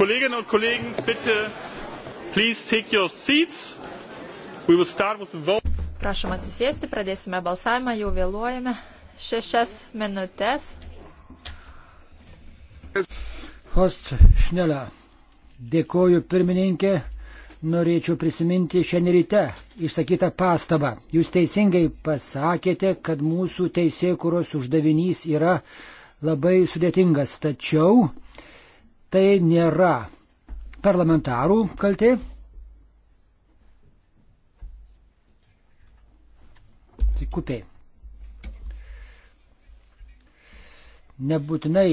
Kolleginnen und Kollegen, bitte, please take your seats. We will start with the vote. Prašom atsisėsti, pradėsime balsavimą, jau vėluojame šešias minutės. Host Šnelė, dėkoju pirmininkė, norėčiau prisiminti šiandien ryte išsakytą pastabą. Jūs teisingai pasakėte, kad mūsų teisėkuros uždavinys yra labai sudėtingas, tačiau Tai nėra parlamentarų kaltė. Tai kupė. Nebūtinai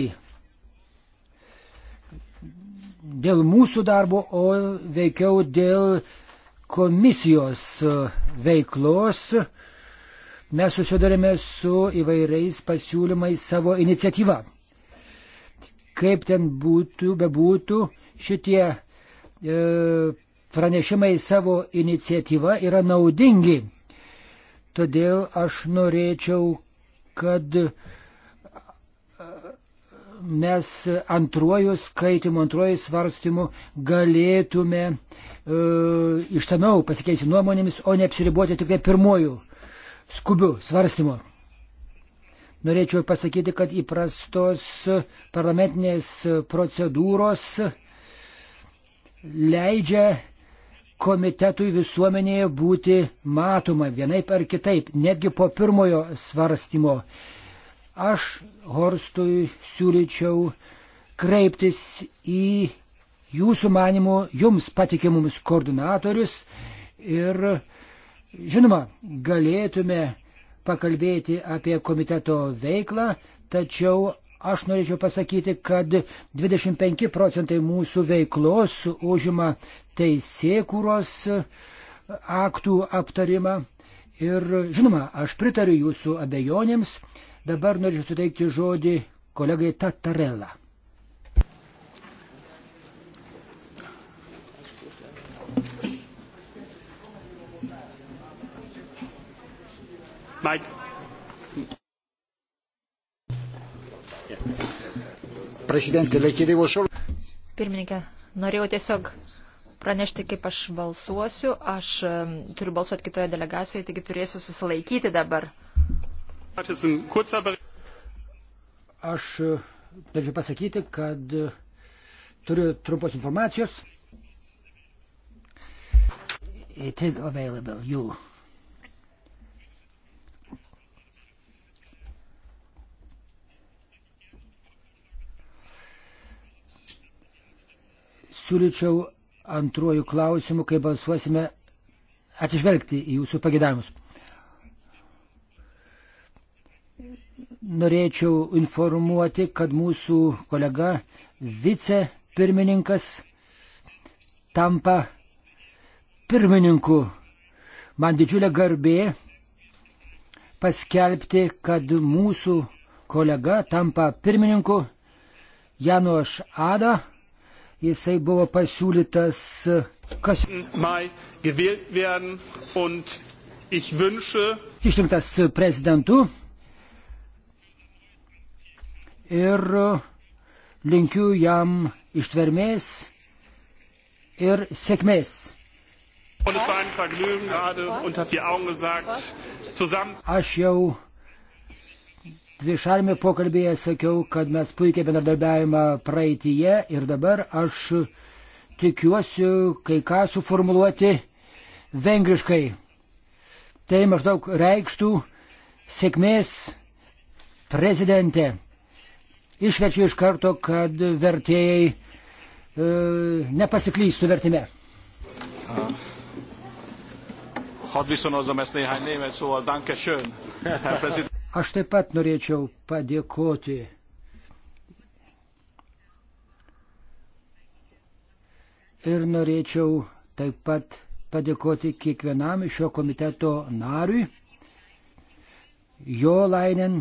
dėl mūsų darbo, o veikiau dėl komisijos veiklos. Mes susidurime su įvairiais pasiūlymais savo iniciatyvą. Kaip ten būtų, bebūtų, šitie e, pranešimai savo iniciatyva yra naudingi. Todėl aš norėčiau, kad e, mes antruoju skaitimu, antruoju svarstymu galėtume e, ištamiau pasikeisti nuomonėmis, o neapsiriboti tik tai pirmoju skubiu svarstymu. Norėčiau pasakyti, kad įprastos parlamentinės procedūros leidžia komitetui visuomenėje būti matoma vienaip ar kitaip, netgi po pirmojo svarstymo. Aš Horstui siūlyčiau kreiptis į jūsų manimų, jums patikimumus koordinatorius ir, žinoma, galėtume pakalbėti apie komiteto veiklą, tačiau aš norėčiau pasakyti, kad 25 procentai mūsų veiklos užima teisėkūros aktų aptarimą. Ir žinoma, aš pritariu jūsų abejonėms. Dabar norėčiau suteikti žodį kolegai Tatarela. my Presidente, le chiedevo solo. Pirmininkė, norėjau tiesiog pranešti, kaip aš balsuosiu. Aš turiu balsuoti kitoje delegacijoje, taigi turėsiu susilaikyti dabar. Aš turiu e, pasakyti, kad e, turiu trumpos informacijos. It is available, you. siūlyčiau antruoju klausimu, kai balsuosime, atsižvelgti į jūsų pagėdavimus. Norėčiau informuoti, kad mūsų kolega vicepirmininkas tampa pirmininku. Man didžiulė garbė paskelbti, kad mūsų kolega tampa pirmininku Janoš Ada jisai buvo pasiūlytas. Kas... Išrinktas prezidentu ir linkiu jam ištvermės ir sėkmės. Aš jau dvišalime pokalbėje sakiau, kad mes puikiai bendradarbiavimą praeitįje ir dabar aš tikiuosi kai ką suformuluoti vengriškai. Tai maždaug reikštų sėkmės prezidentė. Išvečiu iš karto, kad vertėjai e, nepasiklystų vertime. Aha. Hadd viszonozom ezt néhány német szóval. Danke schön, Herr Präsident. Aš taip pat norėčiau padėkoti ir norėčiau taip pat padėkoti kiekvienam šio komiteto nariui, jo lainin,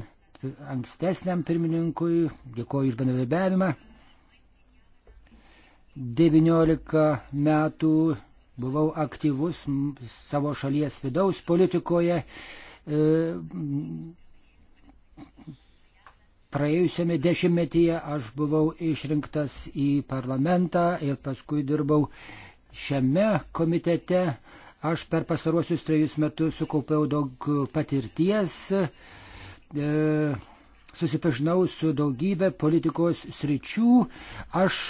ankstesniam pirmininkui, dėkoju už bendradarbiavimą. 19 metų buvau aktyvus savo šalies vidaus politikoje. E, Praėjusiame dešimtmetyje aš buvau išrinktas į parlamentą ir paskui dirbau šiame komitete. Aš per pastaruosius trejus metus sukaupiau daug patirties, e, susipažinau su daugybė politikos sričių. Aš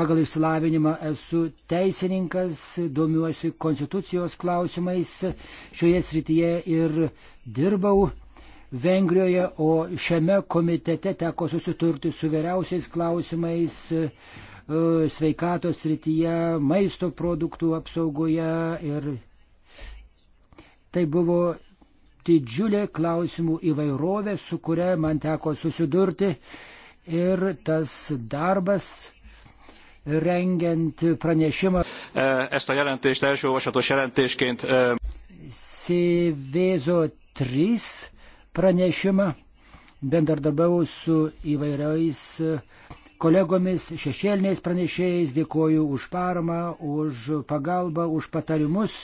pagal išsilavinimą esu teisininkas, domiuosi konstitucijos klausimais šioje srityje ir dirbau Vengrijoje, o šiame komitete teko susiturti su vyriausiais klausimais e, sveikatos srityje, maisto produktų apsaugoje ir tai buvo didžiulė klausimų įvairovė, su kuria man teko susidurti ir tas darbas rengiant pranešimą. E, ezt a jelentést elsőolvasatos jelentésként. Szévézó e, 3 pranešimą, bendradarbiavau su įvairiais kolegomis, šešėliniais pranešėjais, dėkoju už paramą, už pagalbą, už patarimus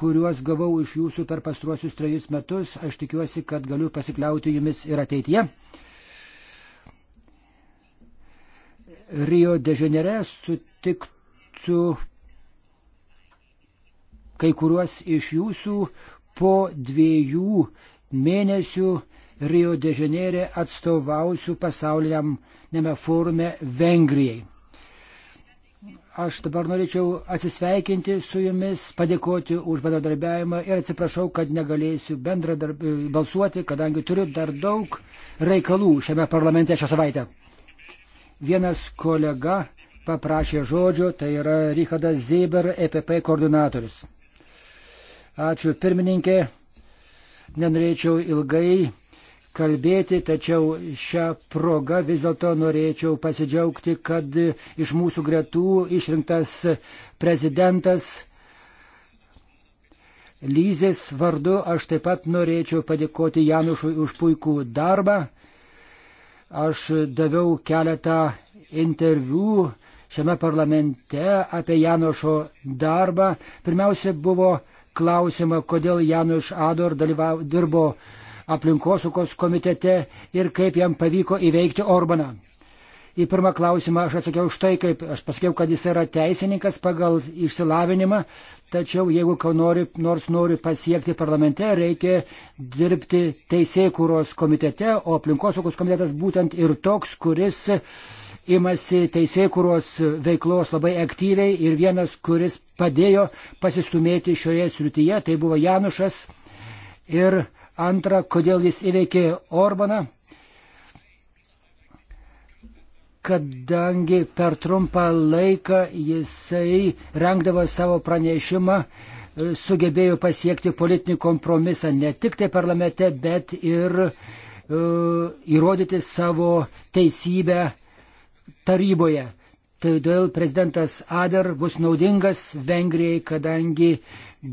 kuriuos gavau iš jūsų per pastruosius trejus metus. Aš tikiuosi, kad galiu pasikliauti jumis ir ateityje. Rio de Janeire sutiktų kai kuriuos iš jūsų po dviejų mėnesių Rio de Žaneire atstovausiu pasauliniame forume Vengrijai. Aš dabar norėčiau atsisveikinti su jumis, padėkoti už bendradarbiavimą ir atsiprašau, kad negalėsiu bendradarb... balsuoti, kadangi turiu dar daug reikalų šiame parlamente šią savaitę. Vienas kolega paprašė žodžio, tai yra Richardas Zeber, EPP koordinatorius. Ačiū pirmininkė. Nenorėčiau ilgai kalbėti, tačiau šią progą vis dėlto norėčiau pasidžiaugti, kad iš mūsų gretų išrinktas prezidentas Lyzės vardu aš taip pat norėčiau padėkoti Janušui už puikų darbą. Aš daviau keletą interviu šiame parlamente apie Janušo darbą. Pirmiausia buvo klausimą, kodėl Januš Ador dalyvavo, dirbo aplinkosaugos komitete ir kaip jam pavyko įveikti Orbaną. Į pirmą klausimą aš atsakiau štai kaip, aš pasakiau, kad jis yra teisininkas pagal išsilavinimą, tačiau jeigu ką nori, nors nori pasiekti parlamente, reikia dirbti teisėkūros komitete, o aplinkosaugos komitetas būtent ir toks, kuris uh, imasi teisėkuros veiklos labai aktyviai ir vienas, kuris padėjo pasistumėti šioje srityje, tai buvo Janušas. Ir antra, kodėl jis įveikė Orbaną, kadangi per trumpą laiką jisai rengdavo savo pranešimą, sugebėjo pasiekti politinį kompromisą ne tik tai parlamente, bet ir uh, įrodyti savo teisybę taryboje. Todėl prezidentas Ader bus naudingas Vengrijai, kadangi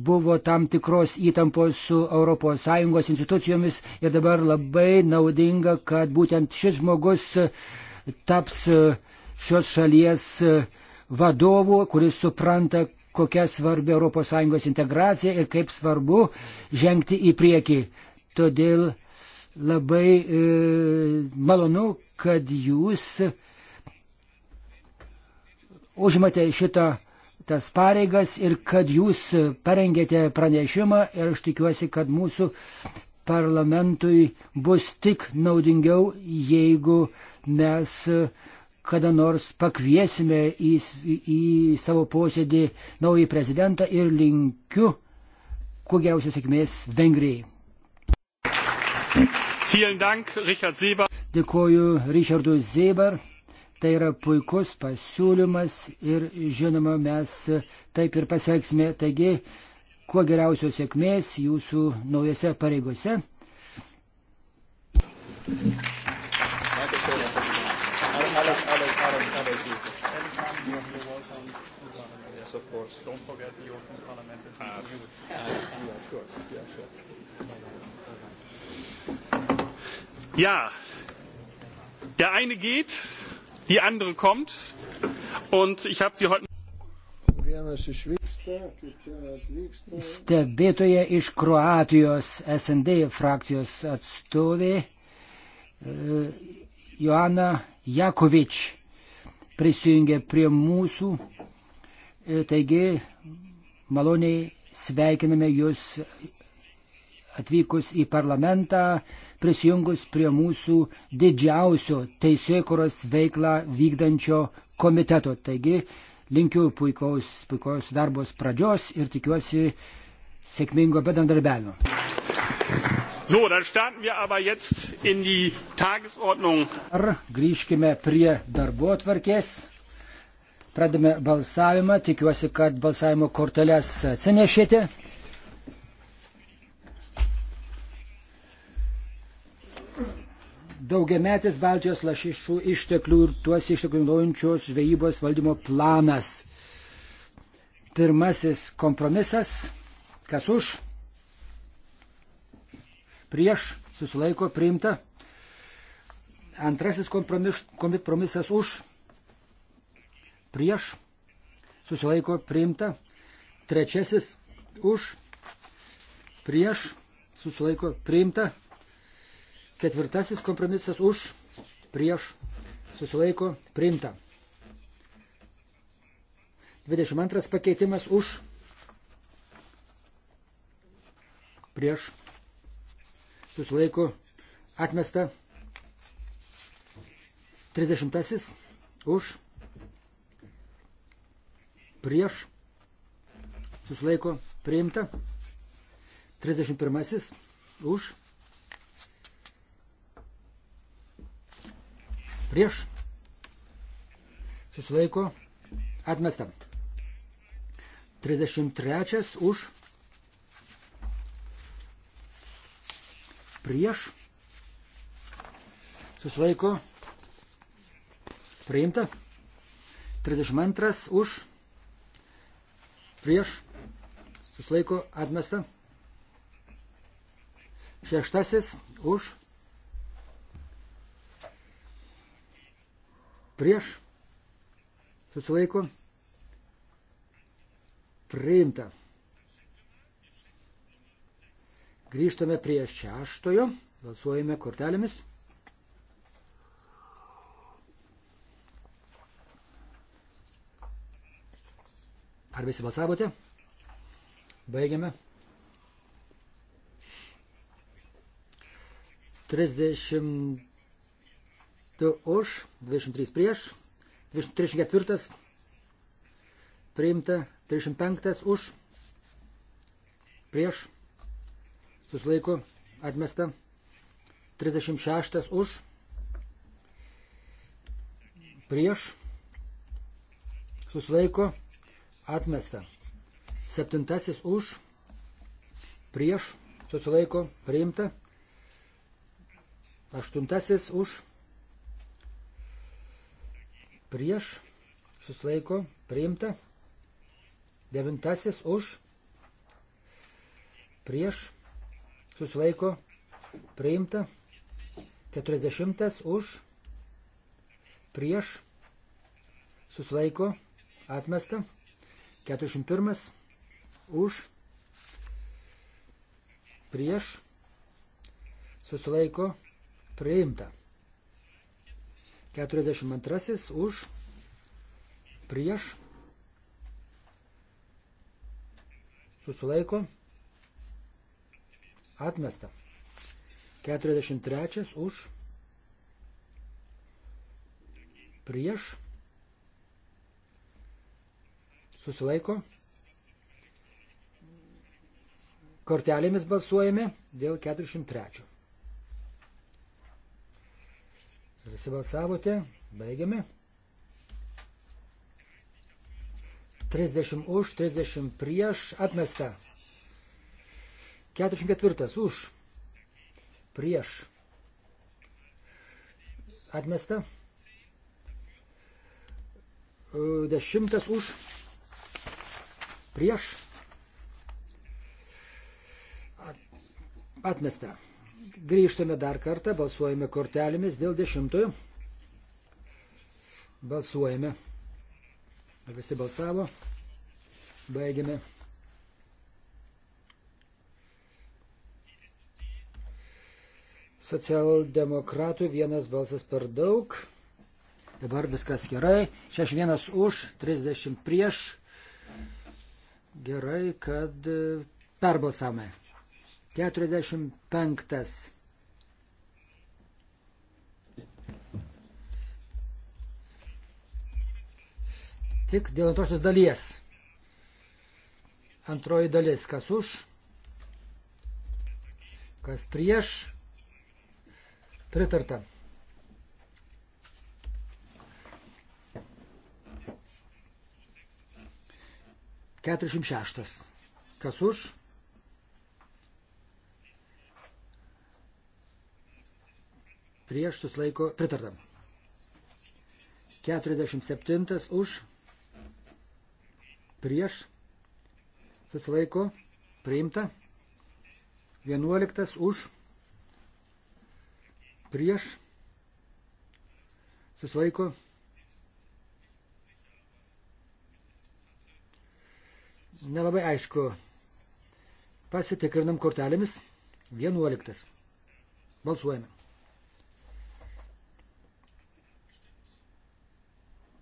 buvo tam tikros įtampos su ES institucijomis ir dabar labai naudinga, kad būtent šis žmogus taps šios šalies vadovu, kuris supranta, kokia svarbi ES integracija ir kaip svarbu žengti į priekį. Todėl labai e, malonu, kad jūs užmatė šitą tas pareigas ir kad jūs parengėte pranešimą ir aš tikiuosi, kad mūsų parlamentui bus tik naudingiau, jeigu mes e, kada nors pakviesime į, į savo posėdį naują prezidentą ir linkiu kuo geriausios sėkmės Vengrijai. Dank, Richard Dėkoju Richardui Zeber. Tai yra puikus pasiūlymas ir žinoma, mes taip ir pasieksime. Taigi, kuo geriausios sėkmės jūsų naujose pareigose. Yes, of course. Don't forget the European Parliament. Ah, yeah, sure. Yeah, sure. Ja, der eine geht die andere kommt. Und ich habe sie heute. Vienas išvyksta, atvyksta. Stebėtoja iš Kroatijos SND frakcijos atstovė e, Joana Jakovič prisijungė prie mūsų. E, taigi maloniai sveikiname jūs atvykus į parlamentą, prisijungus prie mūsų didžiausio teisėkuros veiklą vykdančio komiteto. Taigi, linkiu puikaus, puikaus darbos pradžios ir tikiuosi sėkmingo bedandarbiavimo. So, dann starten wir aber jetzt in die Tagesordnung. Ar grįžkime prie darbo atvarkės. Pradame balsavimą. Tikiuosi, kad balsavimo korteles atsinešėte. daugiametis Baltijos lašišų išteklių ir tuos išteklių naujančios žvejybos valdymo planas. Pirmasis kompromisas, kas už, prieš, susilaiko priimta. Antrasis kompromis, kompromisas už, prieš, susilaiko priimta. Trečiasis už, prieš, susilaiko priimta. Ketvirtasis kompromisas už, prieš, susilaiko, priimta. 22 pakeitimas už, prieš, susilaiko, atmesta. 30 už, prieš, susilaiko, priimta. 31 už, prieš prieš, susilaiko, atmesta. 33 už, prieš, susilaiko, priimta. 32 už, prieš, susilaiko, atmesta. Šeštasis už, prieš prieš, susilaiko, priimta. Grįžtame prie šeštojo, balsuojame kortelėmis. Ar visi balsavote? Baigiame. 32 2 už, 23 prieš, 34 priimta, 35 už, prieš, susilaiko, atmesta, 36 už, prieš, susilaiko, atmesta, 7 už, prieš, susilaiko, priimta, 8 už, prieš, susilaiko, priimta. Devintasis už, prieš, susilaiko, priimta. Keturiasdešimtas už, prieš, susilaiko, atmesta. Keturiasdešimt pirmas už, prieš, susilaiko, priimta. 42 už, prieš, susilaiko, atmesta. 43 už, prieš, susilaiko. Kortelėmis balsuojame dėl 43. Visi balsavote, baigiame. 30 už, 30 prieš, atmesta. 44 už, prieš, atmesta. 10 e, už, prieš, atmesta. Grįžtame dar kartą, balsuojame kortelėmis dėl dešimtojo. Balsuojame. Ar visi balsavo? Baigiame. Socialdemokratų vienas balsas per daug. Dabar viskas gerai. 61 už, 30 prieš. Gerai, kad e, perbalsavome. 45. Tik dėl antrosios dalies. Antroji dalis, kas už, kas prieš, pritarta. Keturiasdešimt šeštas. Kas už? prieš susilaiko pritarta. 47 už prieš susilaiko priimta. 11 už prieš susilaiko Nelabai aišku. Pasitikrinam kortelėmis. 11. Balsuojame.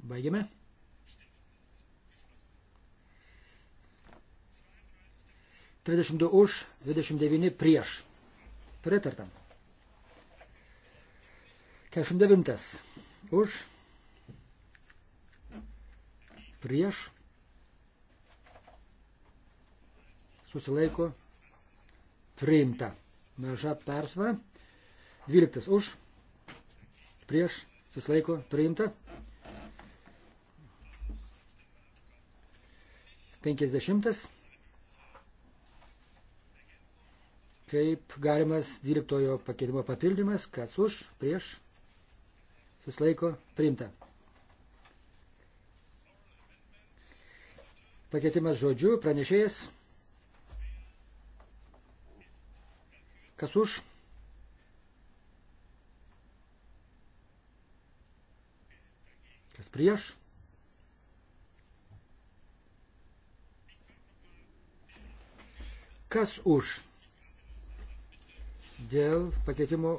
Baigiame. Trisdešimt du už, dvidešimt devyni prieš. Pritartam. Keturiasdešimt devintas už, prieš, susilaiko, priimta. Maža persvara. Dvyliktas už, prieš, susilaiko, priimta. 50. Kaip galimas 12 pakeitimo papildymas, kas už, prieš, susilaiko, priimta. Pakeitimas žodžių, pranešėjas. Kas už? Kas prieš? Kas už? Dėl pakeitimo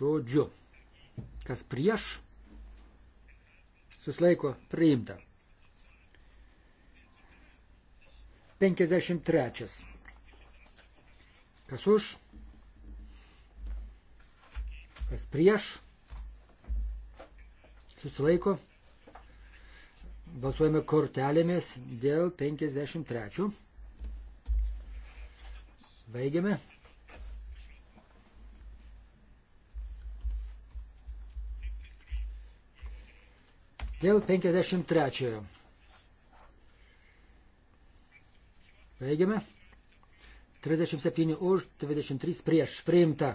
žodžiu. Kas prieš? Suslaiko priimta. 53. Kas už? Kas prieš? Susilaiko. Balsuojame kortelėmis dėl 53. Baigiame. Dėl 53. Baigiame. 37 už, 23 prieš. Priimta.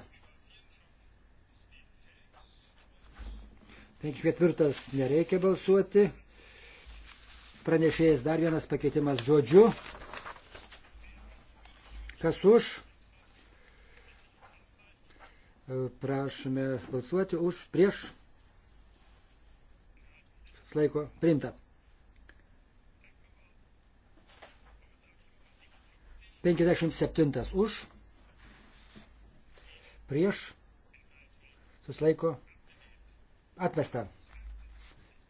54 nereikia balsuoti. Pranešėjas dar vienas pakeitimas žodžiu. Kas už? E, prašome balsuoti už, prieš. Laiko priimta. 57 už, prieš, susilaiko, atvesta.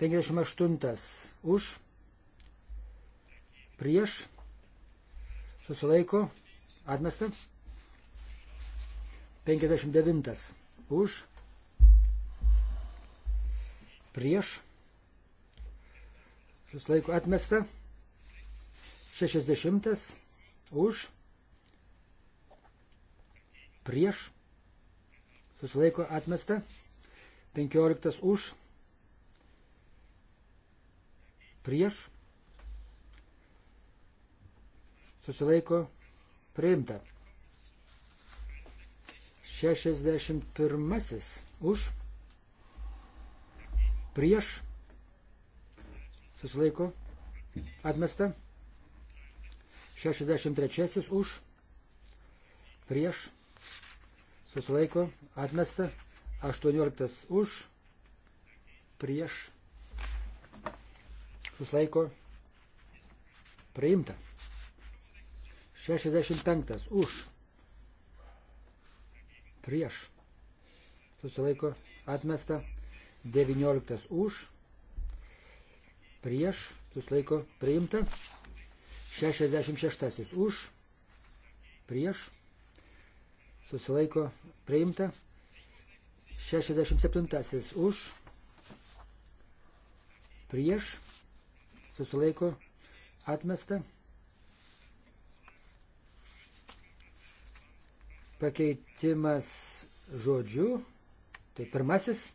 58 už, prieš, susilaiko, Atmesta. 59. Už. Prieš. Šis laiko atmesta. 60. Už. Prieš. Susilaiko atmesta. 15 už. Prieš. Susilaiko priimta. 61 už prieš susilaiko atmesta. 63 už prieš susilaiko atmesta. 18 už prieš susilaiko priimta. 65 už. Prieš. Susilaiko atmesta. 19 už. Prieš. Susilaiko priimta. 66 už. Prieš. Susilaiko priimta. 67 už. Prieš. Susilaiko atmesta. Pakeitimas žodžiu. Tai pirmasis.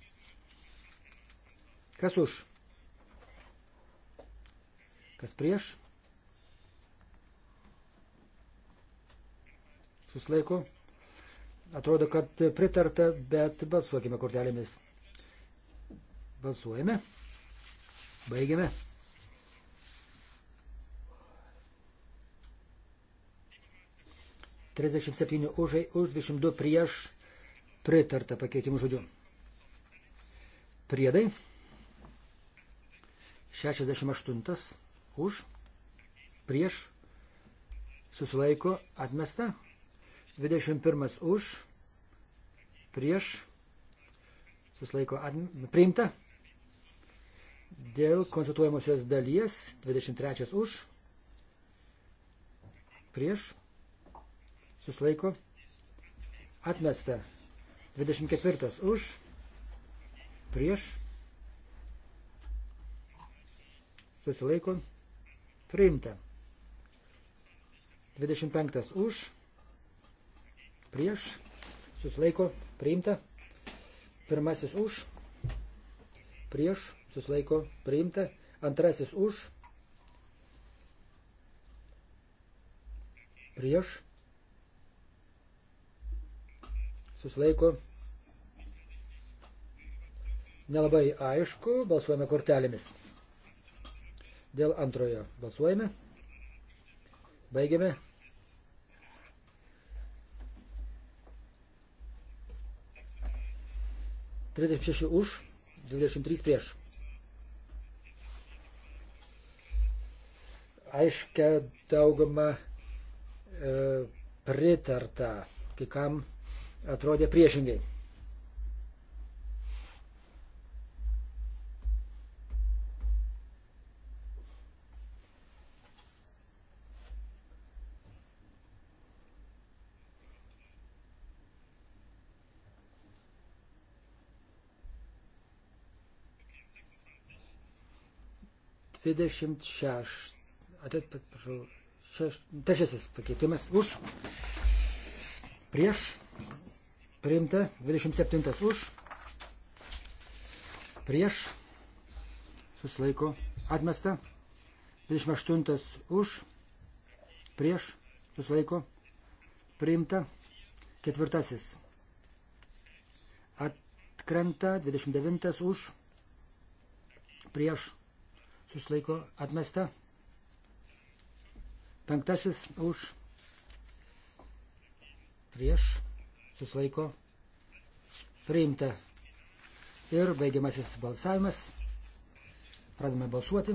Kas už? Kas prieš? Suslaiko. Atrodo, kad pritarta, bet balsuokime kortelėmis. Balsuojame. Baigiame. 37 už, už 22 prieš pritarta pakeitimų žodžiu. Priedai. 68 už prieš susilaiko atmesta. 21 už prieš susilaiko atmesta. Priimta. Dėl konstatuojamosios dalies 23 už prieš susilaiko, atmesta. 24 už, prieš, susilaiko, priimta. 25 už, prieš, susilaiko, priimta. Pirmasis už, prieš, susilaiko, priimta. Antrasis už, prieš, susilaiko. Nelabai aišku, balsuojame kortelėmis. Dėl antrojo balsuojame. Baigiame. Trisdešimt šeši už, dvidešimt trys prieš. Aiškia dauguma e, pritarta kai kam atrodė priešingai. Dvidešimt šešt, atsiprašau, šeš, trečiasis pakeitimas už, prieš, Priimta 27 už. Prieš. Susilaiko. Atmesta. 28 už. Prieš. Susilaiko. Priimta. Ketvirtasis. Atkrenta 29 už. Prieš. Susilaiko. Atmesta. Penktasis už. Prieš susilaiko priimta. Ir baigiamasis balsavimas. Pradame balsuoti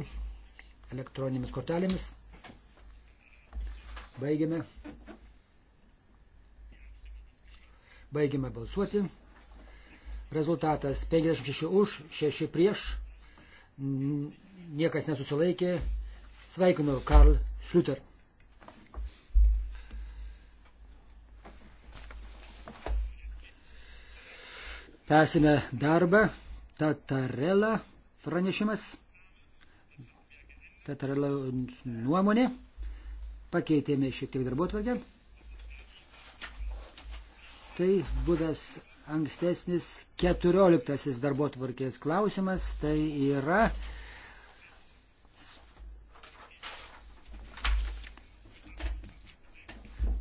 elektroninėmis kortelėmis. Baigiame. Baigiame balsuoti. Rezultatas 56 už, 6 prieš. Niekas nesusilaikė. Sveikinu Karl Šuter. Tęsime darbą. Tatarela pranešimas. Tatarela nuomonė. Pakeitėme šiek tiek darbo tvarkę. Tai buvęs ankstesnis keturioliktasis darbo tvarkės klausimas. Tai yra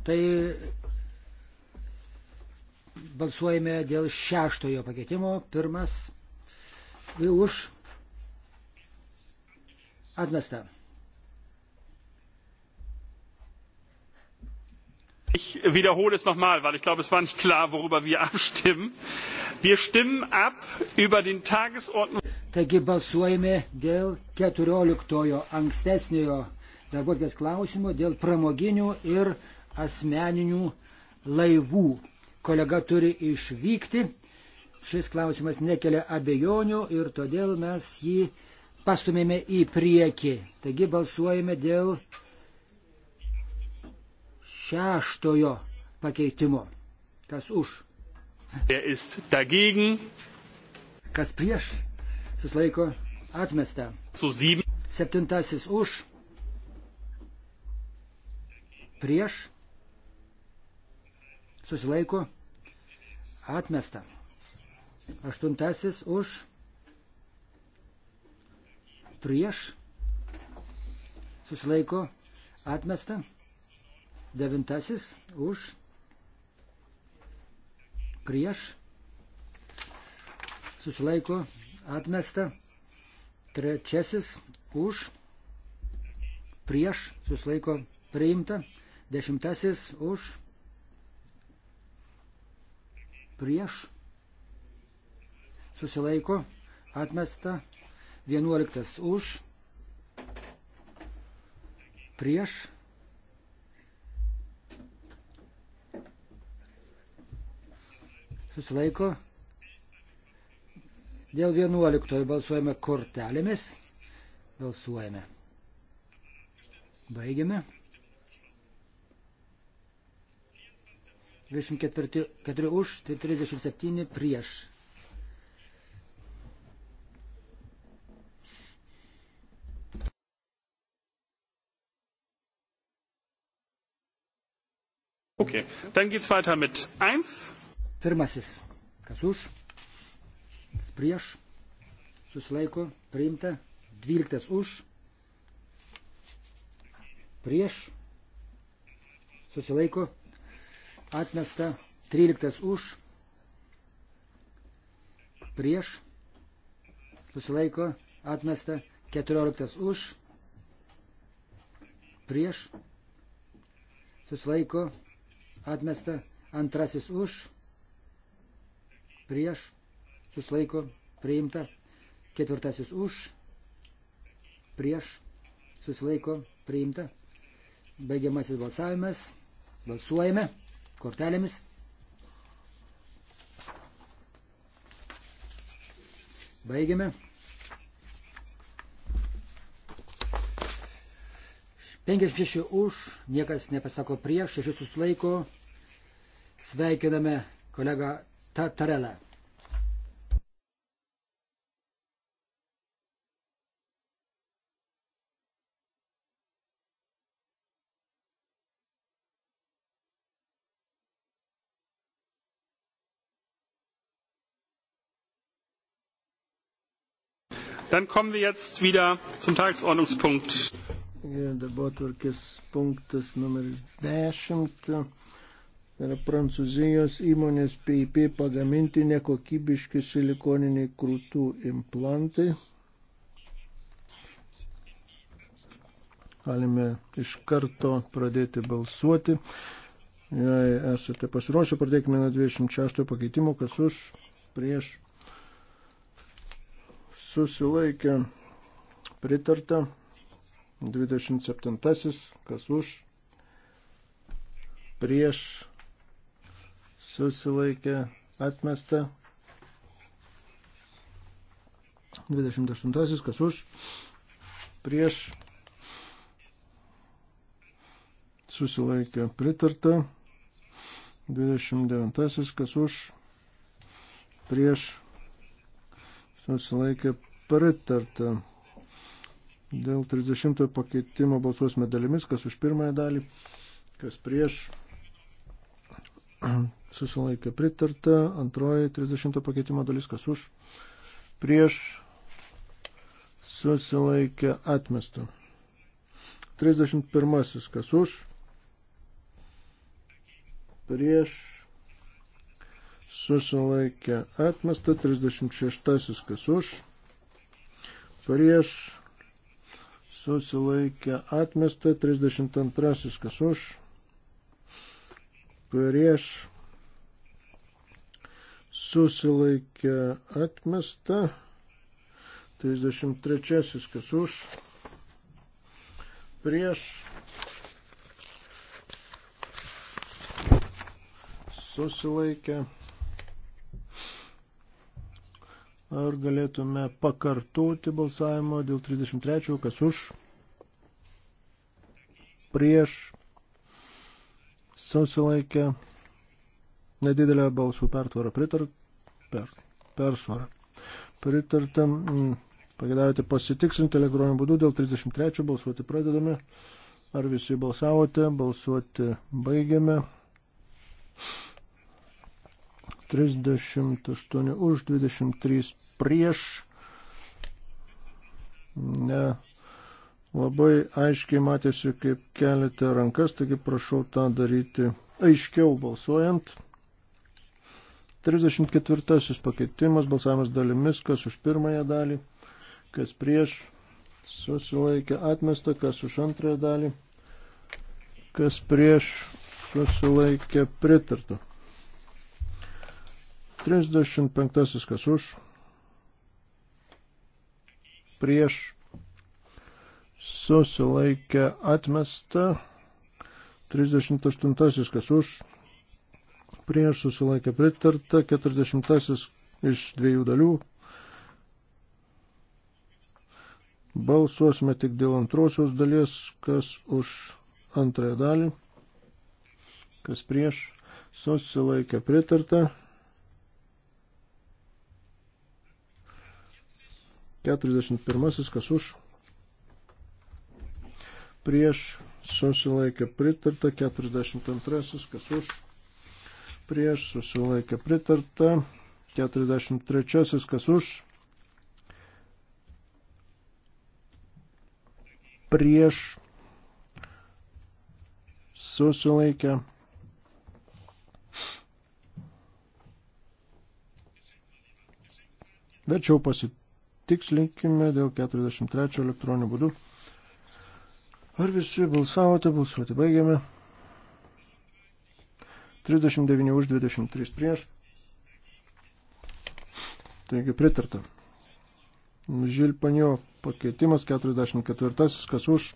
tai Balsuojame dėl šeštojo pakeitimo. Pirmas. Už. Atmesta. Ich wiederhole es nochmal, weil ich glaube, es war nicht klar, worüber wir abstimmen. Wir stimmen ab über den Tagesordnung. Taigi balsuojame dėl 14 ankstesniojo darbotės klausimo, dėl pramoginių ir asmeninių laivų kolega turi išvykti. Šis klausimas nekelia abejonių ir todėl mes jį pastumėme į priekį. Taigi balsuojame dėl šeštojo pakeitimo. Kas už? Kas prieš? Suslaiko atmesta. Septintasis už. Prieš. Susilaiko Atmesta. Aštuntasis už. Prieš. Susilaiko. Atmesta. Devintasis už. Prieš. Susilaiko. Atmesta. Trečiasis už. Prieš. Susilaiko. Priimta. Dešimtasis už prieš, susilaiko, atmesta, 11 už, prieš, susilaiko, dėl 11 balsuojame kortelėmis, balsuojame, baigiame. 24 už, 37 tai prieš. Okay, dann geht's weiter mit 1. Pirmasis. Kas už? Kas prieš? Susilaiko. Priimta. 12 už. Prieš. Susilaiko atmesta, 13 už, prieš, susilaiko, atmesta, 14 už, prieš, susilaiko, atmesta, antrasis už, prieš, susilaiko, priimta, ketvirtasis už, prieš, susilaiko, priimta. Baigiamasis balsavimas. Balsuojame kortelėmis. Baigiame. 56 už, niekas nepasako prieš, 6 susilaiko. Sveikiname kolegą Tatarelą. Dann kommen wir jetzt wieder zum Tagesordnungspunkt. Darbotvarkės punktas numeris 10 tai yra Prancūzijos įmonės PIP pagaminti nekokybiški silikoniniai krūtų implantai. Galime iš karto pradėti balsuoti. Jei esate pasiruošę, pradėkime nuo 26 pakeitimo, kas už, prieš, susilaikė pritarta. 27. Kas už? Prieš susilaikė atmesta. 28. Kas už? Prieš susilaikė pritarta. 29. Kas už? Prieš susilaikė pritarta. Dėl 30 pakeitimo balsuosime dalimis, kas už pirmąją dalį, kas prieš susilaikė pritarta, antroji 30 pakeitimo dalis, kas už, prieš susilaikė atmesta. 31 kas už, prieš susilaikė atmesta, 36 kas už, prieš susilaikė atmesta, 32 kas už, prieš susilaikė atmesta, 33 kas už, prieš susilaikė atmesta. Ar galėtume pakartoti balsavimo dėl 33, kas už, prieš, susilaikę, nedidelę balsų pertvarą, pritar, per, persvarą. Pritarta, mm, pagėdavote pasitiksinti elektroniniu būdu dėl 33, balsuoti pradedame. Ar visi balsavote, balsuoti baigiame. Thank you. 38 už, 23 prieš. Ne. Labai aiškiai matėsi, kaip keliate rankas, taigi prašau tą daryti aiškiau balsuojant. 34 pakeitimas, balsavimas dalimis, kas už pirmąją dalį, kas prieš, susilaikė atmesta, kas už antrąją dalį, kas prieš, susilaikė pritarta. 35 kas už, prieš, susilaikę atmestą, 38 kas už, prieš susilaikę pritarta, 40 iš dviejų dalių. Balsuosime tik dėl antrosios dalies, kas už antrąją dalį, kas prieš susilaikę pritarta. 41. Kas už? Prieš susilaikė pritarta. 42. Kas už? Prieš susilaikė pritarta. 43. Kas už? Prieš susilaikė pritarta. Verčiau pasi, pasitikslinkime dėl 43 elektroninių būdų. Ar visi balsavote, balsuoti baigiame. 39 už 23 prieš. Taigi pritarta. Žilpanio pakeitimas 44, kas už,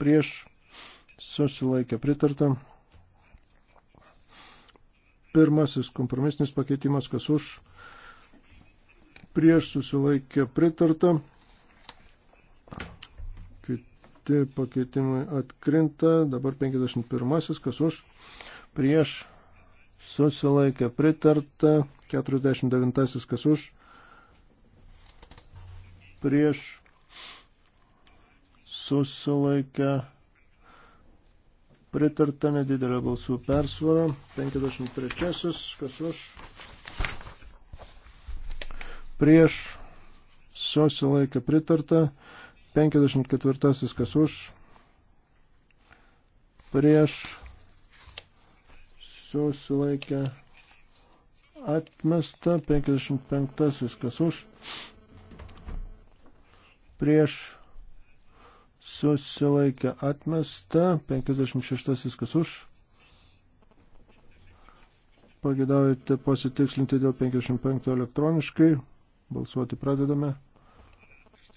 prieš, susilaikė pritarta. Pirmasis kompromisinis pakeitimas, kas už, prieš susilaikė pritarta. Kiti pakeitimai atkrinta. Dabar 51. Kas už? Prieš susilaikė pritarta. 49. Kas už? Prieš susilaikė pritarta nedidelė balsų persvara. 53. Kas už? prieš susilaikė pritarta, 54 kas už, prieš susilaikė atmesta, 55 kas už, prieš susilaikė atmesta, 56 kas už. Pagėdaujate pasitikslinti dėl 55 elektroniškai. Balsuoti pradedame.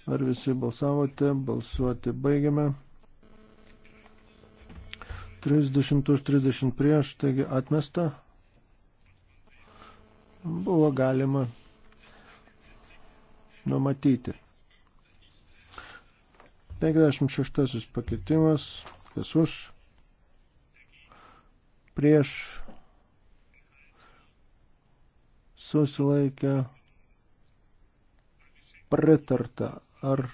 Ar visi balsavote? Balsuoti baigiame. 30 už 30 prieš, taigi atmesta. Buvo galima numatyti. 56 pakeitimas, kas už, prieš, susilaikę, pritarta. Ar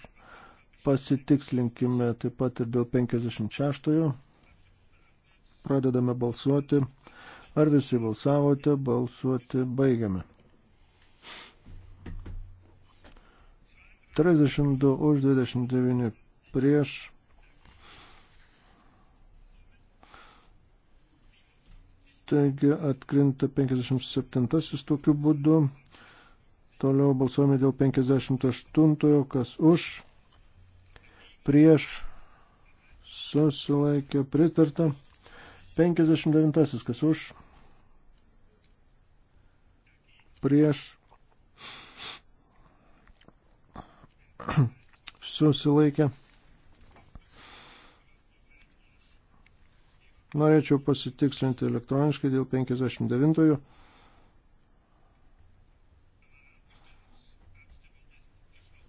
pasitikslinkime taip pat ir dėl 56-ojo. Pradedame balsuoti. Ar visi balsavote? Balsuoti baigiame. 32 už 29 prieš. Taigi atkrinta 57 tokiu būdu. Toliau balsuojame dėl 58, kas už, prieš, susilaikė, pritarta. 59, kas už, prieš, susilaikė. Norėčiau pasitikslinti elektroniškai dėl 59. -ojo.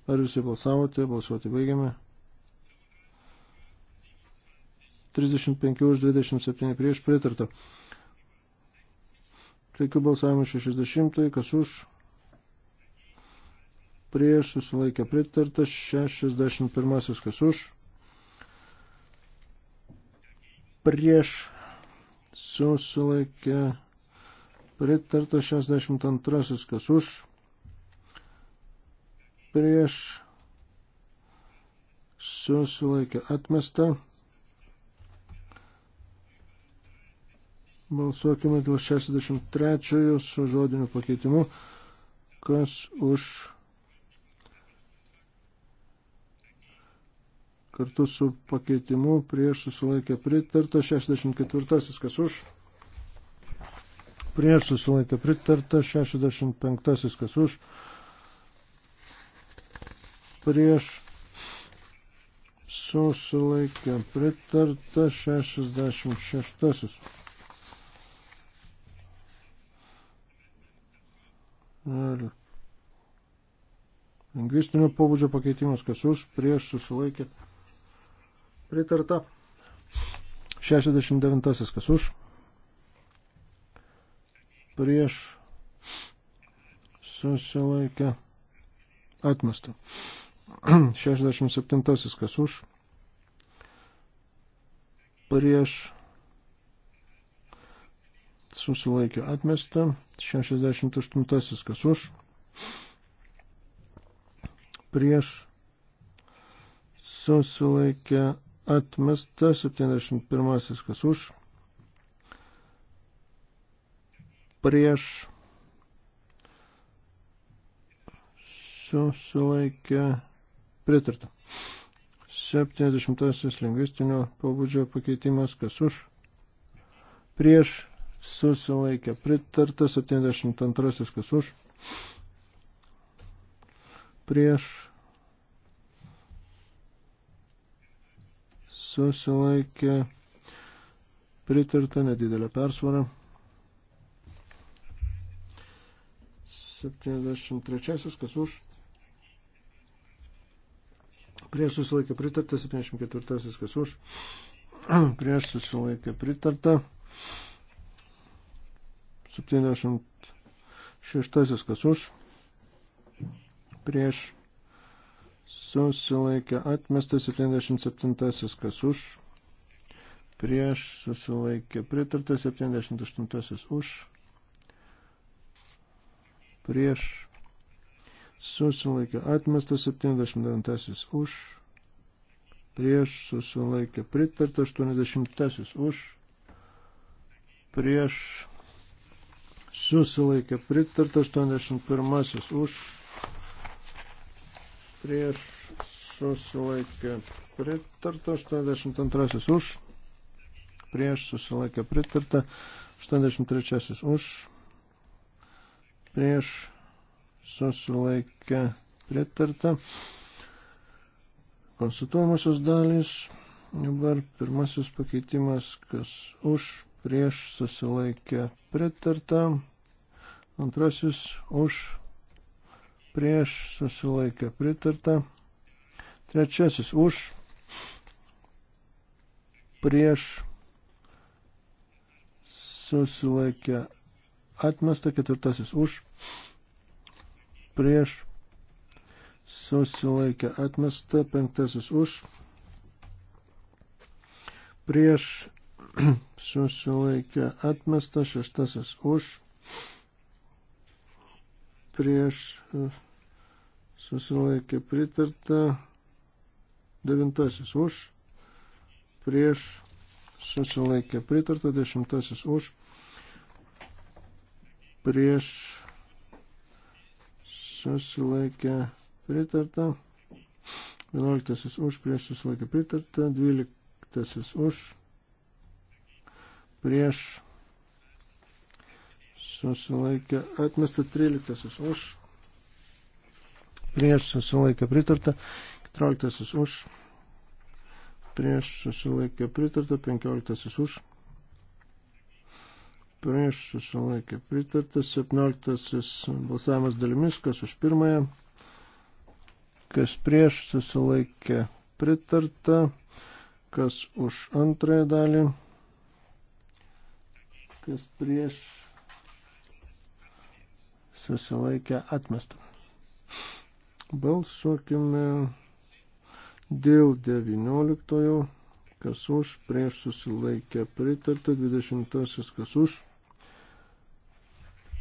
Ar visi balsavote? Balsuoti baigiame. 35 už 27 prieš pritarta. Teikiu balsavimą 60, kas už, prieš susilaikė pritartas, 61 kas už, prieš susilaikė pritartas, 62 kas už, prieš susilaikė atmesta. Balsuokime dėl 63 su žodiniu pakeitimu. Kas už kartu su pakeitimu prieš susilaikė pritarta. 64 kas už. Prieš susilaikė pritarta. 65 kas už prieš susilaikė pritarta 66. Lingvistinio pobūdžio pakeitimas, kas už, prieš susilaikė pritarta 69. kas už, prieš susilaikė atmesta. 67 kas už, prieš susilaikė atmesta, 68 kas už, prieš susilaikė atmesta, 71 kas už, prieš susilaikė atmesta, pritarta. 70 lingvistinio pobūdžio pakeitimas, kas už, prieš, susilaikė, pritarta, 72 kas už, prieš, susilaikė, pritarta, nedidelė persvara. 73 kas už, Prieš susilaikė pritarta 74. Kas už? Prieš susilaikė pritarta 76. Kas už? Prieš susilaikė atmestas 77. Kas už? Prieš susilaikė pritarta 78. Už? Prieš susilaikė atmestas 79 už, prieš susilaikė pritarta 80 už, prieš susilaikė pritarta 81 už, prieš susilaikė pritarta 82 už, prieš susilaikė pritarta 83 už, prieš susilaikė pritarta. Konstatuojamosios dalys. Dabar pirmasis pakeitimas, kas už, prieš susilaikė pritarta. Antrasis už, prieš susilaikė pritarta. Trečiasis už, prieš susilaikė atmesta. Ketvirtasis už, prieš, susilaikė atmesta, penktasis už, prieš, susilaikė atmesta, šeštasis už, prieš, susilaikė pritarta, devintasis už, prieš, susilaikė pritarta, dešimtasis už, prieš, susilaikė pritarta. 11 už prieš susilaikė pritarta. 12 už prieš susilaikė atmesta. 13 už prieš susilaikė pritarta. 14 už prieš susilaikė pritarta. 15 už prieš susilaikė pritartas, 17 balsavimas dalimis, kas už pirmąją, kas prieš susilaikė pritarta, kas už antrąją dalį, kas prieš susilaikė atmestą. Balsuokime dėl 19, kas už, prieš susilaikė pritarta, 20, kas už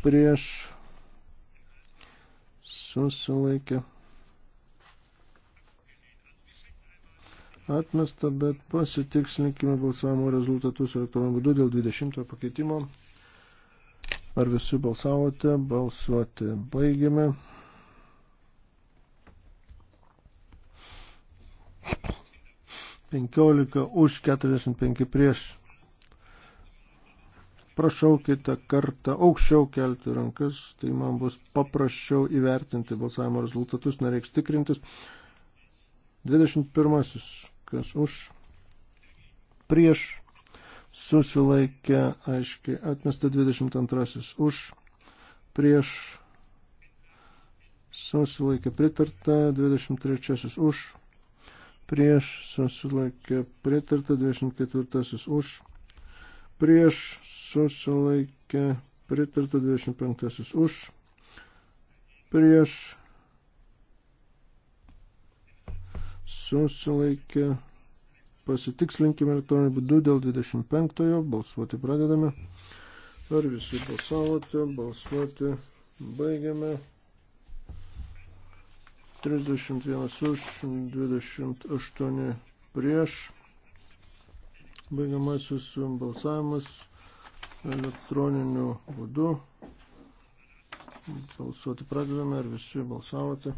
prieš susilaikė. Atmesta, bet pasitikslinkime balsavimo rezultatus elektroniniu būdu dėl 20 pakeitimo. Ar visi balsavote? Balsuoti baigiame. Penkiolika už, keturiasdešimt penki prieš Prašau kitą kartą aukščiau kelti rankas, tai man bus paprasčiau įvertinti balsavimo rezultatus, nereiks tikrintis. 21. Kas už? Prieš susilaikė, aiškiai, atmesta 22. Už? Prieš susilaikė pritarta, 23 už, prieš susilaikė pritarta, 24 už, prieš susilaikę pritarta 25 už, prieš susilaikę pasitikslinkime elektroniniu būdu dėl 25-ojo, balsuoti pradedame. Ar visi balsavote, balsuoti baigiame. 31 už, 28 prieš baigiamasis balsavimas elektroniniu būdu. Balsuoti pradedame, ar visi balsavote.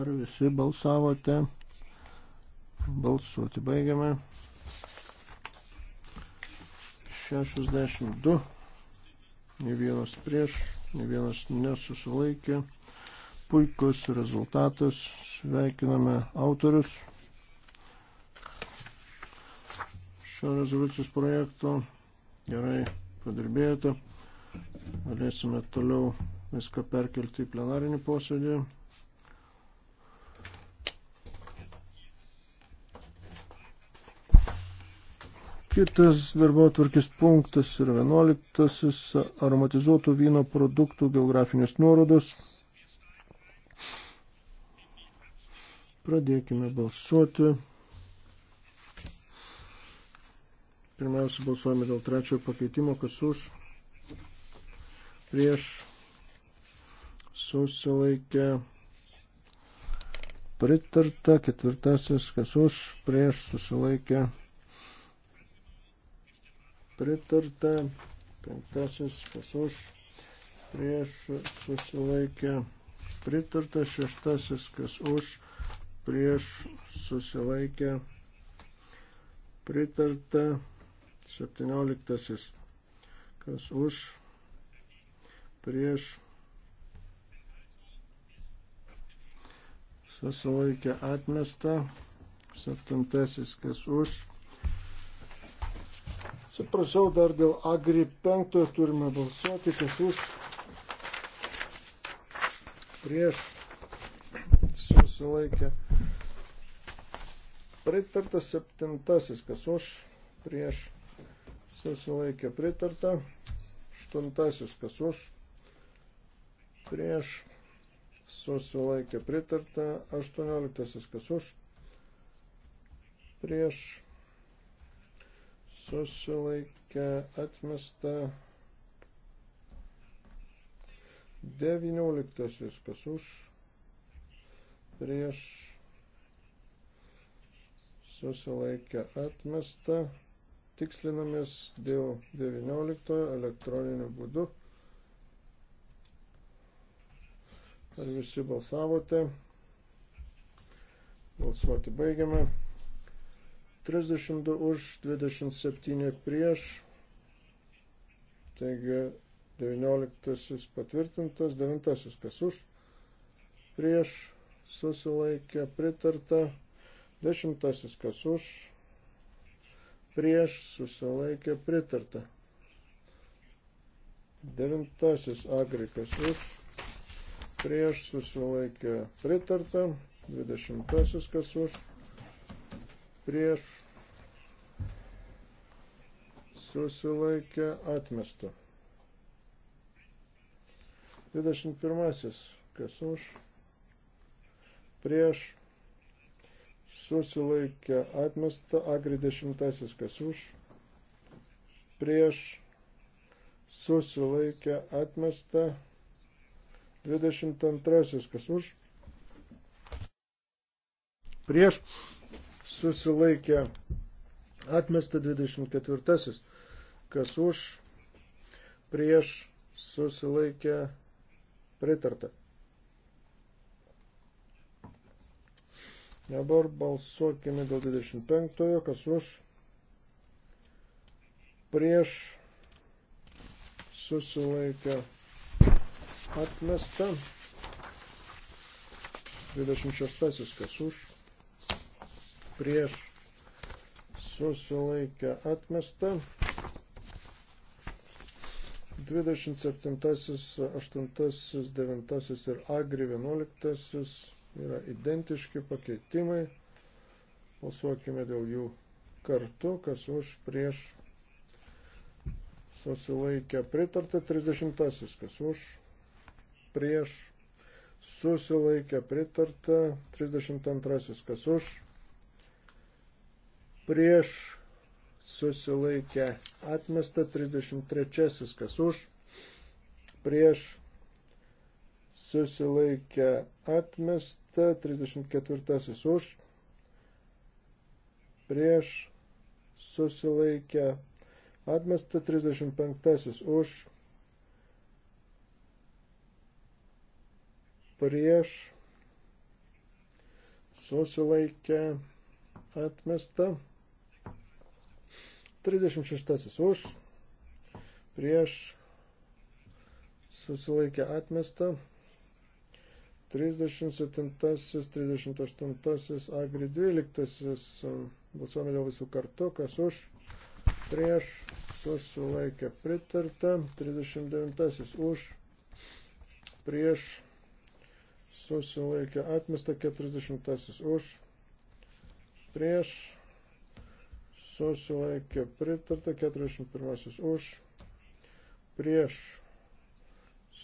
Ar visi balsavote? Balsuoti baigiame. 62. Ne vienas prieš, ne vienas nesusilaikė. Puikus rezultatas. Sveikiname autorius. šio rezoliucijos projekto. Gerai padirbėjote. Galėsime toliau viską perkelti į plenarinį posėdį. Kitas darbo atvarkis punktas yra 11. Aromatizuotų vyno produktų geografinės nuorodos. Pradėkime balsuoti. Pirmiausia, balsuojame dėl trečiojo pakeitimo, kas už, prieš, susilaikę, pritarta, ketvirtasis, kas už, prieš, susilaikę, pritarta, penktasis, kas už, prieš, susilaikę, pritarta, šeštasis, kas už, prieš, susilaikę, pritarta, 17. Kas už, prieš, susilaikė atmesta. 7. Kas už. Atsiprašau, dar dėl Agri 5 turime balsuoti, kas už, prieš, susilaikė atmesta pritartas septintasis, kas už prieš susilaikė pritarta. Aštuntasis, kas už, prieš, susilaikė pritarta. Aštuonioliktasis, kas už, prieš, susilaikė atmesta. Devynioliktasis, kas už, prieš, susilaikė atmesta tikslinamės dėl 19 elektroniniu būdu. Ar visi balsavote? Balsuoti baigiame. 32 už, 27 prieš. Taigi 19 patvirtintas, 9 kas už, prieš susilaikė pritarta, 10 kas už, prieš susilaikė pritarta. Devintasis agrikas už prieš susilaikė pritarta. Dvidešimtasis kas už prieš susilaikė atmesta. 21. Kas už? Prieš susilaikė atmesta, agri dešimtasis, kas už, prieš, susilaikė atmesta, 22, kas už, prieš, susilaikė atmesta 24, kas už, prieš, susilaikė pritarta. Dabar balsuokime dėl 25, kas už, prieš, susilaikę, atmesta. 26, kas už, prieš, susilaikę, atmesta. 27, 8, 9 ir Agri 11 yra identiški pakeitimai. Balsuokime dėl jų kartu, kas už prieš susilaikę pritarta 30, kas už prieš susilaikę pritarta 32, kas už prieš susilaikę atmesta 33, kas už prieš susilaikę atmesta atmesta, 34 už, prieš susilaikę, atmesta, 35 už, prieš susilaikę, atmesta, 36 už, prieš susilaikę, atmesta. 37, 38, agri 12, balsuojame dėl visų kartu, kas už, prieš, susilaikė pritarta, 39, už, prieš, susilaikė atmesta, 40, už, prieš, susilaikė pritarta, 41, už, prieš,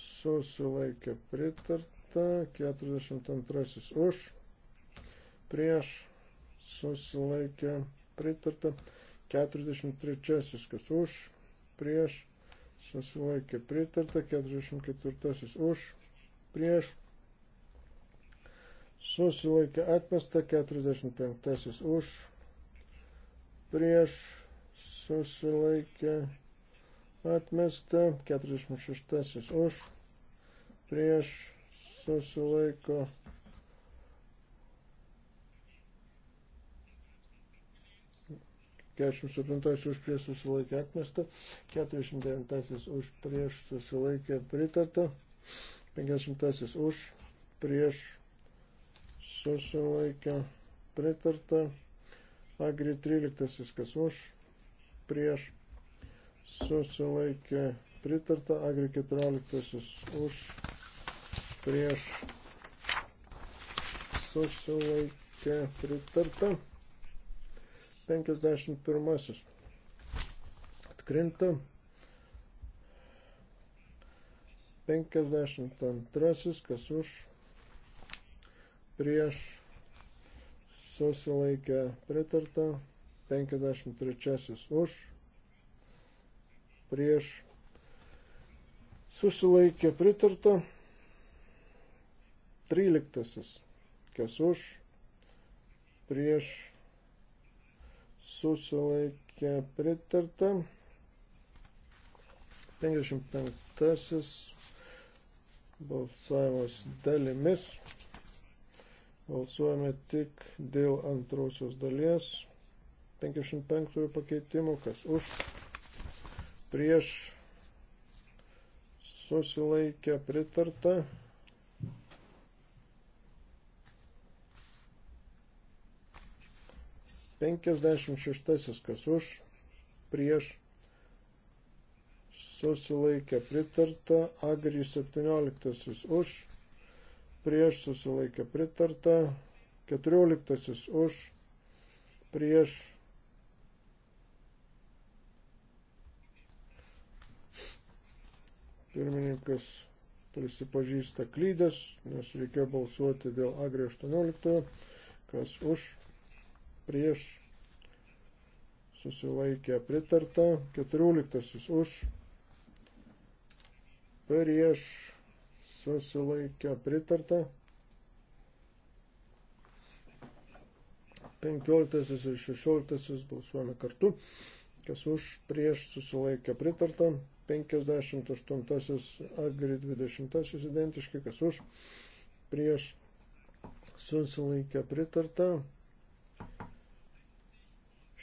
susilaikė pritarta atmesta, 42 už, prieš susilaikė pritarta, 43 kas už, prieš susilaikė pritarta, 44 už, prieš susilaikė atmesta, 45 už, prieš susilaikė atmesta, 46 už, prieš susilaiko. Keturiasdešimt septintasis už prieš susilaikė atmesta, keturiasdešimt devintasis už prieš susilaikė pritarta, penkiasdešimtasis už prieš susilaikė pritarta, agri tryliktasis kas už prieš susilaikė pritarta, agri keturioliktasis už prieš prieš susilaikė pritarta. 51. Atkrinta. 52. Kas už prieš susilaikė pritarta. 53. Už prieš susilaikė pritarta. 13. Kas už, prieš, susilaikė pritarta. 55. Balsavimas dalimis. Balsuojame tik dėl antrosios dalies. 55 pakeitimų, kas už, prieš, susilaikė pritarta. 56. Kas už, prieš, susilaikė pritarta. Agri 17. Už, prieš, susilaikė pritarta. 14. Už, prieš, pirmininkas prisipažįsta klydęs, nes reikėjo balsuoti dėl Agri 18, kas už, prieš susilaikė pritarta, 14 už, prieš susilaikė pritarta, 15 ir 16 balsuojame kartu, kas už, prieš susilaikė pritarta, 58 agri 20 identiškai, kas už, prieš susilaikė pritarta,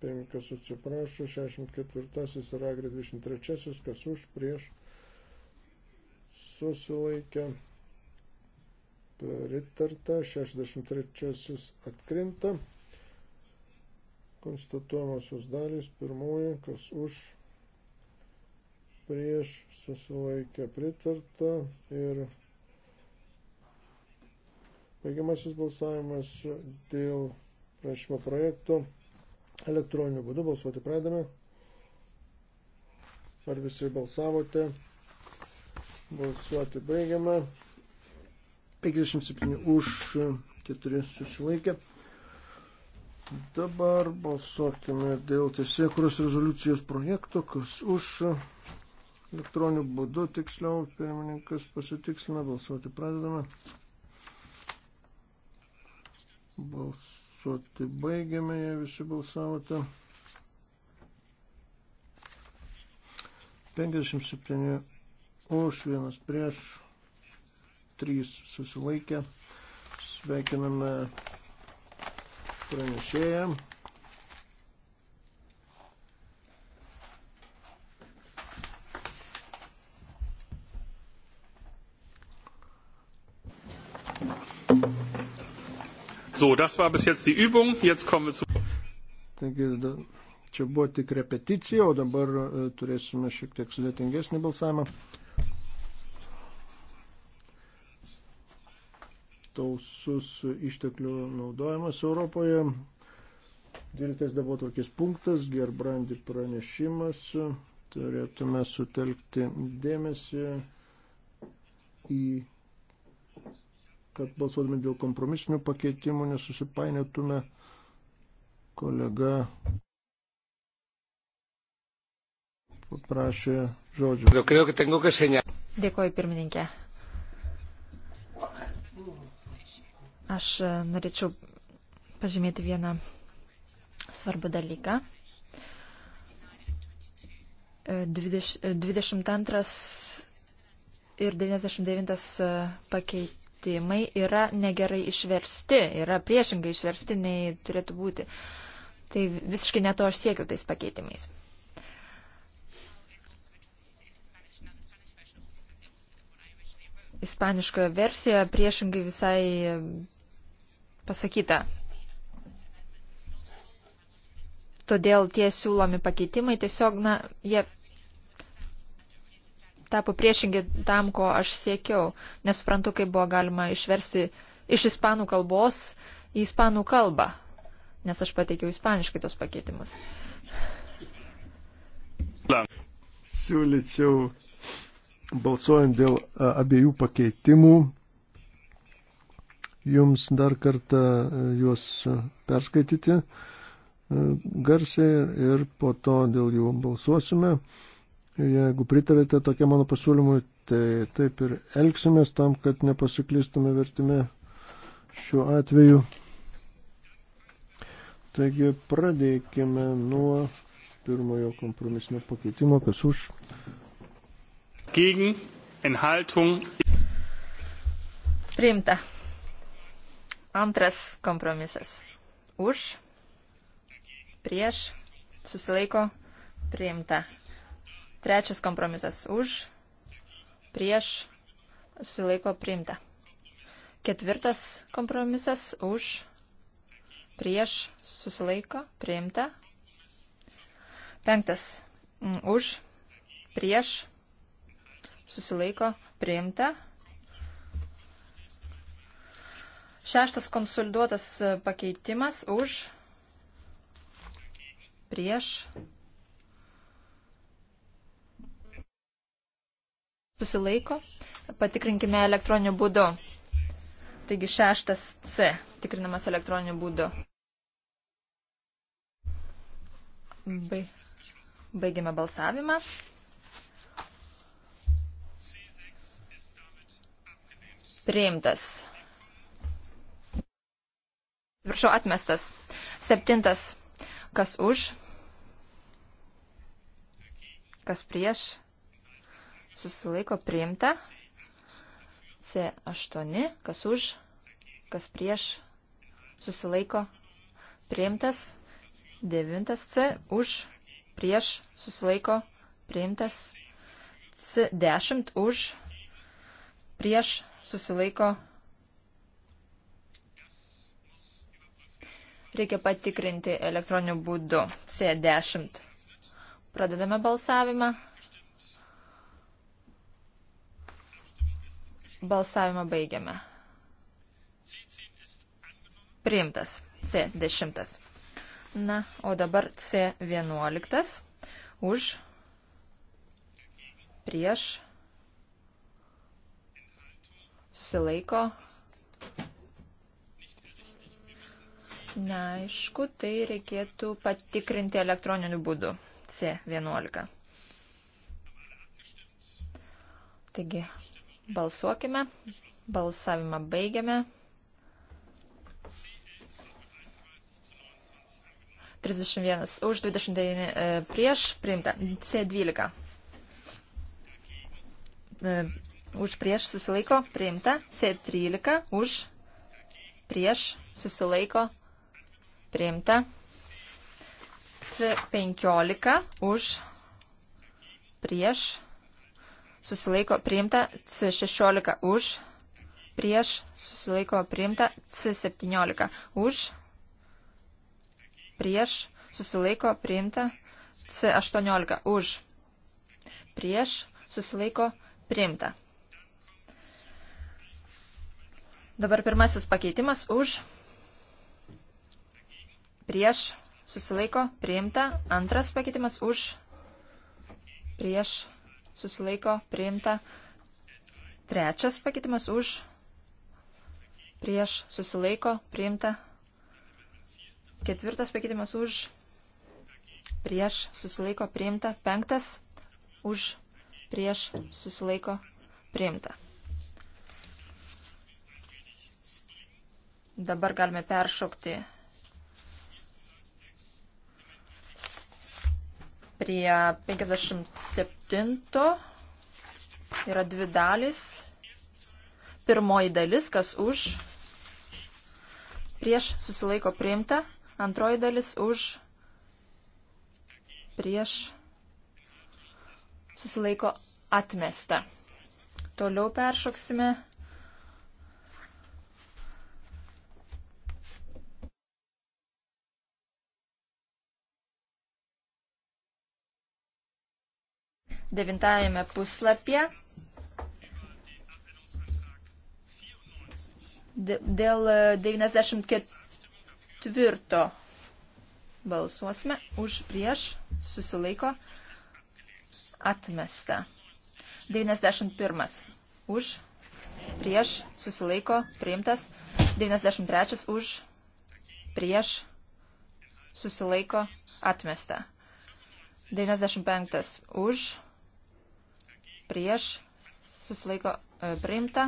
pirmininkas atsiprašo, 64 ir agri 23, kas už, prieš, susilaikė, pritarta, 63 atkrinta, konstatuojamosios dalys, pirmoji, kas už, prieš, susilaikė, pritarta ir baigiamasis balsavimas dėl prašymo projekto. Elektroniniu būdu balsuoti pradame. Ar visi balsavote? Balsuoti baigiame. 57 už, 4 susilaikė. Dabar balsuokime dėl teisėkuros rezoliucijos projekto, kas už elektroniniu būdu tiksliau, pirmininkas pasitikslina, balsuoti pradedame. Balsuoti. Balsuoti baigiame, jei visi balsavote. 57 už, vienas prieš, 3 susilaikė. Sveikiname pranešėjams. So, das war bis jetzt die Übung. Jetzt kommen wir zu. Taigi, da, čia buvo tik repeticija, o dabar e, turėsime šiek tiek sudėtingesnį balsavimą. Tausus išteklių naudojimas Europoje. 12 dabar tokias punktas, gerbrandi pranešimas, turėtume sutelkti dėmesį į kad balsuodami dėl kompromisinių pakeitimų nesusipainiotume kolega paprašė žodžių. Dėkoju, pirmininkė. Aš e, norėčiau pažymėti vieną svarbų dalyką. 22 e, e, ir 99 pakeit, pakeitimai yra negerai išversti, yra priešingai išversti, nei turėtų būti. Tai visiškai neto aš siekiu tais pakeitimais. Ispaniškoje versijoje priešingai visai pasakyta. Todėl tie siūlomi pakeitimai tiesiog, na, jie tapo priešingi tam, ko aš siekiau. Nesuprantu, kaip buvo galima išversti iš ispanų kalbos į ispanų kalbą, nes aš pateikiau ispaniškai tos pakeitimus. Siūlyčiau balsuojant dėl abiejų pakeitimų, jums dar kartą juos perskaityti garsiai ir po to dėl jų balsuosime. Jeigu pritarėte tokia mano pasiūlymui, tai taip ir elgsimės tam, kad nepasiklystume vertime šiuo atveju. Taigi pradėkime nuo pirmojo kompromisinio pakeitimo, kas už. Gegen, enthaltung. Priimta. Antras kompromisas. Už, prieš, susilaiko, priimta. Trečias kompromisas už, prieš, susilaiko priimta. Ketvirtas kompromisas už, prieš, susilaiko priimta. Penktas mm, už, prieš, susilaiko priimta. Šeštas konsoliduotas pakeitimas už, prieš, susilaiko, patikrinkime elektroniniu būdu. Taigi šeštas C tikrinamas elektroniniu būdu. Baigiame balsavimą. Priimtas. Atsiprašau, atmestas. Septintas. Kas už? Kas prieš? susilaiko priimta. C8, kas už, kas prieš, susilaiko priimtas. 9C už, prieš, susilaiko priimtas. C10 už, prieš, susilaiko priimtas. reikia patikrinti elektroniniu būdu C10. Pradedame balsavimą. Balsavimą baigiame. Priimtas. C10. Na, o dabar C11. Už. Prieš. Susilaiko. Neaišku, tai reikėtų patikrinti elektroniniu būdu. C11. Taigi, Balsuokime. Balsavimą baigiame. 31 už, 29 e, prieš, priimta. C12. E, už prieš susilaiko, priimta. C13 už, prieš susilaiko, priimta. C15 už, prieš susilaiko priimta, C16 už, prieš susilaiko priimta, C17 už, prieš susilaiko priimta, C18 už, prieš susilaiko priimta. Dabar pirmasis pakeitimas už, prieš susilaiko priimta, antras pakeitimas už, prieš susilaiko priimta susilaiko priimta. Trečias pakeitimas už, prieš susilaiko priimta. Ketvirtas pakeitimas už, prieš susilaiko priimta. Penktas už, prieš susilaiko priimta. Dabar galime peršokti prie 57 yra dvi dalys. Pirmoji dalis, kas už, prieš susilaiko priimta, antroji dalis už, prieš susilaiko atmesta. Toliau peršoksime devintajame puslapyje dėl 94 balsuosime už prieš susilaiko atmesta. 91 už prieš susilaiko priimtas. 93 už prieš susilaiko atmesta. 95 už prieš susilaiko e, priimta.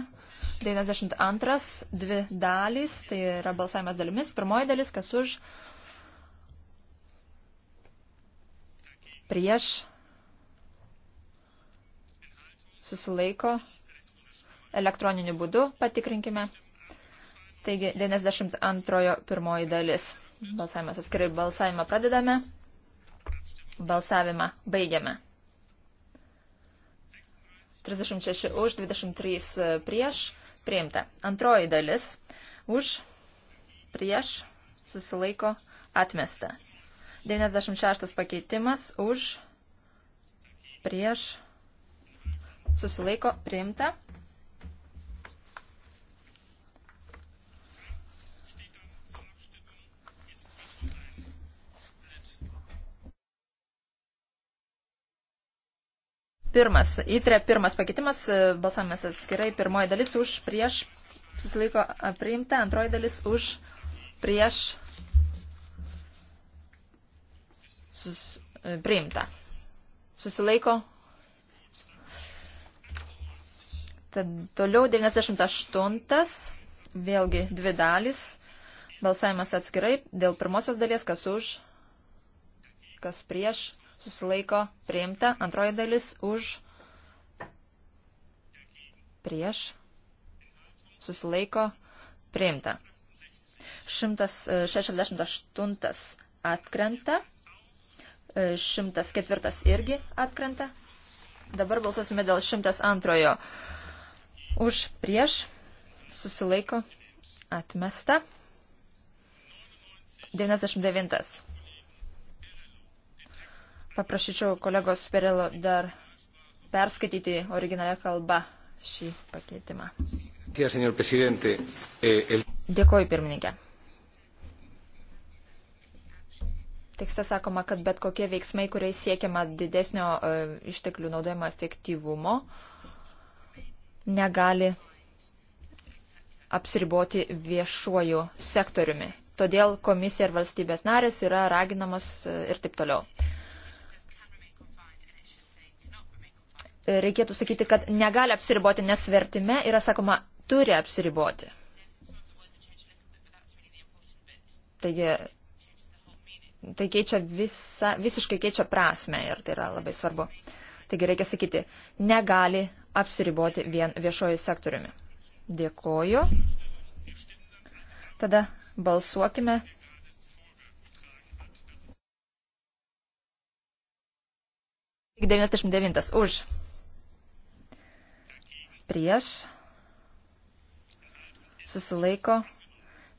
92, dvi dalys, tai yra balsavimas dalimis. Pirmoji dalis, kas už, prieš, susilaiko, elektroniniu būdu patikrinkime. Taigi, 92 pirmoji dalis. Balsavimas atskirai balsavimą pradedame. Balsavimą baigiame. 36 už, 23 e, prieš, priimta. Antroji dalis už, prieš, susilaiko, atmesta. 96 pakeitimas už, prieš, susilaiko, priimta. Pirmas, įtrė pirmas pakeitimas, e, balsavimas atskirai, pirmoji dalis už, prieš, susilaiko priimta, antroji dalis už, prieš, sus, e, priimta. Susilaiko. Tad toliau 98. Vėlgi dvi dalys. Balsavimas atskirai. Dėl pirmosios dalies, kas už, kas prieš, susilaiko priimta. Antroji dalis už prieš susilaiko priimta. 168 e, atkrenta. 104 e, irgi atkrenta. Dabar balsasime dėl 102. Už prieš susilaiko atmesta. 99. Paprašyčiau kolegos Perelo dar perskaityti originalią kalbą šį pakeitimą. Eh, Dėkoju, pirmininkė. Tekste sakoma, kad bet kokie veiksmai, kuriais siekiama didesnio e, išteklių naudojimo efektyvumo, negali apsiriboti viešuoju sektoriumi. Todėl komisija ir valstybės narės yra raginamos e, ir taip toliau. reikėtų sakyti, kad negali apsiriboti, nes vertime yra sakoma, turi apsiriboti. Taigi, tai keičia visą, visiškai keičia prasme ir tai yra labai svarbu. Taigi reikia sakyti, negali apsiriboti vien viešojų sektoriumi. Dėkoju. Tada balsuokime. Tik 99 už prieš, susilaiko,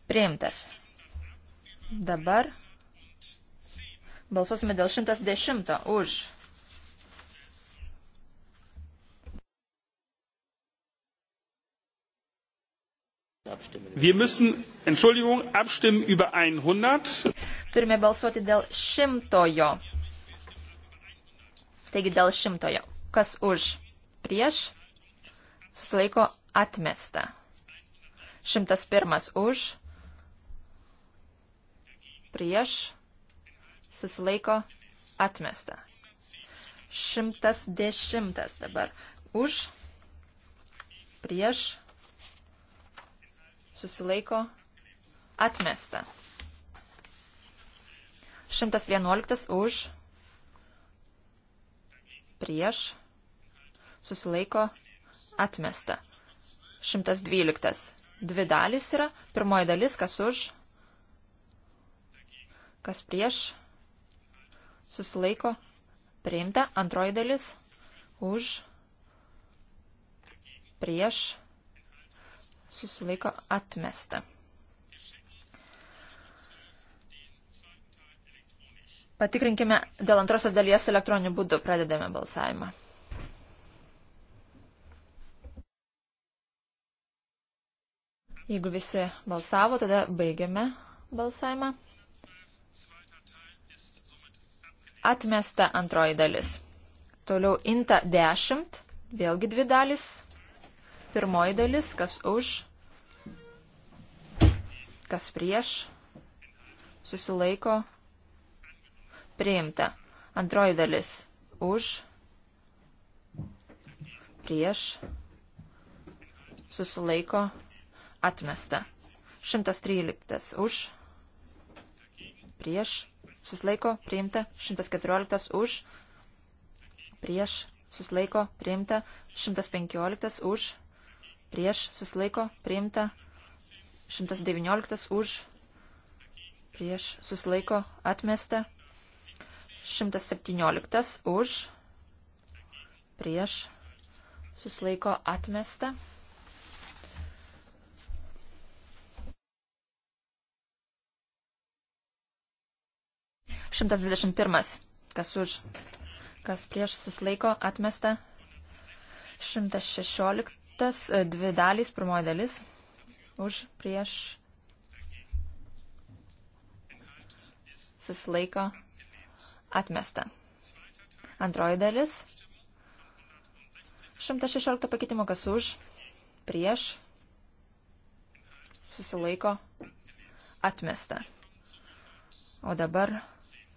priimtas. Dabar balsuosime dėl 110 už. Wir müssen, Entschuldigung, abstimmen über 100. Turime balsuoti dėl šimtojo. Taigi dėl šimtojo. Kas už? Prieš? susilaiko atmesta. 101 už, prieš, susilaiko atmesta. 110 dabar už, prieš, susilaiko atmesta. 111 už, prieš, susilaiko atmesta Atmesta. 112. Dvi dalys yra. Pirmoji dalis, kas už, kas prieš, susilaiko, priimta. Antroji dalis, už, prieš, susilaiko, atmesta. Patikrinkime dėl antrosios dalies elektroniniu būdu pradedame balsavimą. Jeigu visi balsavo, tada baigiame balsavimą. Atmesta antroji dalis. Toliau inta 10, vėlgi dvi dalis. Pirmoji dalis, kas už, kas prieš, susilaiko, priimta. Antroji dalis, už, prieš, susilaiko, priimta Atmesta. 113 už. Prieš. Suslaiko. Priimta. 114 už. Prieš. Suslaiko. Priimta. 115 už. Prieš. Suslaiko. Priimta. 119 už. Prieš. Suslaiko. Atmesta. 117 už. Prieš. Suslaiko. Atmesta. 121. Kas už? Kas prieš susilaiko atmesta? 116. Dvi dalys, pirmoji dalis. Už prieš susilaiko atmesta. Antroji dalis. 116 pakeitimo kas už, prieš, susilaiko, atmesta. O dabar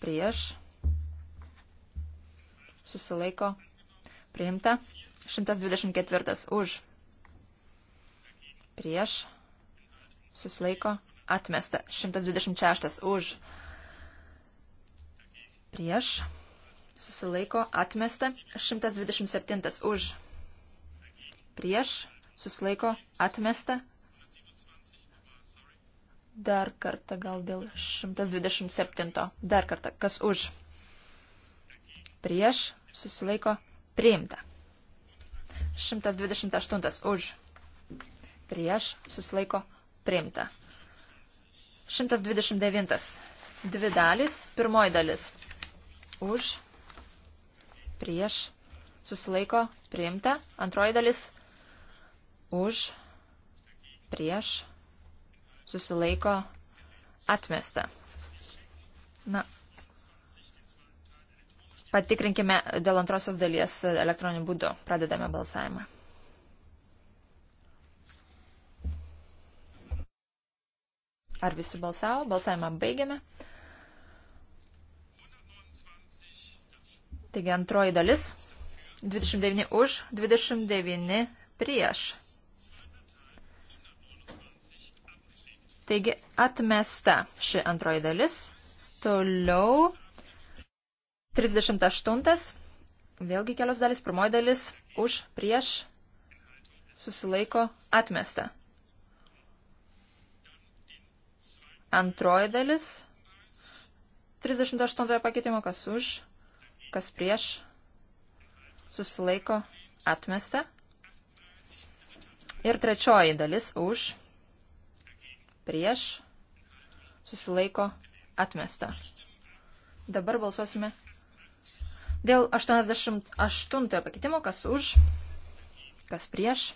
prieš, susilaiko, priimta. 124 už, prieš, susilaiko, atmesta. 126 už, prieš, susilaiko, atmesta. 127 už, prieš, susilaiko, atmesta. Dar kartą gal dėl 127. Dar kartą, kas už? Prieš susilaiko priimta. 128 už. Prieš susilaiko priimta. 129. Dvi dalis. Pirmoji dalis. Už. Prieš susilaiko priimta. Antroji dalis. Už. Prieš susilaiko atmesta. Na, patikrinkime dėl antrosios dalies elektroniniu būdu. Pradedame balsavimą. Ar visi balsavo? Balsavimą baigiame. Taigi antroji dalis. 29 už, 29 prieš. Taigi atmesta ši antroji dalis. Toliau 38. Vėlgi kelios dalis. Pirmoji dalis už prieš susilaiko atmesta. Antroji dalis 38 pakeitimo, kas už, kas prieš, susilaiko atmesta. Ir trečioji dalis už, prieš, susilaiko, atmesta. Dabar balsuosime dėl 88 pakeitimo, kas už, kas prieš,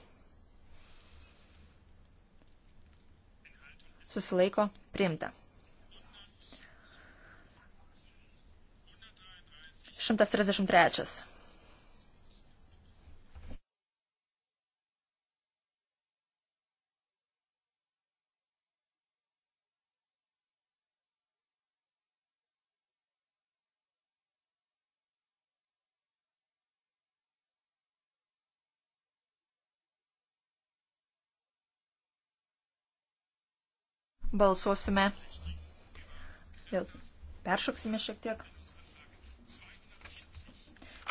susilaiko, priimta. 133. balsuosime. Vėl peršoksime šiek tiek.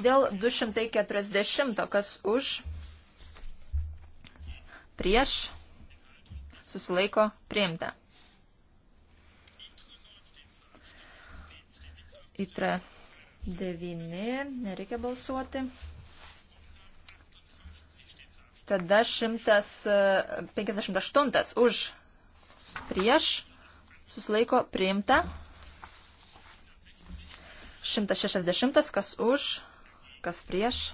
Dėl 240, kas už, prieš, susilaiko priimta. Itra 9, nereikia balsuoti. Tada 158 e, už prieš, susilaiko priimta. 160 kas už, kas prieš,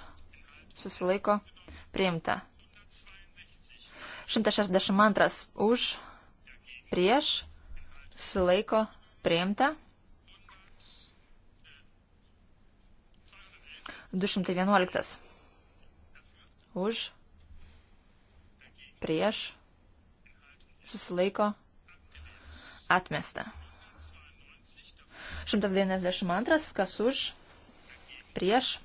susilaiko priimta. 162 už, prieš, susilaiko priimta. 211 už, prieš, susilaiko priimta atmesta. 192, kas už, prieš,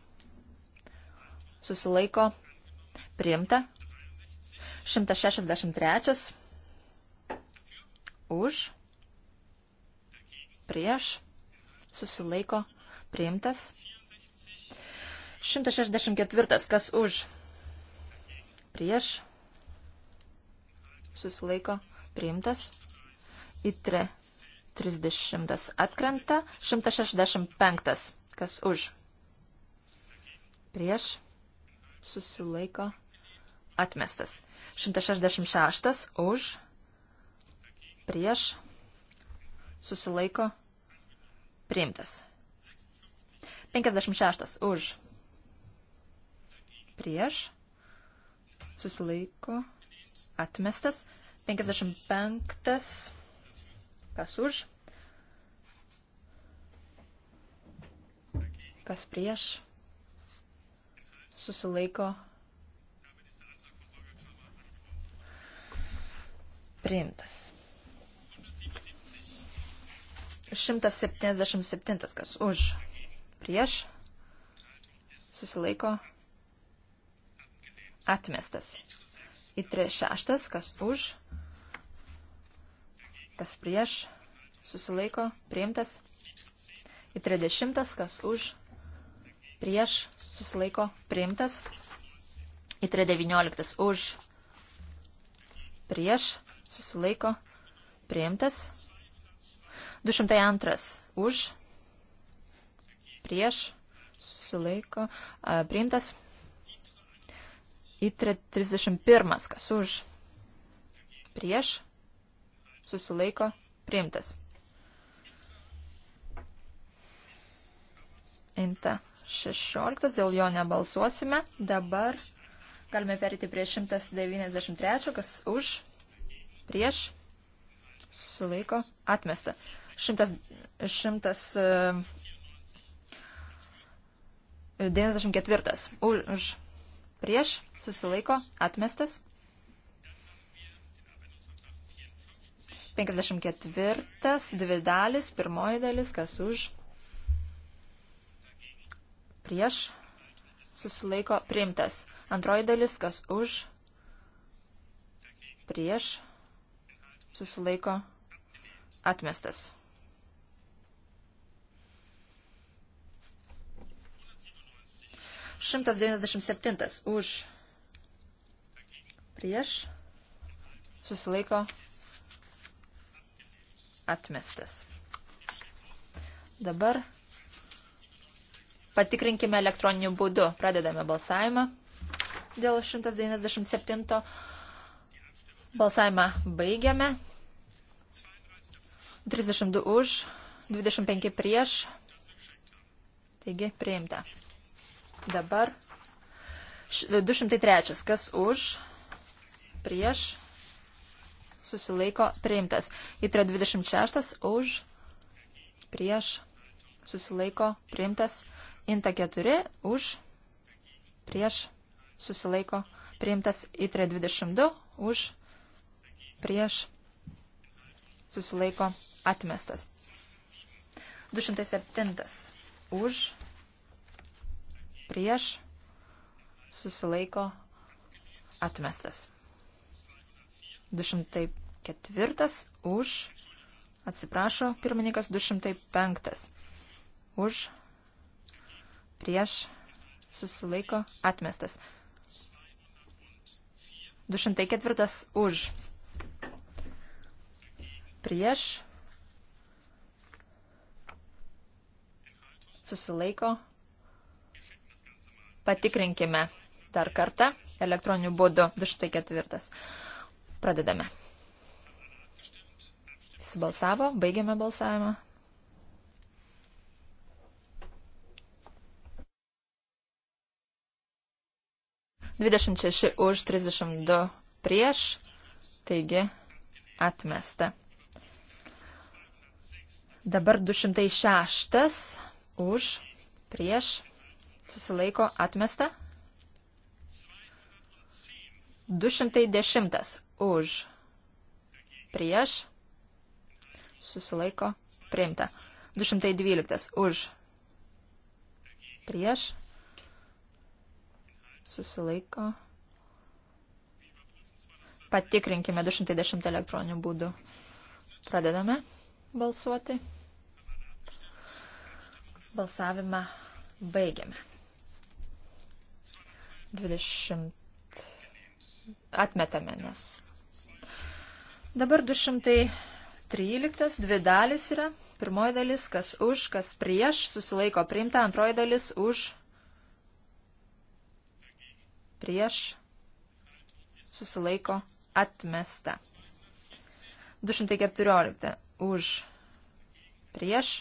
susilaiko, priimta. 163, už, prieš, susilaiko, priimtas. 164, kas už, prieš, susilaiko, priimtas. Itre 30 atkrenta, 165 kas už. Prieš susilaiko atmestas. 166 už. Prieš susilaiko priimtas. 56 už. Prieš susilaiko atmestas. 55 Kas už? Kas prieš? Susilaiko. Priimtas. 177. Kas už? Prieš? Susilaiko. Atmestas. Į 36. Kas už? kas prieš, susilaiko, priimtas. Į 30, kas už, prieš, susilaiko, priimtas. Į 319, už, prieš, susilaiko, priimtas. 202, už, prieš, susilaiko, priimtas. Į 31, kas už, prieš, susilaiko, priimtas. Inta 16, dėl jo nebalsuosime. Dabar galime perėti prie 193, kas už, prieš, susilaiko, atmesta. 100, 194, e, už, prieš, susilaiko, atmestas. 54, dvi dalis, pirmoji dalis, kas už, prieš, susilaiko priimtas. Antroji dalis, kas už, prieš, susilaiko atmestas. 197 už prieš susilaiko atmestas. Dabar patikrinkime elektroniniu būdu. Pradedame balsavimą dėl 197. Balsavimą baigiame. 32 už, 25 prieš. Taigi, priimta. Dabar 203. Kas už, prieš, susilaiko priimtas. Įtra 26 už, prieš, susilaiko priimtas. Inta 4 už, prieš, susilaiko priimtas. Įtra 22 už, prieš, susilaiko atmestas. 207 už, prieš, susilaiko atmestas. 204 už, atsiprašo, pirmininkas 205 už, prieš, susilaiko, atmestas. 204 už, prieš, susilaiko, patikrinkime dar kartą elektroniniu būdu 204. Pradedame. Visi balsavo, baigiame balsavimą. Dvidešimt šeši už, trisdešimt du prieš, taigi atmesta. Dabar 206 už, prieš, susilaiko atmesta. 210 už, prieš, susilaiko, priimta. 212 už, prieš, susilaiko. Patikrinkime 210 elektroninių būdų. Pradedame balsuoti. Balsavimą baigiame. 20 atmetame, nes Dabar 213, dvi dalis yra. Pirmoji dalis, kas už, kas prieš, susilaiko priimta. Antroji dalis už, prieš, susilaiko atmesta. 214 už, prieš,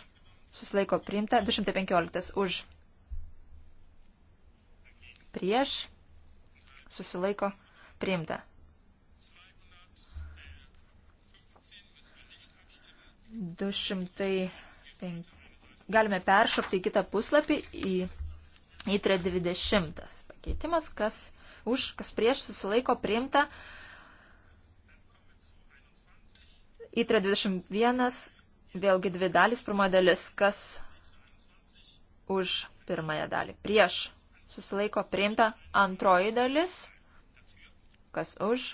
susilaiko priimta. 215 už, prieš, susilaiko priimta. 205. Galime peršokti į kitą puslapį į, į 320. Pakeitimas, kas už, kas prieš susilaiko priimta. Į 321 vėlgi dvi dalys. Pirmoji dalis, kas už pirmąją dalį. Prieš susilaiko priimta antroji dalis. Kas už,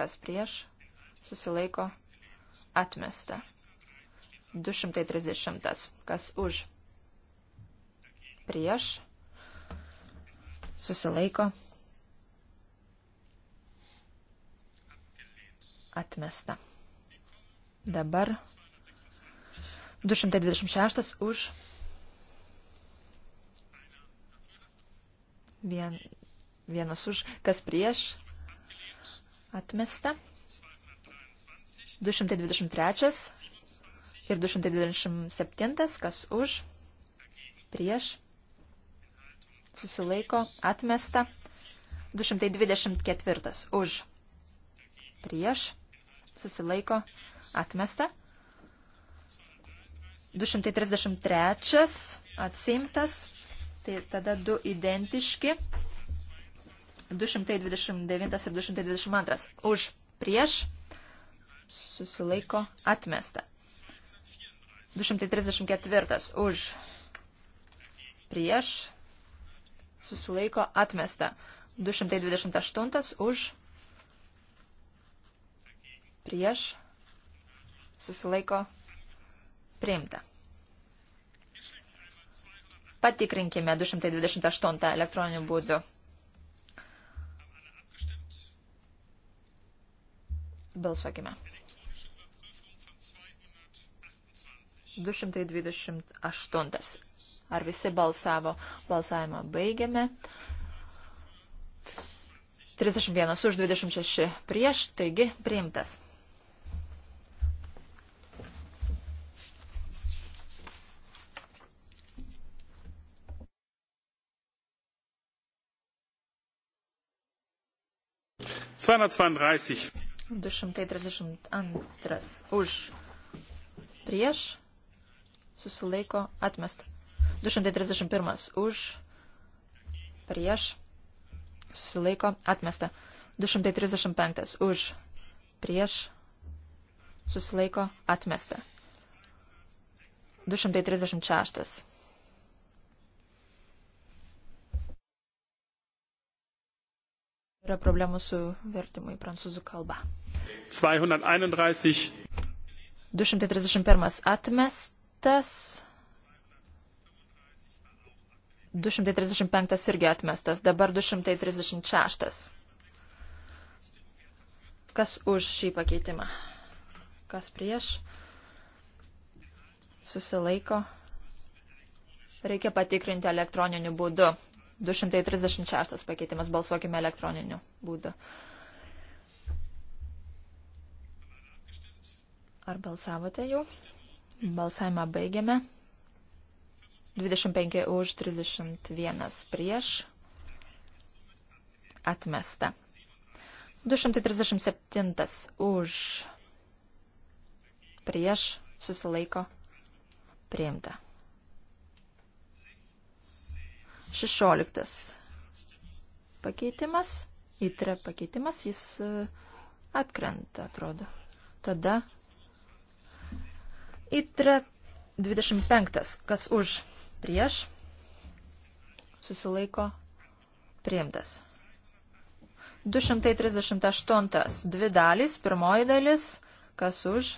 kas prieš susilaiko priimta Atmesta. 230. Kas už? Prieš. Susilaiko. Atmesta. Dabar 226 už. Vien, vienas už. Kas prieš? Atmesta. 223 ir 227, kas už, prieš, susilaiko, atmesta. 224 už, prieš, susilaiko, atmesta. 233 atsimtas, tai tada du identiški. 229 ir 222 už, prieš, susilaiko atmesta. 234 už prieš susilaiko atmesta. 228 už prieš susilaiko priimta. Patikrinkime 228 elektroniniu būdu. Balsuokime. 228. Ar visi balsavo? Balsavimą baigiame. 31 už 26 prieš, taigi priimtas. du šimtai trisdešimt antras už prieš susilaiko atmesta. 231 už, prieš, susilaiko atmesta. 235 už, prieš, susilaiko atmesta. 236. Yra problemų su vertimu į prancūzų kalbą. 231. 231 atmest. Kitas 235 irgi atmestas, dabar 236. Kas už šį pakeitimą? Kas prieš? Susilaiko. Reikia patikrinti elektroniniu būdu. 236 pakeitimas, balsuokime elektroniniu būdu. Ar balsavote jau? Balsavimą baigiame. 25 už 31 prieš. Atmesta. 237 už prieš susilaiko priimta. 16 pakeitimas, įtre pakeitimas, jis e, atkrenta, atrodo. Tada Įtre 25. Kas už prieš susilaiko priimtas. 238. Dvi dalys. Pirmoji dalis. Kas už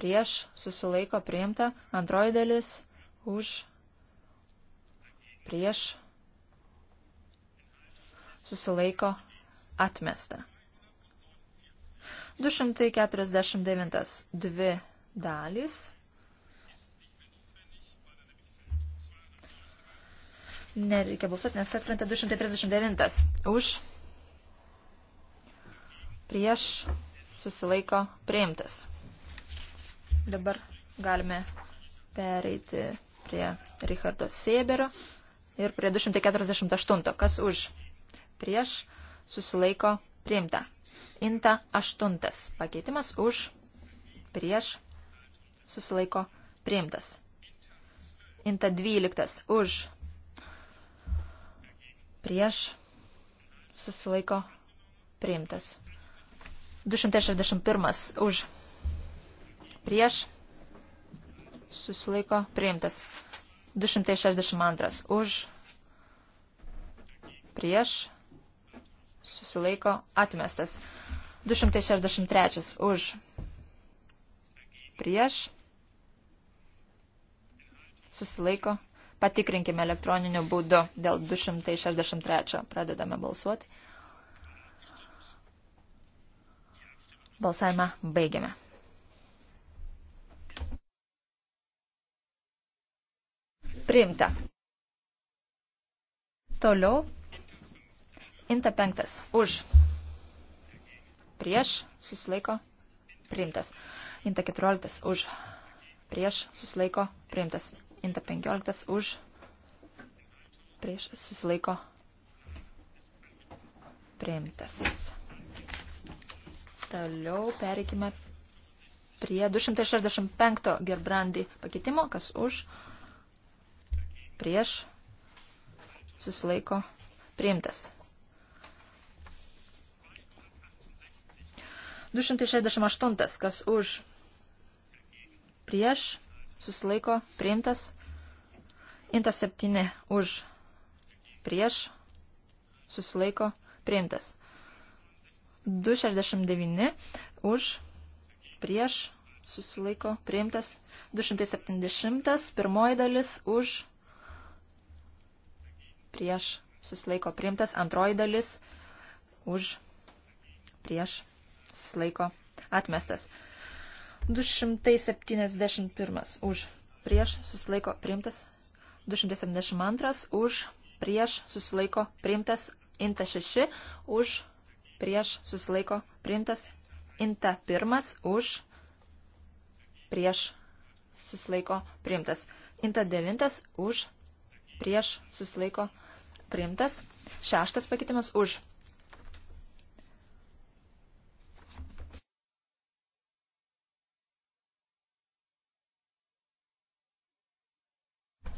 prieš susilaiko priimta. Antroji dalis. Už prieš susilaiko atmesta. 249. Dvi dalys. Nereikia balsuoti, nes atkrenta 239. Už. Prieš susilaiko priimtas. Dabar galime pereiti prie Richardo Sėberio ir prie 248. Kas už? Prieš susilaiko priimta. Inta 8. Pakeitimas už. Prieš susilaiko priimtas. Inta 12 už prieš susilaiko priimtas. 261 už prieš susilaiko priimtas. 262 už prieš susilaiko atmestas. 263 už prieš susilaiko. Patikrinkime elektroniniu būdu dėl 263. Pradedame balsuoti. Balsavimą baigiame. Priimta. Toliau. Inta penktas. Už. Prieš. Susilaiko. Priimtas. Inta keturioliktas. Už. Prieš. Susilaiko. Priimtas. Inta 15 už prieš susilaiko priimtas. Toliau pereikime prie 265 gerbrandį pakeitimo, kas už prieš susilaiko priimtas. 268, kas už prieš susilaiko priimtas. Inta 7 už prieš susilaiko priimtas. 269 už prieš susilaiko priimtas. 270 pirmoji dalis už prieš susilaiko priimtas. Antroji dalis už prieš susilaiko atmestas. 271 už prieš susilaiko priimtas, 272 už prieš susilaiko priimtas, inta 6 už prieš susilaiko priimtas, inta 1 už prieš susilaiko priimtas, inta 9 už prieš susilaiko priimtas, šeštas pakeitimas už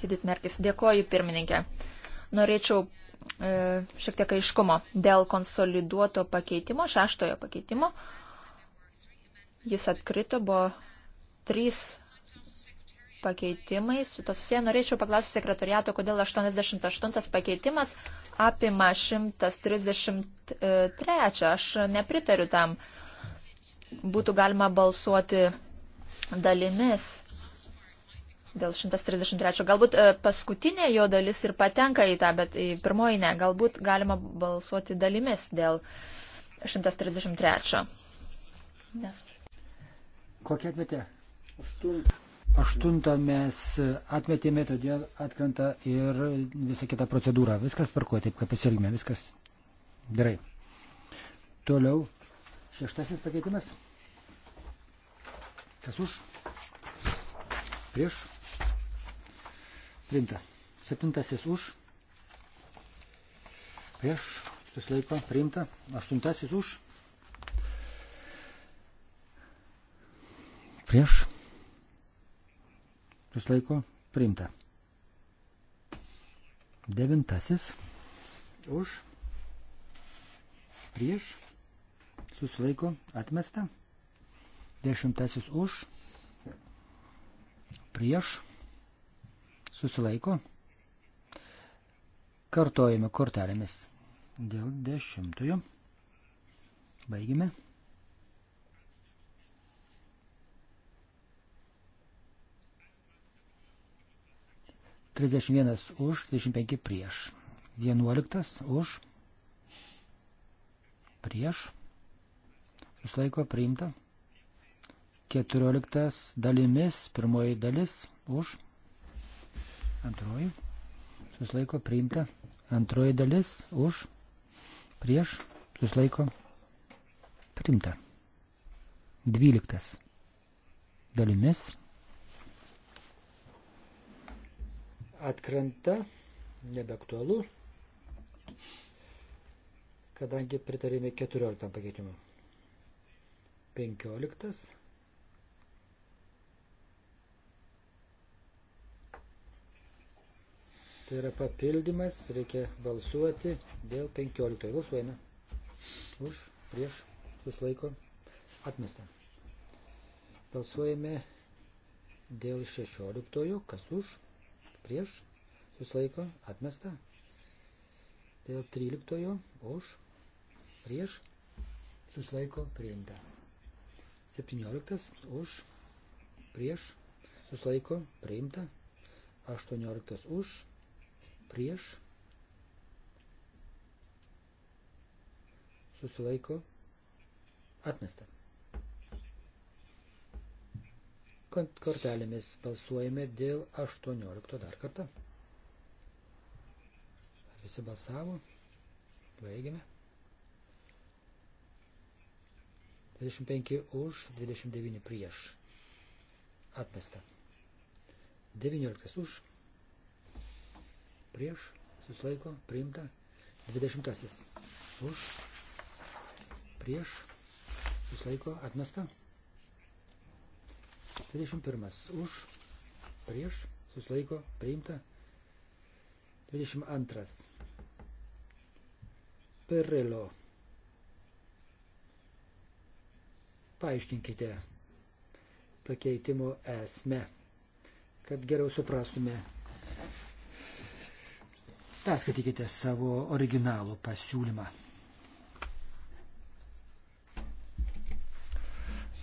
Judith Merkis. Dėkoju, pirmininkė. Norėčiau e, šiek tiek aiškumo dėl konsoliduoto pakeitimo, šeštojo pakeitimo. Jis atkrito, buvo trys pakeitimai. Su to susiję norėčiau paklausyti sekretariato, kodėl 88 pakeitimas apima 133. Aš nepritariu tam. Būtų galima balsuoti dalimis dėl 133. Galbūt e, paskutinė jo dalis ir patenka į tą, bet į pirmoji ne. Galbūt galima balsuoti dalimis dėl 133. Nes. Kokia atmetė? Aštuntą. Aštuntą mes atmetėme, todėl atkrenta ir visa kita procedūra. Viskas tvarkuoja taip, kaip pasielgime. Viskas gerai. Toliau. Šeštasis pakeitimas. Kas už? Prieš. Priimta. Septintasis už. Prieš. Susilaiko. Priimta. Aštuntasis už. Prieš. Susilaiko. Priimta. Devintasis. Už. Prieš. Susilaiko. Atmesta. Dešimtasis už. Prieš susilaiko. Kartojame kortelėmis dėl dešimtojo. Baigime. Trisdešimt vienas už, trisdešimt penki prieš. Vienuoliktas už, prieš. Susilaiko priimta. Keturioliktas dalimis, pirmoji dalis už Antroji. Suslaiko priimta. Antroji dalis už. Prieš. Suslaiko priimta. Dvyliktas. Dalimis. Atkrenta. Nebeaktualu. Kadangi pritarėme 14 pakeitimui. 15 Tai yra papildymas, reikia balsuoti dėl 15. Balsuojame. Už, prieš, suslaiko, atmesta. Balsuojame dėl 16. Kas už, prieš, suslaiko, atmesta. Dėl 13. Už, prieš, suslaiko, priimta. 17. Už, prieš, suslaiko, priimta. 18. Už, prieš, susilaiko, atmesta. Kortelėmis balsuojame dėl 18 dar kartą. Visi balsavo. Baigiame. 25 už, 29 prieš. Atmesta. 19 už, prieš, susilaiko, priimta. 20. Už, prieš, susilaiko, atmesta. 21. Už, prieš, susilaiko, priimta. 22. Perrelo. Paaiškinkite pakeitimo esmę, kad geriau suprastume Perskaitykite savo originalų pasiūlymą.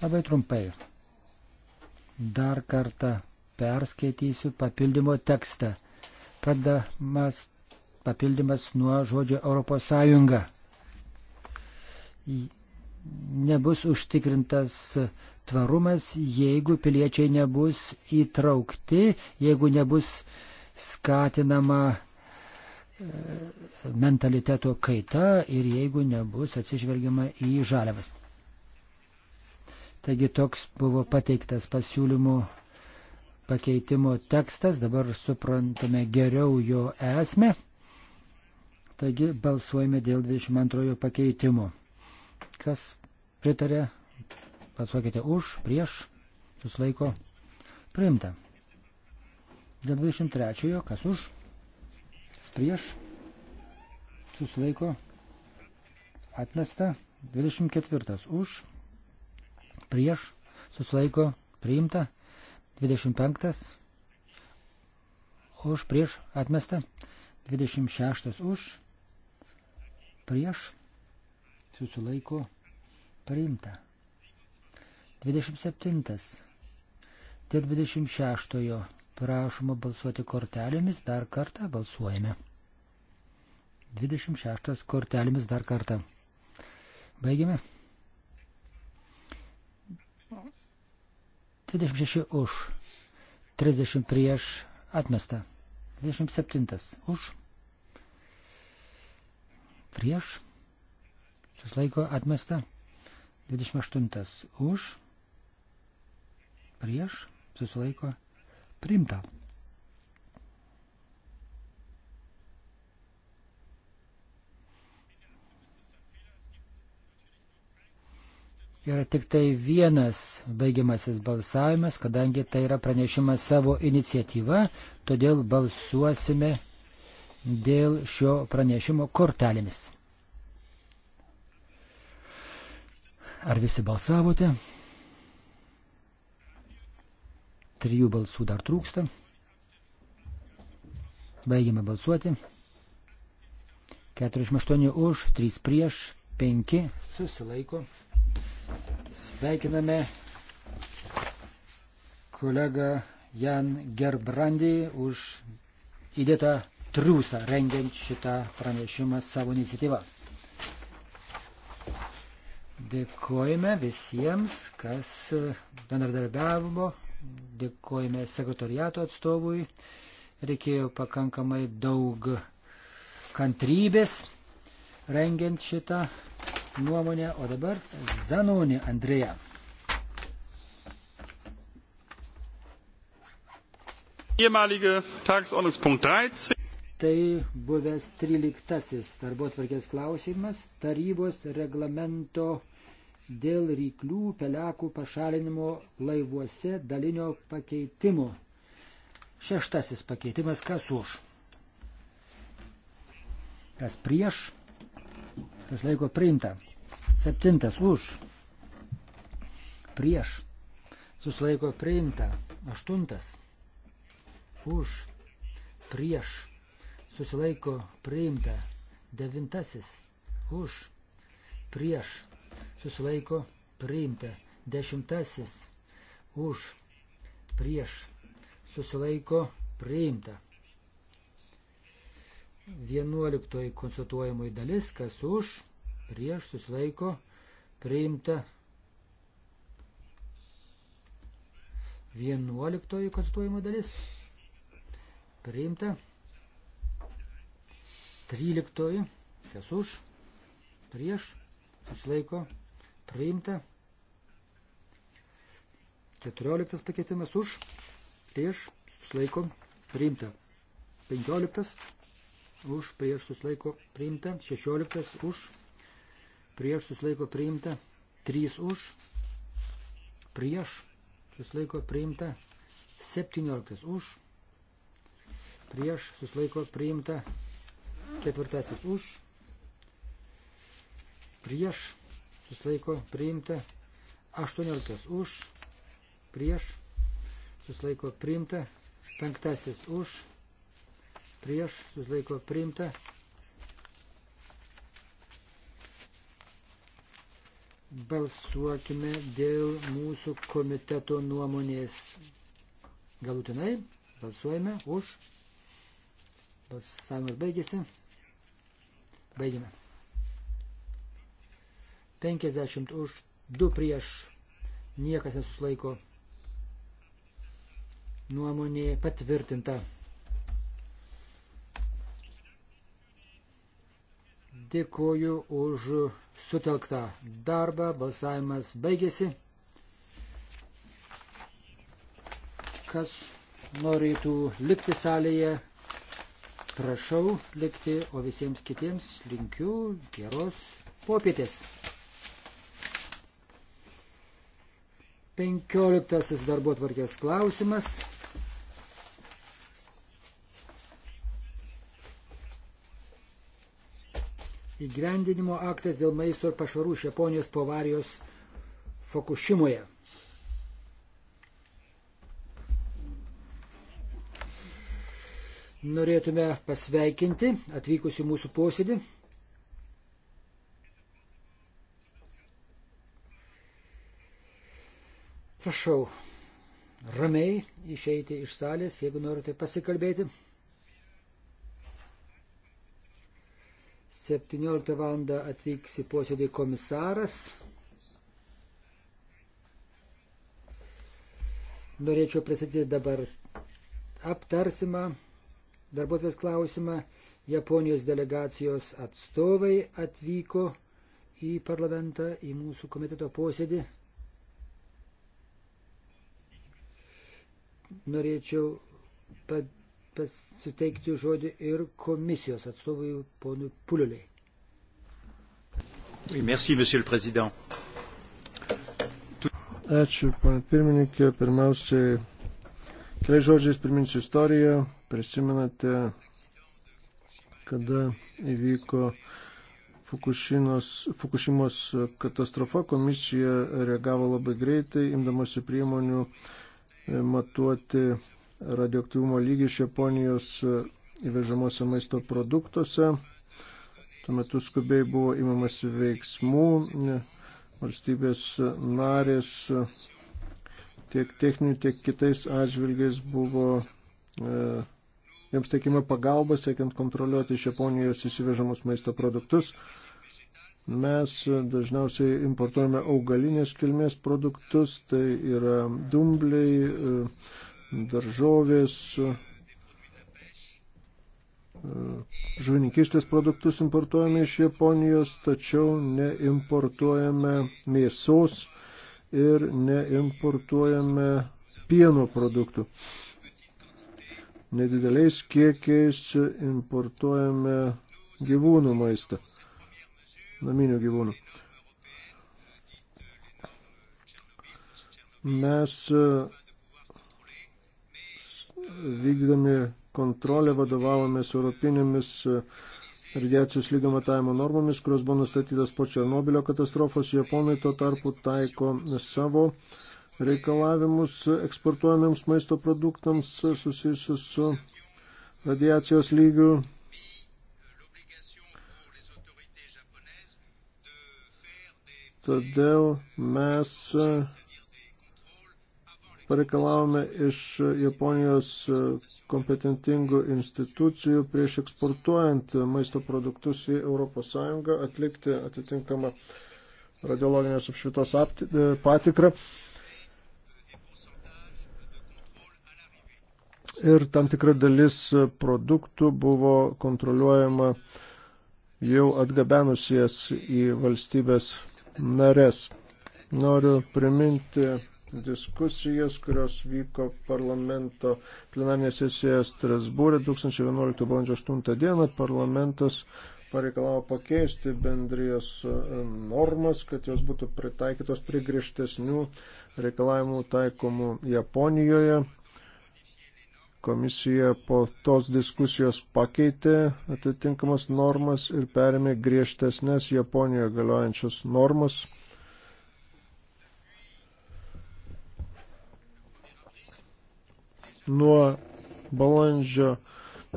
Labai trumpai. Dar kartą perskaitysiu papildymo tekstą. Pradamas papildymas nuo žodžio Europos Sąjunga. Nebus užtikrintas tvarumas, jeigu piliečiai nebus įtraukti, jeigu nebus skatinama mentaliteto kaita ir jeigu nebus atsižvelgiama į žaliavas. Taigi toks buvo pateiktas pasiūlymų pakeitimo tekstas, dabar suprantame geriau jo esmę. Taigi balsuojame dėl 22 pakeitimo. Kas pritarė, balsuokite už, prieš, susilaiko, priimta. Dėl 23, kas už? prieš, susilaiko, atmesta, 24 už, prieš, susilaiko, priimta, 25 už, prieš, atmesta, 26 už, prieš, susilaiko, priimta. 27. Dėl 26 Prašoma balsuoti kortelėmis dar kartą. Balsuojame. 26 kortelėmis dar kartą. Baigiame. 26 už. 30 prieš. Atmesta. 27 už. Prieš. Suslaiko atmesta. 28 už. Prieš. Susilaiko Priimta. Yra tik tai vienas baigiamasis balsavimas, kadangi tai yra pranešimas savo iniciatyva, todėl balsuosime dėl šio pranešimo kortelėmis. Ar visi balsavote? Trijų balsų dar trūksta. Baigime balsuoti. 48 už, 3 prieš, 5 susilaiko. Sveikiname kolegą Jan Gerbrandį už įdėtą triūsą rengiant šitą pranešimą savo iniciatyvą. Dėkojame visiems, kas bendradarbiavo dėkojame sekretoriato atstovui, reikėjo pakankamai daug kantrybės rengiant šitą nuomonę, o dabar Zanonė Andrėja. ehemalige Tagesordnungspunkt 13. Tai buvęs 13 darbo tvarkės klausimas tarybos reglamento dėl ryklių pelekų pašalinimo laivuose dalinio pakeitimo. Šeštasis pakeitimas kas už? Kas prieš? Kas laiko priimta? Septintas už. Prieš. Suslaiko priimta. Aštuntas. Už. Prieš. Susilaiko priimta. Devintasis. Už. Prieš susilaiko priimta. Dešimtasis už prieš susilaiko priimta. Vienuoliktoji konstatuojamoji dalis, kas už prieš susilaiko priimta. Vienuoliktoji konstatuojamoji dalis priimta. Tryliktoji, kas už prieš susilaiko priimta. 14 pakeitimas už, prieš, susilaiko priimta. 15 už, prieš, susilaiko priimta. 16 už, prieš, susilaiko priimta. 3 už, prieš, susilaiko priimta. 17 už, prieš, susilaiko priimta. Ketvirtasis už, prieš, susilaiko priimta, 18 už, prieš, susilaiko priimta, 5 už, prieš, susilaiko priimta. Balsuokime dėl mūsų komiteto nuomonės. Galutinai balsuojame už. Balsavimas baigėsi. Baigėme. 50 už, 2 prieš, niekas nesuslaiko. Nuomonė patvirtinta. Dėkuoju už sutelktą darbą, balsavimas baigėsi. Kas norėtų likti salėje, prašau likti, o visiems kitiems linkiu geros popietės. Penkioliktasis darbo tvarkės klausimas. Įgyvendinimo aktas dėl maisto ir pašarų iš Japonijos po avarijos Fukushimoje. Norėtume pasveikinti atvykusių mūsų posėdį Prašau ramiai išeiti iš salės, jeigu norite pasikalbėti. 17 val. atvyks į posėdį komisaras. Norėčiau pristatyti dabar aptarsimą, darbuotojas klausimą. Japonijos delegacijos atstovai atvyko į parlamentą, į mūsų komiteto posėdį. norėčiau pat, pas, suteikti žodį ir komisijos atstovui ponui Puliuliai. Oui, merci, monsieur le président. Ačiū, pana pirmininkė. Pirmiausiai, keliai žodžiais priminsiu istoriją. Prisimenate, kada įvyko Fukushimos katastrofa. Komisija reagavo labai greitai, imdamasi priemonių matuoti radioaktyvumo lygį iš Japonijos įvežamosios maisto produktuose. Tuo metu skubiai buvo imamas veiksmų, valstybės narės tiek techninių, tiek kitais atžvilgiais buvo e, jiems teikima pagalba, siekiant kontroliuoti iš Japonijos įsivežamus maisto produktus. E, Mes dažniausiai importuojame augalinės kilmės produktus, tai yra dumbliai, daržovės, žuvininkystės produktus importuojame iš Japonijos, tačiau neimportuojame mėsos ir neimportuojame pieno produktų. Nedideliais kiekiais importuojame gyvūnų maistą naminių gyvūnų. Mes e, vykdydami kontrolę vadovavomės europinėmis e, radiacijos lygio matavimo normomis, kurios buvo nustatytas po Černobilio katastrofos. Japonai tuo tarpu taiko savo reikalavimus eksportuojamiems maisto produktams susijusius su radiacijos lygiu. Todėl mes e, pareikalavome iš Japonijos e, kompetentingų institucijų prieš eksportuojant maisto produktus į ES atlikti atitinkamą radiologinės apšvitos e, patikrą. Ir tam tikra dalis produktų buvo kontroliuojama jau atgabenus jas į valstybės nares. Noriu priminti diskusijas, kurios vyko parlamento plenarinė sesija Strasbūrė 2011 balandžio 8 dieną. Parlamentas pareikalavo pakeisti bendrijos e, normas, kad jos būtų pritaikytos prie griežtesnių reikalavimų taikomų Japonijoje. Komisija po tos diskusijos pakeitė atitinkamas normas ir perėmė griežtesnės Japonijoje galiojančias normas. Nuo balandžio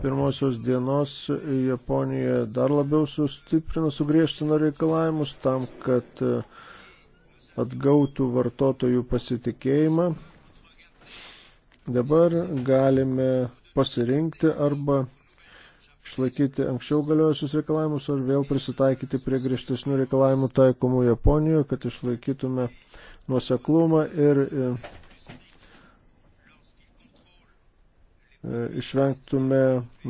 pirmosios dienos Japonija dar labiau sustiprino, sugriežtino reikalavimus tam, kad atgautų vartotojų pasitikėjimą Dabar galime pasirinkti arba išlaikyti anksčiau galiojusius reikalavimus ar vėl prisitaikyti prie griežtesnių reikalavimų taikomų Japonijoje, kad išlaikytume nuoseklumą ir e, e, išvengtume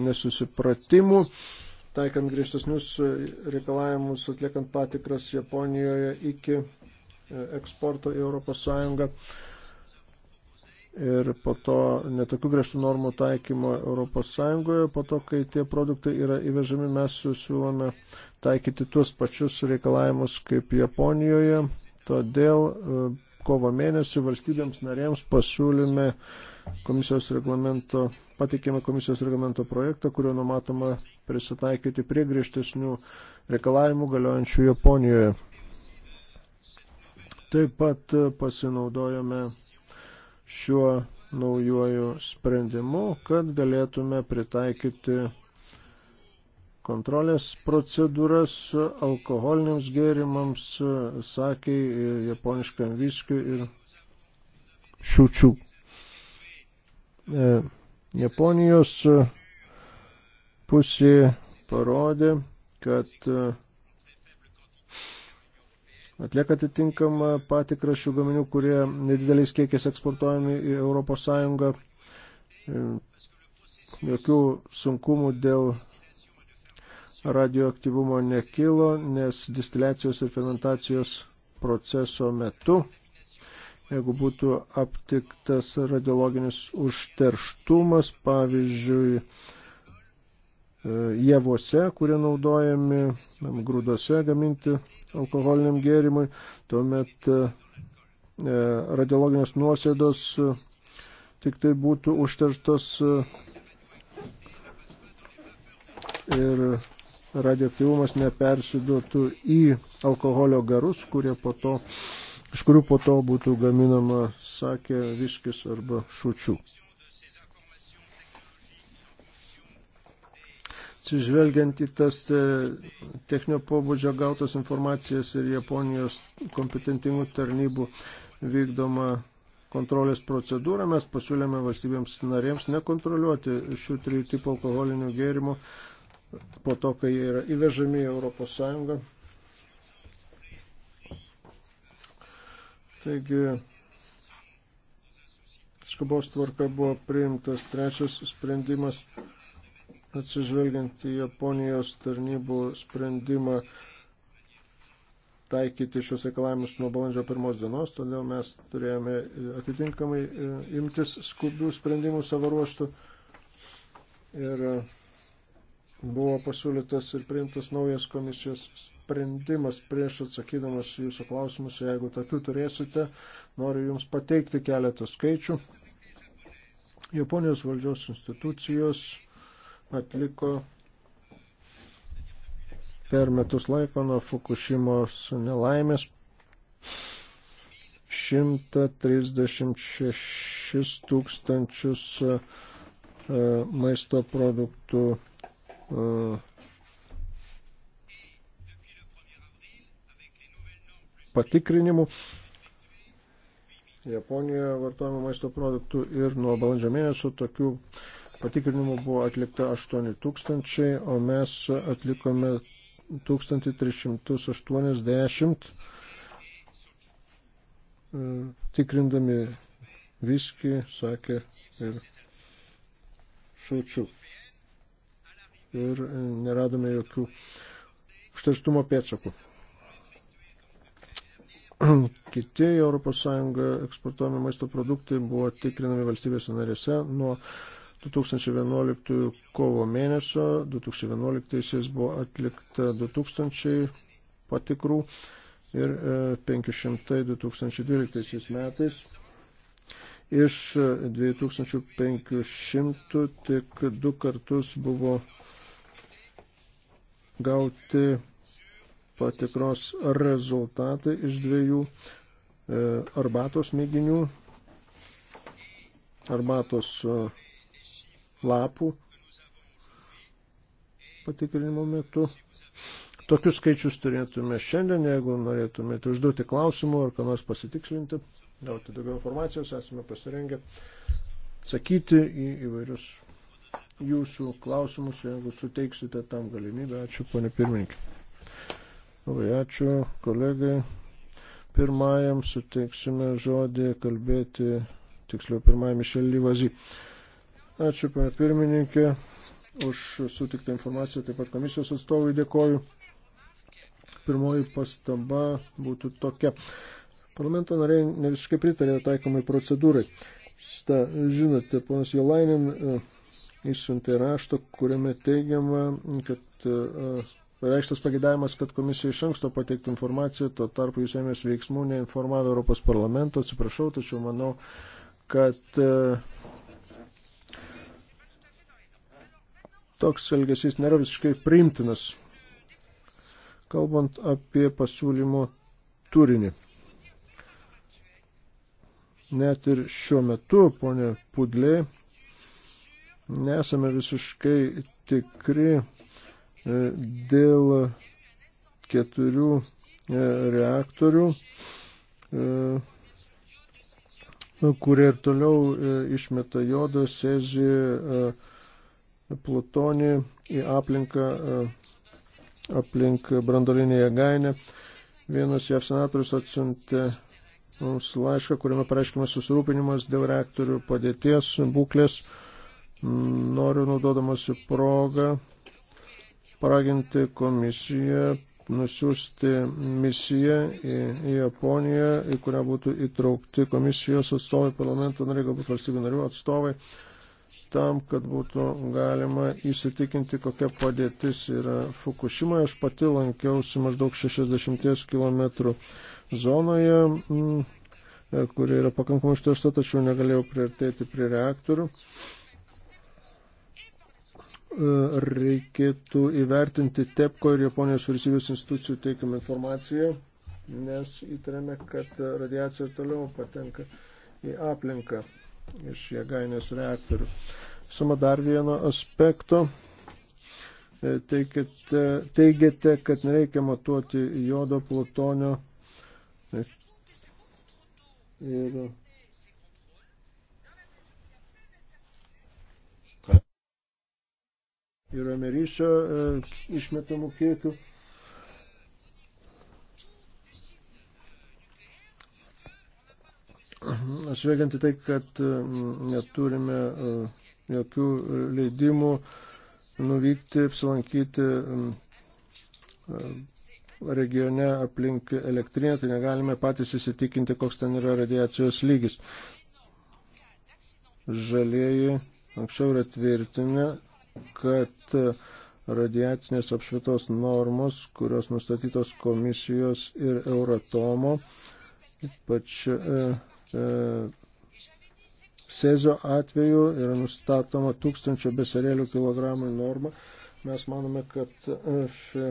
nesusipratimų, taikant griežtesnius reikalavimus, atliekant patikras Japonijoje iki e, eksporto į ES ir po to netokių griežtų normų taikymo ES, po to, kai tie produktai yra įvežami, mes siūlome taikyti tuos pačius reikalavimus kaip Japonijoje. Todėl e, kovo mėnesį valstybėms narėms pasiūlyme komisijos reglamento, pateikėme komisijos reglamento projektą, kuriuo numatoma prisitaikyti prie griežtesnių reikalavimų galiojančių Japonijoje. Taip pat e, pasinaudojome šiuo naujuoju sprendimu, kad galėtume pritaikyti kontrolės procedūras alkoholiniams gėrimams, sakiai, japoniškam viskiu ir šiučių. E, Japonijos pusė parodė, kad atlieka atitinkamą patikrą šių gaminių, kurie nedideliais kiekiais eksportuojami į ES. E, jokių sunkumų dėl radioaktyvumo nekilo, nes distiliacijos ir fermentacijos proceso metu, jeigu būtų aptiktas radiologinis užterštumas, pavyzdžiui, E, jėvose, kurie naudojami grūdose gaminti alkoholiniam gėrimui, tuomet e, e, radiologinės nuosėdos tik tai būtų užterštos ir radioaktyvumas nepersiduotų į alkoholio garus, kurie po to, iš kurių po to būtų gaminama, sakė, viskis arba šučių. atsižvelgiant į tas e, techninio pobūdžio gautas informacijas ir Japonijos kompetentingų tarnybų vykdomą kontrolės procedūrą, mes pasiūlėme valstybėms narėms nekontroliuoti šių trijų tipų alkoholinių gėrimų po to, kai jie yra įvežami į Europos Sąjungą. Taigi, skubos tvarka buvo priimtas trečias sprendimas atsižvelgiant į Japonijos tarnybų sprendimą taikyti šios reikalavimus nuo balandžio pirmos dienos, todėl mes turėjome atitinkamai e, imtis skubių sprendimų savo ruoštų ir e, buvo pasiūlytas ir priimtas naujas komisijos sprendimas prieš atsakydamas jūsų klausimus, jeigu tokių turėsite, noriu jums pateikti keletą skaičių. Japonijos valdžios institucijos atliko per metus laiko nuo Fukushimos nelaimės 136 tūkstančius e, maisto produktų e, patikrinimų. Japonijoje vartojama maisto produktų ir nuo balandžio mėnesio tokių uh, Patikrinimų buvo atlikta 8000, o mes atlikome 1380 e, tikrindami viskį, sakė ir šaučių. Ir e, neradome jokių užterštumo pėtsakų. Kiti ES eksportuojami maisto produktai buvo tikrinami valstybėse narėse nuo 2011 kovo mėnesio, 2011 buvo atlikta 2000 patikrų ir 500 e, 2012 metais. Iš 2500 e, tik du kartus buvo gauti patikros rezultatai iš dviejų e, arbatos mėginių, arbatos lapų patikrinimo metu. Tokius skaičius turėtume šiandien, jeigu norėtumėte užduoti klausimų ar ką nors pasitikslinti, gauti daugiau informacijos, esame pasirengę atsakyti į įvairius jūsų klausimus, jeigu suteiksite tam galimybę. Ačiū, ponė pirmininkė. Labai ačiū, kolegai. Pirmajam suteiksime žodį kalbėti, tiksliau, pirmajam išėlį vazį. Ačiū, pana pirmininkė, už sutiktą informaciją, taip pat komisijos atstovui dėkoju. Pirmoji pastaba būtų tokia. Parlamento nariai ne visiškai pritarė taikomai procedūrai. Šitą, žinote, ponas Jolainin e, išsiuntė raštą, kuriame teigiama, kad e, reikštas pagėdavimas, kad komisija iš anksto pateiktų informaciją, tuo tarpu jūs ėmės veiksmų, neinformavo Europos parlamento, atsiprašau, tačiau manau, kad e, toks elgesys nėra visiškai priimtinas, kalbant apie pasiūlymo turinį. Net ir šiuo metu, ponė Pudlė, nesame visiškai tikri e, dėl keturių e, reaktorių, e, kurie ir toliau išmeta jodą, sezį, plutonį į aplinką, e, aplink brandolinį jėgainę. Vienas JAV senatorius atsiuntė mums laišką, kuriame pareiškimas susirūpinimas dėl reaktorių padėties būklės. Noriu naudodamasi progą paraginti komisiją nusiųsti misiją į, į Japoniją, į kurią būtų įtraukti komisijos atstovai, parlamento nariai, galbūt valstybių narių atstovai. Uh, tam, kad būtų galima įsitikinti, kokia padėtis yra Fukushimoje. Aš pati lankiausi maždaug 60 km zonoje, mm, kuri yra pakankamai ištušta, tačiau negalėjau priartėti prie reaktorių. Reikėtų įvertinti TEPCO ir Japonijos valstybės institucijų teikiamą informaciją, nes įtariame, kad radiacija toliau patenka į aplinką iš jėgainės reaktorių. Suma dar vieno aspekto. E, teikite, teigiate, kad nereikia matuoti jodo plutonio e, ir ir amerišio e, išmetamų kiekių. Sveikiant mhm. į tai, kad e, neturime e, jokių leidimų nuvykti, apsilankyti e, regione aplink elektrinę, tai negalime patys įsitikinti, koks ten yra radiacijos lygis. Žalieji anksčiau yra tvirtinę, kad radiacinės apšvitos normos, kurios nustatytos komisijos ir Euratomo, ypač e, E, Sezo atveju yra nustatoma tūkstančio beserėlių kilogramų norma. Mes manome, kad e, ši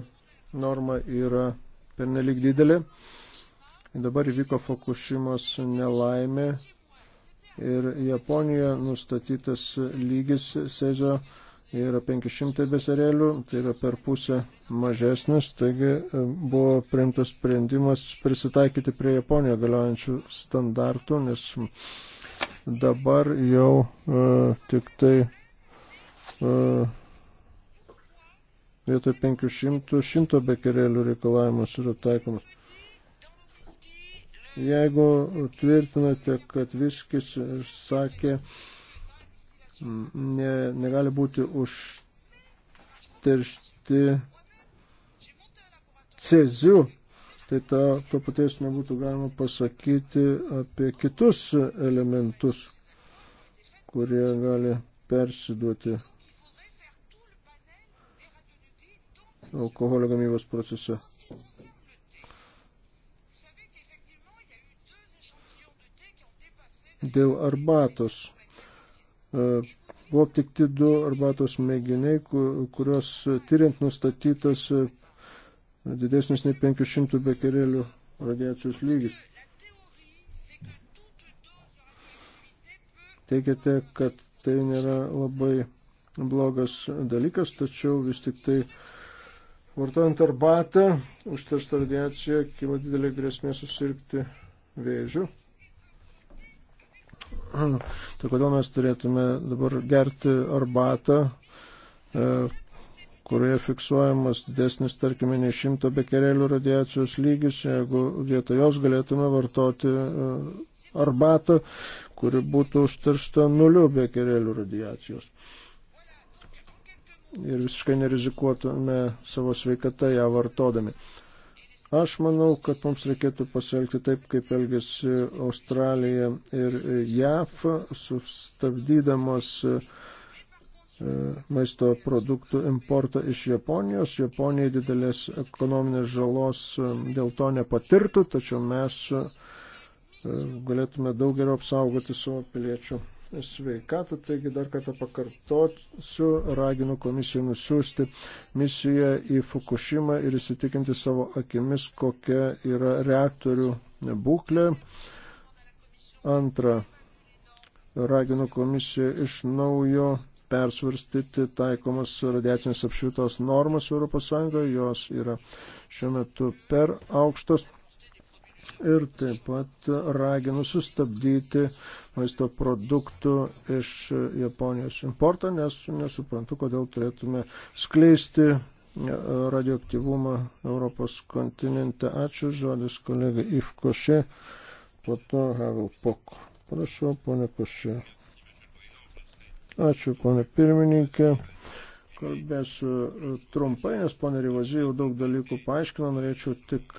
norma yra pernelik didelė. Dabar įvyko Fukushimos nelaimė ir Japonijoje nustatytas lygis Sezo atveju yra 500 beserelių, tai yra per pusę mažesnis, taigi e, buvo priimtas sprendimas prisitaikyti prie Japonijoje galiojančių standartų, nes dabar jau uh, tik tai uh, vietoj 500 100 bekerelių reikalavimas yra taikomas. Jeigu tvirtinate, kad viskis sakė, uh, ne, negali būti užteršti ceziu. Tai to, to paties nebūtų galima pasakyti apie kitus elementus, kurie gali persiduoti alkoholio gamybos procese. Dėl arbatos E, buvo aptikti du arbatos mėginiai, kuriuos tyriant nustatytas e, didesnis nei 500 bekerėlių radiacijos lygis. Teigiate, kad tai nėra labai blogas dalykas, tačiau vis tik tai vartojant arbatą, užterštą radiaciją, kyla didelė grėsmė susirgti vėžiu. Tai kodėl mes turėtume dabar gerti arbatą, e, kurioje fiksuojamas didesnis, tarkime, nei šimto bekerelių radiacijos lygis, jeigu vietoj jos galėtume vartoti e, arbatą, kuri būtų užteršta nuliu bekerelių radiacijos. Ir visiškai nerizikuotume savo sveikatą ją vartodami. Aš manau, kad mums reikėtų pasielgti taip, kaip elgėsi Australija ir JAF, sustabdydamos e, e, maisto produktų importą iš Japonijos. Japonija didelės ekonominės žalos e, dėl to nepatirtų, tačiau mes galėtume daug geriau apsaugoti savo piliečių sveikatą. Taigi dar kartą pakartosiu, raginu komisiją nusiųsti misiją į Fukushimą ir įsitikinti savo akimis, kokia yra reaktorių būklė. Antra, raginu komisiją iš naujo persvarstyti taikomas radiacinės apšvitos normas ES, jos yra šiuo metu per aukštos. Ir taip pat raginu sustabdyti maisto produktų iš Japonijos importo, nes nesuprantu, kodėl turėtume skleisti radioaktyvumą Europos kontinente. Ačiū, žodis kolega Ivkošė, po to Havel Pok. Prašau, ponė Košė. Ačiū, ponė pirmininkė. Kalbėsiu trumpai, nes ponė Rivazė jau daug dalykų paaiškino, norėčiau tik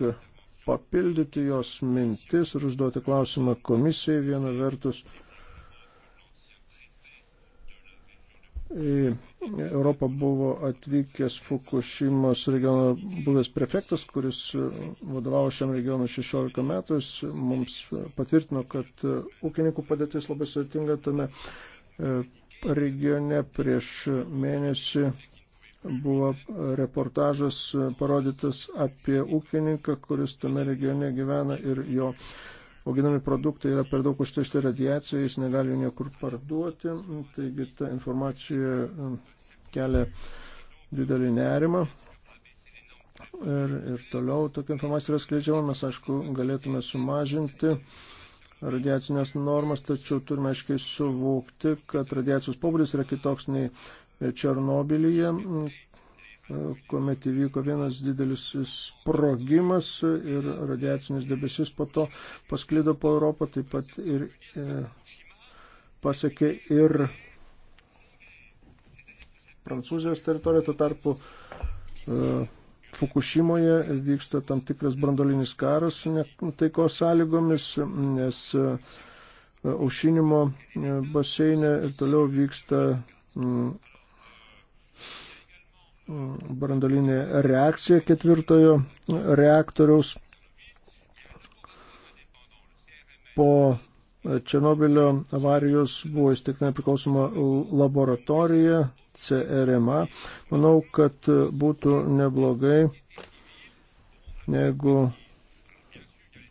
papildyti jos mintis ir užduoti klausimą komisijai viena vertus. Į Europą buvo atvykęs Fukushimos regiono buvęs prefektas, kuris vadovavo šiam regionu 16 metus. Mums patvirtino, kad ūkininkų padėtis labai sudėtinga tame e, regione prieš mėnesį buvo reportažas parodytas apie ūkininką, kuris tame regione gyvena ir jo auginami produktai yra per daug užteršti radiaciją, jis negali niekur parduoti, taigi ta informacija um, kelia didelį nerimą. Ir, ir toliau tokia informacija yra skleidžiama, mes aišku galėtume sumažinti radiacinės normas, tačiau turime aiškiai suvokti, kad radiacijos pobūdis yra kitoks nei Černobilyje, kuomet įvyko vienas didelis sprogimas ir radiacinis debesis po to pasklido po Europą, taip pat ir e, pasiekė ir Prancūzijos teritoriją, tuo tarpu e, Fukushimoje vyksta tam tikras brandolinis karas ne, taiko sąlygomis, nes e, aušinimo e, baseine ir toliau vyksta brandolinė reakcija ketvirtojo reaktoriaus po Černobilio avarijos buvo įsteigta nepriklausoma laboratorija CRMA. Manau, kad būtų neblogai, jeigu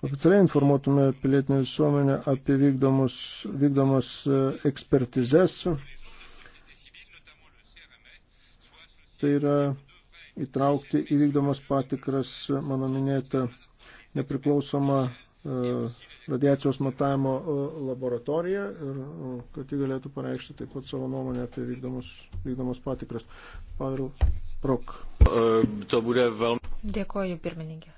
oficialiai informuotume pilietinę visuomenę apie vykdomus, vykdomas e, ekspertizes tai yra įtraukti įvykdomas patikras mano minėtą nepriklausomą e, radiacijos matavimo e, laboratoriją ir e, kad ji galėtų pareikšti taip pat savo nuomonę apie vykdomus, vykdomus patikras. Pavel Prok. Dėkoju, pirmininkė.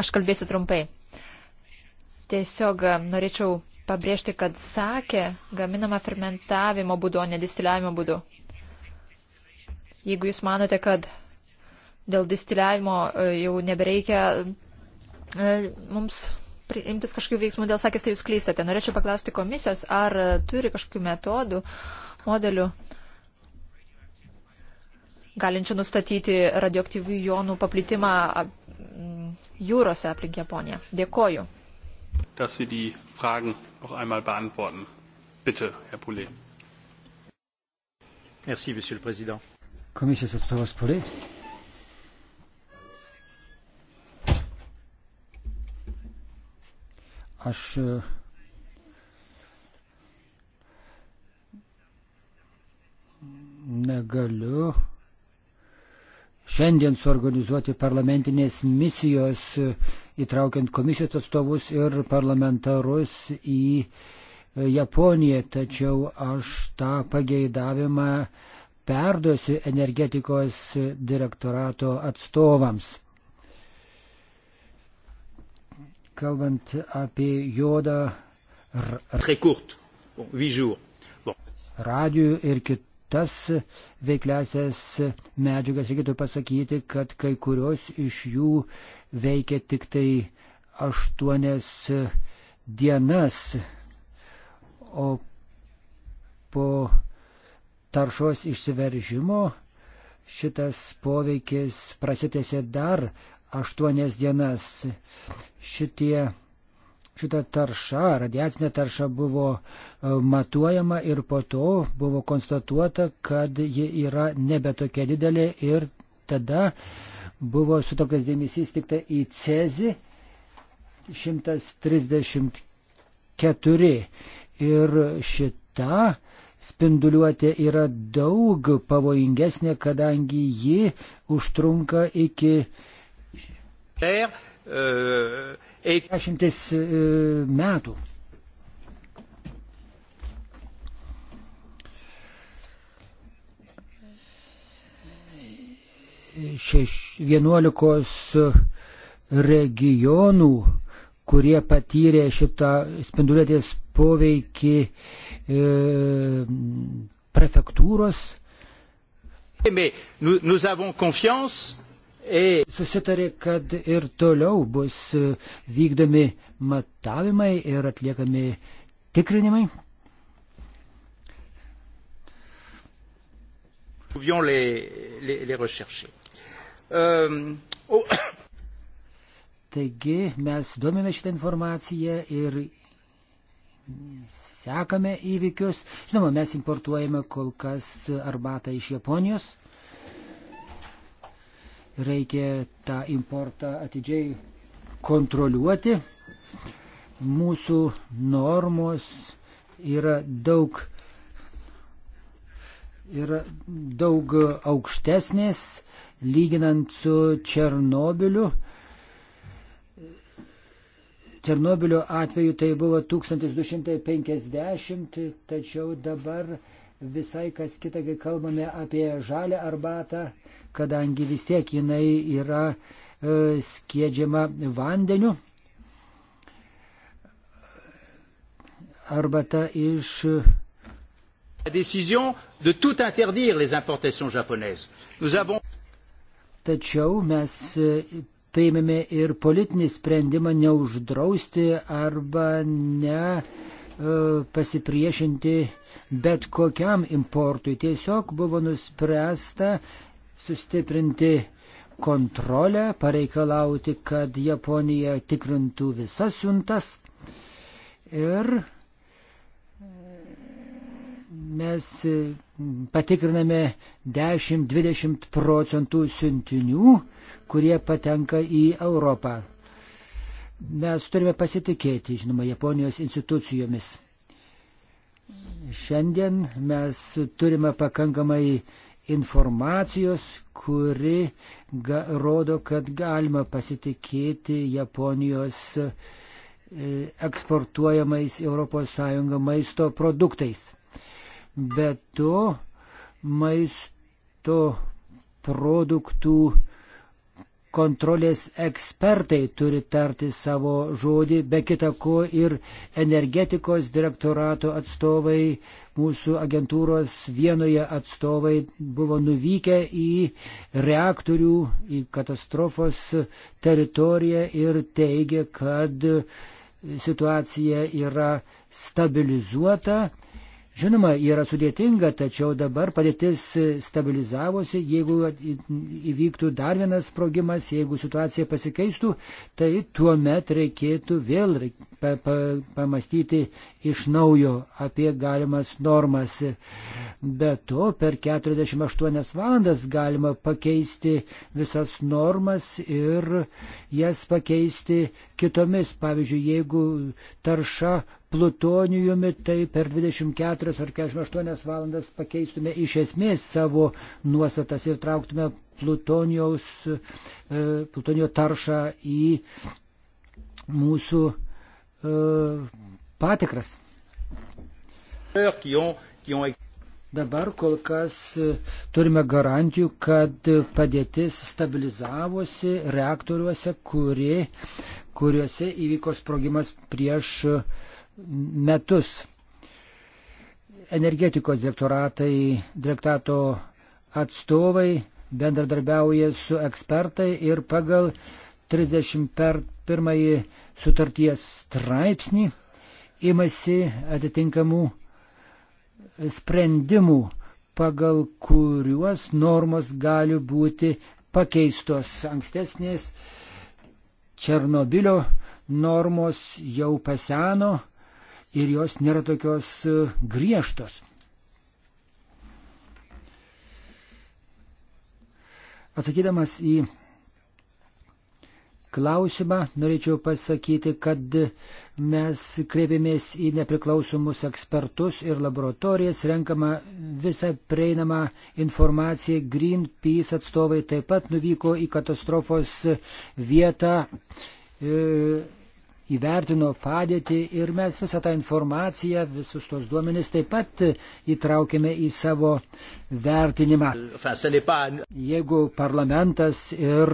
Aš kalbėsiu trumpai. Tiesiog norėčiau pabrėžti, kad sakė gaminama fermentavimo būdu, o ne distiliavimo būdu. Jeigu jūs manote, kad dėl distiliavimo e, jau nebereikia e, mums imtis kažkokių veiksmų dėl sakės, tai jūs klystate. Norėčiau paklausti komisijos, ar turi kažkokių metodų, modelių, galinčių nustatyti radioaktyvių jonų paplitimą jūrose aplink Japoniją. Dėkoju. Dass Sie die Fragen noch einmal beantworten. Bitte, Herr Poulet. Merci, Monsieur le Président. Komisijos atstovas Poulet. Aš e, negaliu šiandien suorganizuoti parlamentinės misijos uh, įtraukiant komisijos atstovus ir parlamentarus į e, Japoniją, tačiau aš tą pageidavimą perduosiu energetikos direktorato atstovams. Kalbant apie jodą radijų ir kitas veikliasias medžiagas, reikėtų pasakyti, kad kai kurios iš jų veikia tik tai aštuonias dienas, o po taršos išsiveržimo šitas poveikis prasitėsi dar aštuonias dienas. Šitie šita tarša, radiacinė tarša buvo e, matuojama ir po to buvo konstatuota, kad ji yra nebe tokia didelė ir tada buvo sutokas dėmesys tik tai į Cezį 134 ir šita spinduliuotė yra daug pavojingesnė, kadangi ji užtrunka iki 10 euh, e, metų. šeš, 11 regionų, kurie patyrė šitą spindulietės poveikį e, prefektūros. Susitarė, kad ir toliau bus vykdomi matavimai ir atliekami tikrinimai. pouvions les, les, les rechercher. Um, oh. Taigi mes domime šitą informaciją ir sekame įvykius. Žinoma, mes importuojame kol kas arbatą iš Japonijos. Reikia tą importą atidžiai kontroliuoti. Mūsų normos yra daug, yra daug aukštesnės lyginant su Černobiliu. Černobilio atveju tai buvo 1250, tačiau dabar visai kas kita, kai kalbame apie žalę arbatą, kadangi vis tiek jinai yra e, skiedžiama vandeniu. Arbata iš la décision de tout interdire les importations japonaises. Nous avons Tačiau mes e, priėmėme ir politinį sprendimą neuždrausti arba ne e, pasipriešinti bet kokiam importui. Tiesiog buvo nuspręsta sustiprinti kontrolę, pareikalauti, kad Japonija tikrintų visas siuntas ir mes e, patikriname 10-20 procentų siuntinių, kurie patenka į Europą. Mes turime pasitikėti, žinoma, Japonijos institucijomis. Šiandien mes turime pakankamai informacijos, kuri ga, rodo, kad galima pasitikėti Japonijos e, eksportuojamais ES maisto produktais bet to maisto produktų kontrolės ekspertai turi tarti savo žodį, be kita ko ir energetikos direktorato atstovai, mūsų agentūros vienoje atstovai buvo nuvykę į reaktorių, į katastrofos teritoriją ir teigia, kad situacija yra stabilizuota Žinoma, yra sudėtinga, tačiau dabar padėtis stabilizavosi, jeigu įvyktų dar vienas sprogimas, jeigu situacija pasikeistų, tai tuo met reikėtų vėl pa pa pamastyti iš naujo apie galimas normas. Be to, per 48 valandas galima pakeisti visas normas ir jas pakeisti kitomis. Pavyzdžiui, jeigu tarša plutonijumi, tai per 24 ar 48 valandas pakeistume iš esmės savo nuostatas ir trauktume plutonijaus, e, plutonijo taršą į mūsų e, patikras. Dabar kol kas e, turime garantijų, kad padėtis stabilizavosi reaktoriuose, kuri, kuriuose įvyko sprogimas prieš uh, metus. Energetikos direktoratai, direktato atstovai bendradarbiauja su ekspertai ir pagal 31 sutarties straipsnį imasi atitinkamų sprendimų, pagal kuriuos normos gali būti pakeistos ankstesnės Černobilio normos jau paseno ir jos nėra tokios e, griežtos. Atsakydamas į klausimą norėčiau pasakyti, kad mes kreipėmės į nepriklausomus ekspertus ir laboratorijas, renkama visą prieinamą informaciją. Greenpeace atstovai taip pat nuvyko į katastrofos vietą. E, įvertino padėtį ir mes visą tą informaciją, visus tos duomenys taip pat įtraukėme į savo vertinimą. Jeigu parlamentas ir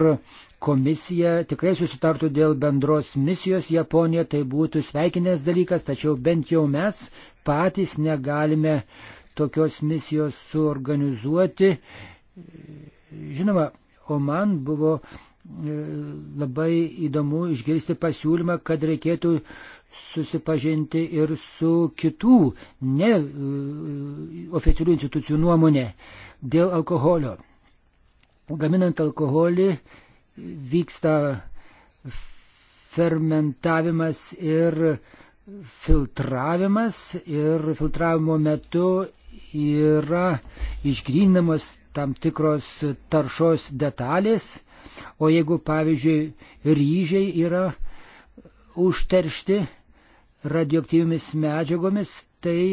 komisija tikrai susitartų dėl bendros misijos Japonija, tai būtų sveikinės dalykas, tačiau bent jau mes patys negalime tokios misijos suorganizuoti. Žinoma, o man buvo E, labai įdomu išgirsti pasiūlymą, kad reikėtų susipažinti ir su kitų ne e, oficialių institucijų nuomonė dėl alkoholio. Gaminant alkoholį vyksta fermentavimas ir filtravimas ir filtravimo metu yra išgrindamos tam tikros taršos detalės O jeigu, pavyzdžiui, ryžiai yra užteršti radioaktyvimis medžiagomis, tai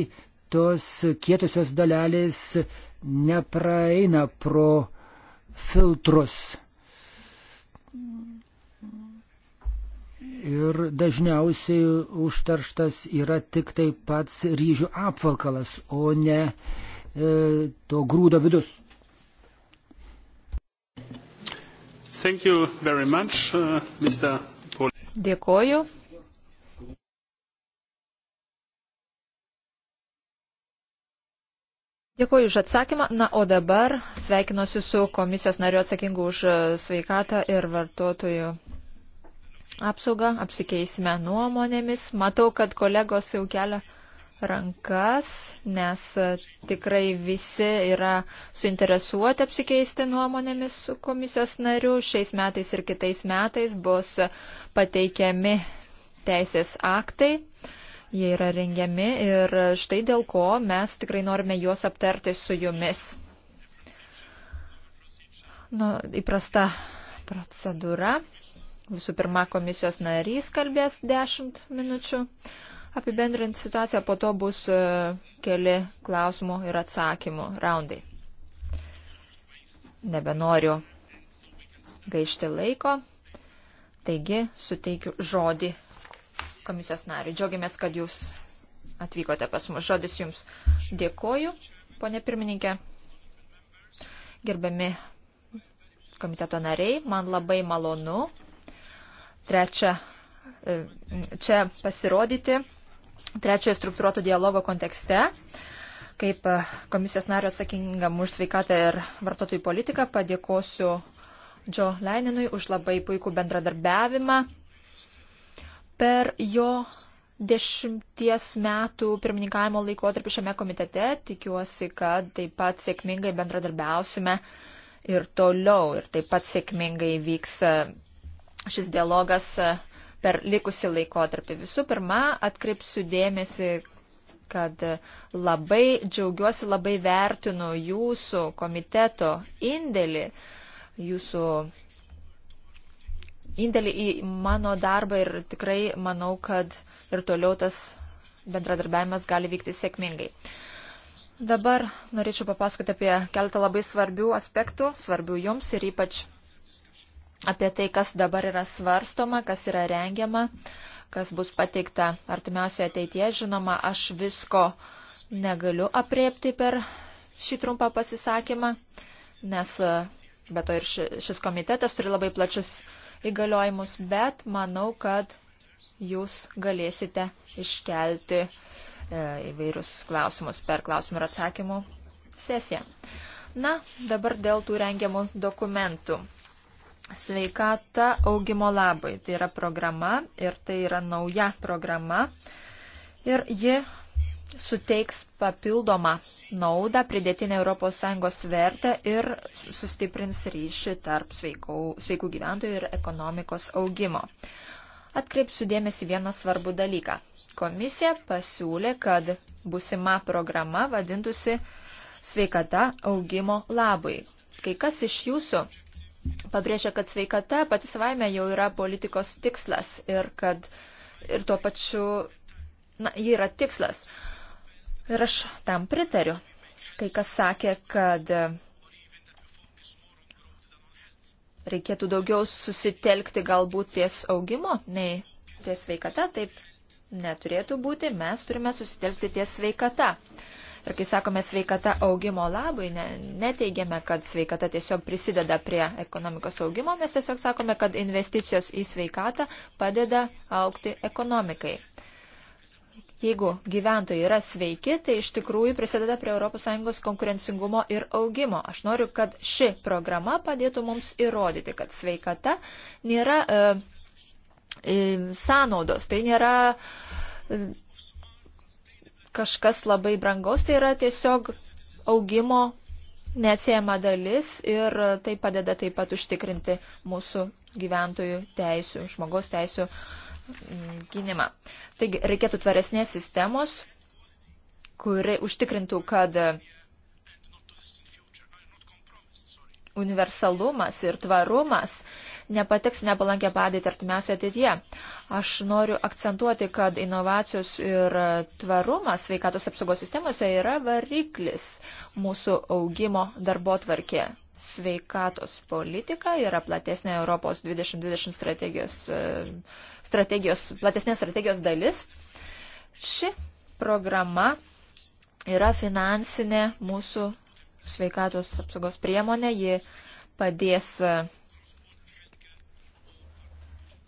tos kietosios dalelės nepraeina pro filtrus. Ir dažniausiai užterštas yra tik tai pats ryžių apvalkalas, o ne e, to grūdo vidus. Much, uh, Dėkoju. Dėkoju už atsakymą. Na, o dabar sveikinuosi su komisijos nariu atsakingu už e, sveikatą ir vartotojų apsaugą. Apsikeisime nuomonėmis. Matau, kad kolegos jau kelia rankas, nes e, tikrai visi yra suinteresuoti apsikeisti nuomonėmis su komisijos nariu. Šiais metais ir kitais metais bus pateikiami teisės aktai. Jie yra rengiami ir štai dėl ko mes tikrai norime juos aptarti su jumis. Nu, įprasta procedūra. Visų pirma, komisijos narys kalbės 10 minučių. Uh, apibendrinti situaciją, po to bus e, keli klausimų ir atsakymų raundai. Nebenoriu gaišti laiko, taigi suteikiu žodį komisijos nariui. Džiaugiamės, kad jūs atvykote pas mus. Žodis jums dėkoju, ponė pirmininkė. Gerbiami komiteto nariai, man labai malonu trečia e, čia pasirodyti trečiojo struktūruoto dialogo kontekste. Kaip e, komisijos nario atsakingam už sveikatą ir vartotojų politiką padėkosiu Džo Leininui už labai puikų bendradarbiavimą. Per jo dešimties metų pirmininkavimo laikotarpį šiame komitete tikiuosi, kad taip pat sėkmingai bendradarbiausime ir toliau. Ir taip pat sėkmingai vyks e, šis dialogas e, per likusi laikotarpį. Visų pirma, atkreipsiu dėmesį, kad labai džiaugiuosi, labai vertinu jūsų komiteto indėlį, jūsų indėlį į mano darbą ir tikrai manau, kad ir toliau tas bendradarbiavimas gali vykti sėkmingai. Dabar norėčiau papasakoti apie keletą labai svarbių aspektų, svarbių jums ir ypač apie tai, kas dabar yra svarstoma, kas yra rengiama, kas bus pateikta artimiausioje ateityje. Žinoma, aš visko negaliu apriepti per šį trumpą pasisakymą, nes be to ir šis komitetas turi labai plačius įgaliojimus, bet manau, kad jūs galėsite iškelti e, įvairius klausimus per klausimų ir atsakymų sesiją. Na, dabar dėl tų rengiamų dokumentų sveikata augimo labai. Tai yra programa ir tai yra nauja programa. Ir ji suteiks papildomą naudą, pridėtinę ES vertę ir sustiprins ryšį tarp sveikų, sveikų gyventojų ir ekonomikos augimo. Atkreipsiu dėmesį vieną svarbų dalyką. Komisija pasiūlė, kad busima programa vadintųsi sveikata augimo labai. Kai kas iš jūsų pabrėžia, kad sveikata pati savaime jau yra politikos tikslas ir kad ir tuo pačiu, na, ji yra tikslas. Ir aš tam pritariu. Kai kas sakė, kad reikėtų daugiau susitelkti galbūt ties augimo, nei ties sveikata, taip neturėtų būti, mes turime susitelkti ties sveikata. Uh, Ir kai sakome sveikata augimo labui, ne, neteigiame, kad sveikata tiesiog prisideda prie ekonomikos augimo, mes tiesiog sakome, kad investicijos į sveikatą padeda aukti ekonomikai. Jeigu gyventojai yra sveiki, tai iš tikrųjų prisideda prie ES konkurencingumo ir augimo. Aš noriu, kad ši programa padėtų mums įrodyti, kad sveikata nėra e, e, sąnaudos, tai nėra e, kažkas labai brangaus, tai yra tiesiog augimo neatsiejama dalis ir tai padeda taip pat užtikrinti mūsų gyventojų teisų, žmogaus teisų mm, gynimą. Taigi reikėtų tvaresnės sistemos, kuri užtikrintų, kad universalumas ir tvarumas nepateks nepalankę padėtį artimiausioje ateityje. Aš noriu akcentuoti, kad inovacijos ir tvarumas sveikatos apsaugos sistemose yra variklis mūsų augimo darbo tvarkė. Sveikatos politika yra platesnė Europos 2020 strategijos, strategijos, platesnės strategijos dalis. Ši programa yra finansinė mūsų sveikatos apsaugos priemonė, ji padės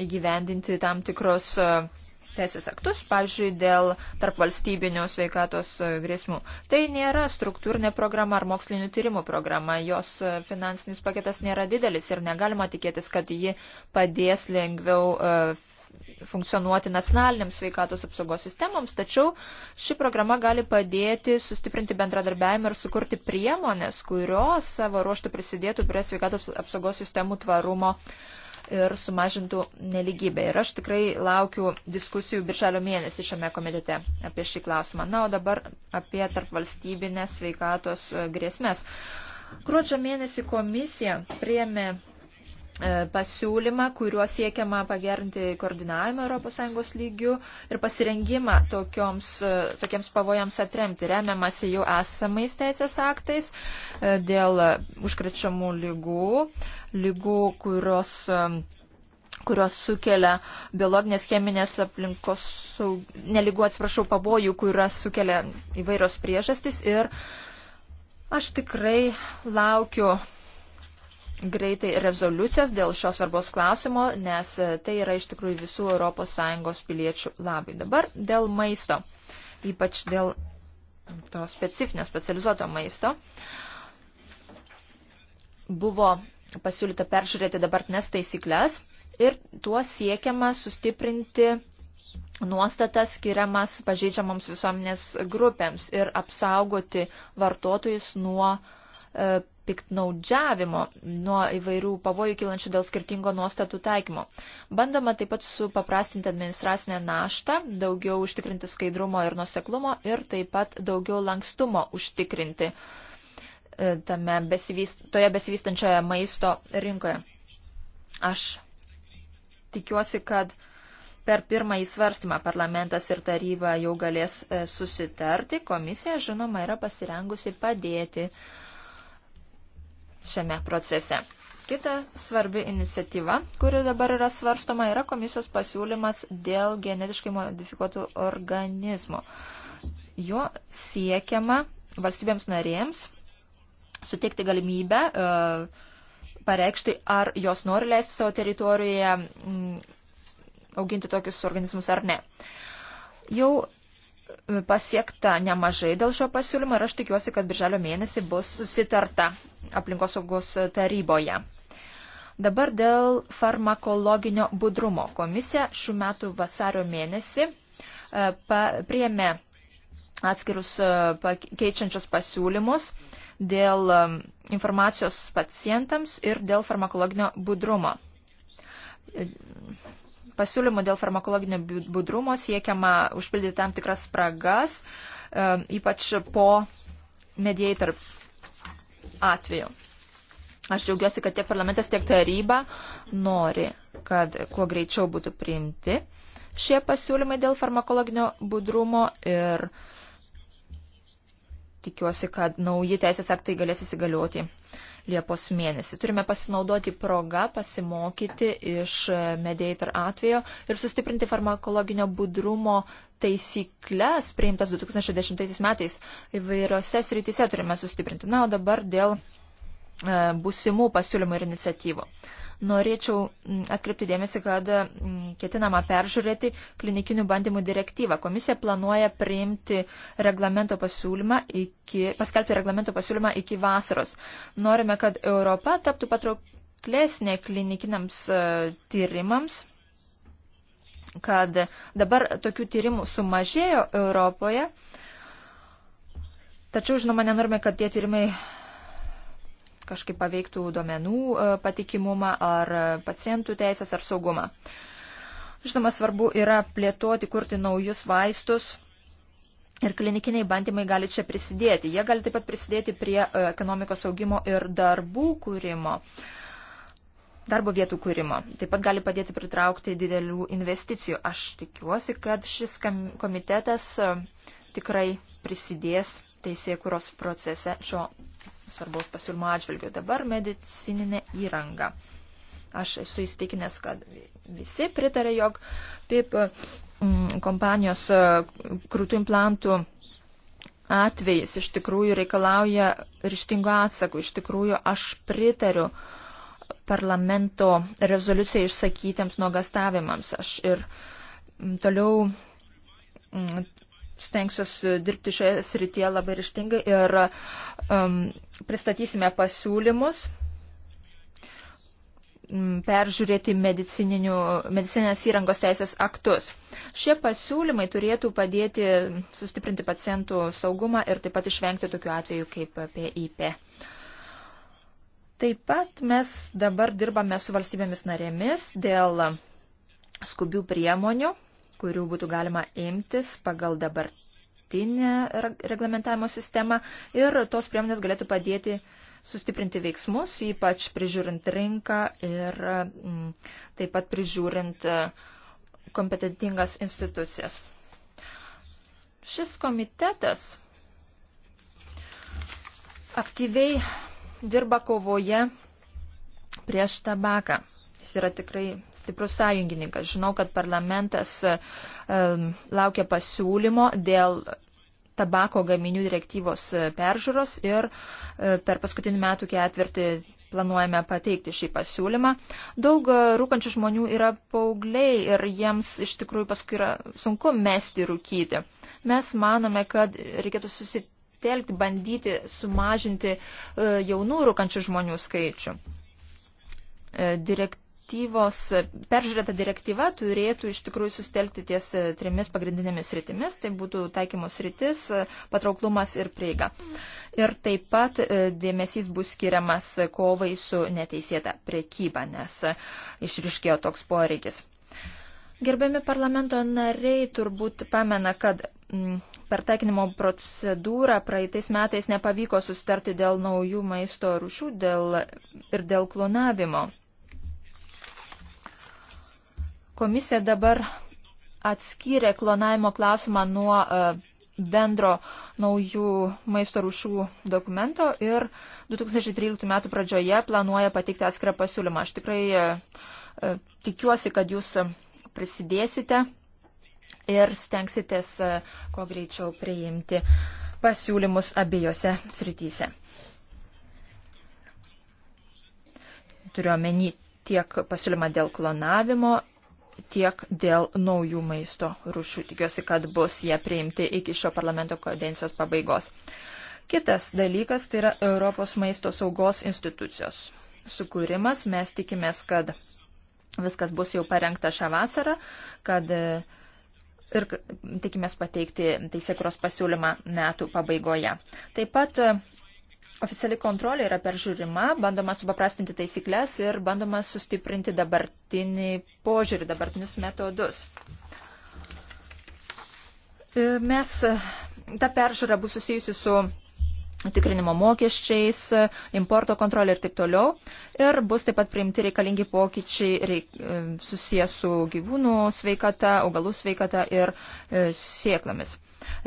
įgyvendinti tam tikrus e, teisės aktus, pavyzdžiui, dėl tarpvalstybinio sveikatos e, grėsmų. Tai nėra struktūrinė programa ar mokslinių tyrimų programa, jos e, finansinis paketas nėra didelis ir negalima tikėtis, kad ji padės lengviau funkcionuoti nacionaliniams sveikatos apsaugos sistemoms, tačiau ši programa gali padėti sustiprinti bendradarbiavimą ir sukurti priemonės, kurios savo ruoštų prisidėtų prie sveikatos apsaugos sistemų tvarumo uh, ir sumažintų neligybę. Ir aš tikrai laukiu diskusijų birželio mėnesį šiame komitete apie šį klausimą. Na, o dabar apie tarpvalstybinės sveikatos e, grėsmės. Gruodžio mėnesį komisija priemė E, pasiūlymą, kuriuo siekiama pagerinti koordinavimą ES lygių ir pasirengimą tokioms, e, tokiems pavojams atremti, remiamasi jau esamais teisės aktais e, dėl užkrečiamų lygų, lygų, kurios kurios sukelia biologinės cheminės aplinkos, neligų atsiprašau, pavojų, kurias sukelia įvairios priežastys. Ir aš tikrai laukiu greitai rezoliucijos dėl šios svarbos klausimo, nes e, tai yra iš tikrųjų visų ES piliečių labai. Dabar dėl maisto, ypač dėl to specifinio specializuoto maisto, buvo pasiūlyta peržiūrėti dabartines taisyklės ir tuo siekiama sustiprinti nuostatas skiriamas pažeidžiamoms visuomenės grupėms ir apsaugoti vartotojus nuo e, piktnaudžiavimo, nuo įvairių pavojų kilančių dėl skirtingo nuostatų taikymo. Bandoma taip pat supaprastinti administracinę naštą, daugiau užtikrinti skaidrumo ir nuseklumo ir taip pat daugiau lankstumo užtikrinti e, tame besivyst, toje besivystančioje maisto rinkoje. Aš tikiuosi, kad per pirmąjį svarstymą parlamentas ir taryba jau galės e, susitarti. Komisija, žinoma, yra pasirengusi padėti uh, šiame procese. Kita svarbi iniciatyva, kuri dabar yra svarstoma, yra komisijos pasiūlymas dėl genetiškai modifikuotų organizmų. Jo siekiama valstybėms narėms suteikti galimybę e, pareikšti, ar jos nori leisti savo teritorijoje m, mm, auginti tokius organizmus ar ne. Jau pasiekta nemažai dėl šio pasiūlymo ir aš tikiuosi, kad birželio mėnesį bus susitarta aplinkosaugos taryboje. Dabar dėl farmakologinio budrumo. Komisija šių metų vasario mėnesį e, priėmė atskirus e, keičiančius pasiūlymus dėl e, informacijos pacientams ir dėl farmakologinio budrumo pasiūlymų dėl farmakologinio budrumo siekiama užpildyti tam tikras spragas, e, ypač po mediator atveju. Aš džiaugiuosi, kad tiek parlamentas, tiek taryba nori, kad kuo greičiau būtų priimti šie pasiūlymai dėl farmakologinio budrumo ir uh, tikiuosi, kad nauji teisės aktai galės įsigalioti Liepos mėnesį. Turime pasinaudoti progą pasimokyti iš Mediator atvejo ir sustiprinti farmakologinio budrumo taisyklės priimtas 2010 metais. Įvairiose srityse turime sustiprinti. Na, o dabar dėl E, busimų pasiūlymų ir iniciatyvų. Norėčiau atkreipti dėmesį, kad ketinama peržiūrėti klinikinių bandymų direktyvą. Komisija planuoja priimti reglamento pasiūlymą iki, paskelbti reglamento pasiūlymą iki vasaros. Norime, kad Europa taptų patrauklesnė klinikiniams e, tyrimams kad dabar tokių tyrimų sumažėjo Europoje, tačiau, žinoma, nenorime, kad tie tyrimai kažkaip paveiktų duomenų e, patikimumą ar e, pacientų teisės ar saugumą. Žinoma, svarbu yra plėtoti, kurti naujus vaistus. Ir klinikiniai bandymai gali čia prisidėti. Jie gali taip pat prisidėti prie e, ekonomikos augimo ir darbų kūrimo, darbo vietų kūrimo. Taip pat gali padėti pritraukti didelių investicijų. Aš tikiuosi, kad šis komitetas tikrai prisidės teisėkuros procese šio svarbaus pasiūlymo atžvilgių. Dabar medicininė įranga. Aš esu įstikinęs, kad visi pritarė, jog PIP mm, kompanijos e, krūtų implantų atvejis iš tikrųjų reikalauja ryštingo atsakų. Iš tikrųjų, aš pritariu parlamento rezoliucijai išsakytiems nuogastavimams. Aš ir mm, toliau mm, stengsiuosi dirbti šioje srityje labai ryštingai ir um, pristatysime pasiūlymus mm, peržiūrėti medicinės įrangos teisės aktus. Šie pasiūlymai turėtų padėti sustiprinti pacientų saugumą ir taip pat išvengti tokių atvejų kaip PIP. Taip pat mes dabar dirbame su valstybėmis narėmis dėl skubių priemonių kurių būtų galima imtis pagal dabartinę reglamentavimo sistemą ir tos priemonės galėtų padėti sustiprinti veiksmus, ypač prižiūrint rinką ir m, mm, taip pat prižiūrint e, kompetentingas institucijas. Šis komitetas aktyviai dirba kovoje prieš tabaką jis yra tikrai stiprus sąjungininkas. Žinau, kad parlamentas laukia pasiūlymo dėl tabako gaminių direktyvos e, peržiūros ir e, per paskutinį metų ketvirtį planuojame pateikti šį pasiūlymą. Daug e, rūkančių žmonių yra paaugliai ir jiems iš tikrųjų paskui yra sunku mesti rūkyti. Mes manome, kad reikėtų susitelkti, bandyti sumažinti jaunų rūkančių žmonių skaičių. Direkt direktyvos, peržiūrėta direktyva turėtų iš tikrųjų sustelkti ties e, trimis pagrindinėmis rytimis, tai būtų taikymos rytis, e, patrauklumas ir prieiga. Ir taip pat e, dėmesys bus skiriamas kovai su neteisėta priekyba, nes išriškėjo toks poreikis. Gerbiami parlamento nariai turbūt pamena, kad mm, per taikinimo procedūrą praeitais metais nepavyko sustarti dėl naujų maisto rušių dėl, ir dėl klonavimo. Komisija dabar atskyrė klonavimo klausimą nuo e, bendro naujų maisto rūšių dokumento ir 2013 metų pradžioje planuoja pateikti atskirą pasiūlymą. Aš tikrai e, e, tikiuosi, kad jūs prisidėsite ir stengsitės kuo greičiau priimti pasiūlymus abiejose srityse. Turiuomenį tiek pasiūlymą dėl klonavimo tiek dėl naujų maisto rušių. Tikiuosi, kad bus jie priimti iki šio parlamento kadencijos pabaigos. Kitas dalykas tai yra Europos maisto saugos institucijos sukūrimas. Mes tikimės, kad viskas bus jau parengta šią vasarą, kad e, ir tikimės pateikti teisėkros pasiūlymą metų pabaigoje. Taip pat e, oficiali kontrolė yra peržiūrima, bandoma supaprastinti taisyklės ir bandoma sustiprinti dabartinį požiūrį, dabartinius metodus. E, mes, ta peržiūra bus susijusi su tikrinimo mokesčiais, importo kontrolė ir taip toliau. Ir bus taip pat priimti reikalingi pokyčiai reik, e, susijęs su gyvūnų sveikata, augalų sveikata ir e, sieklamis.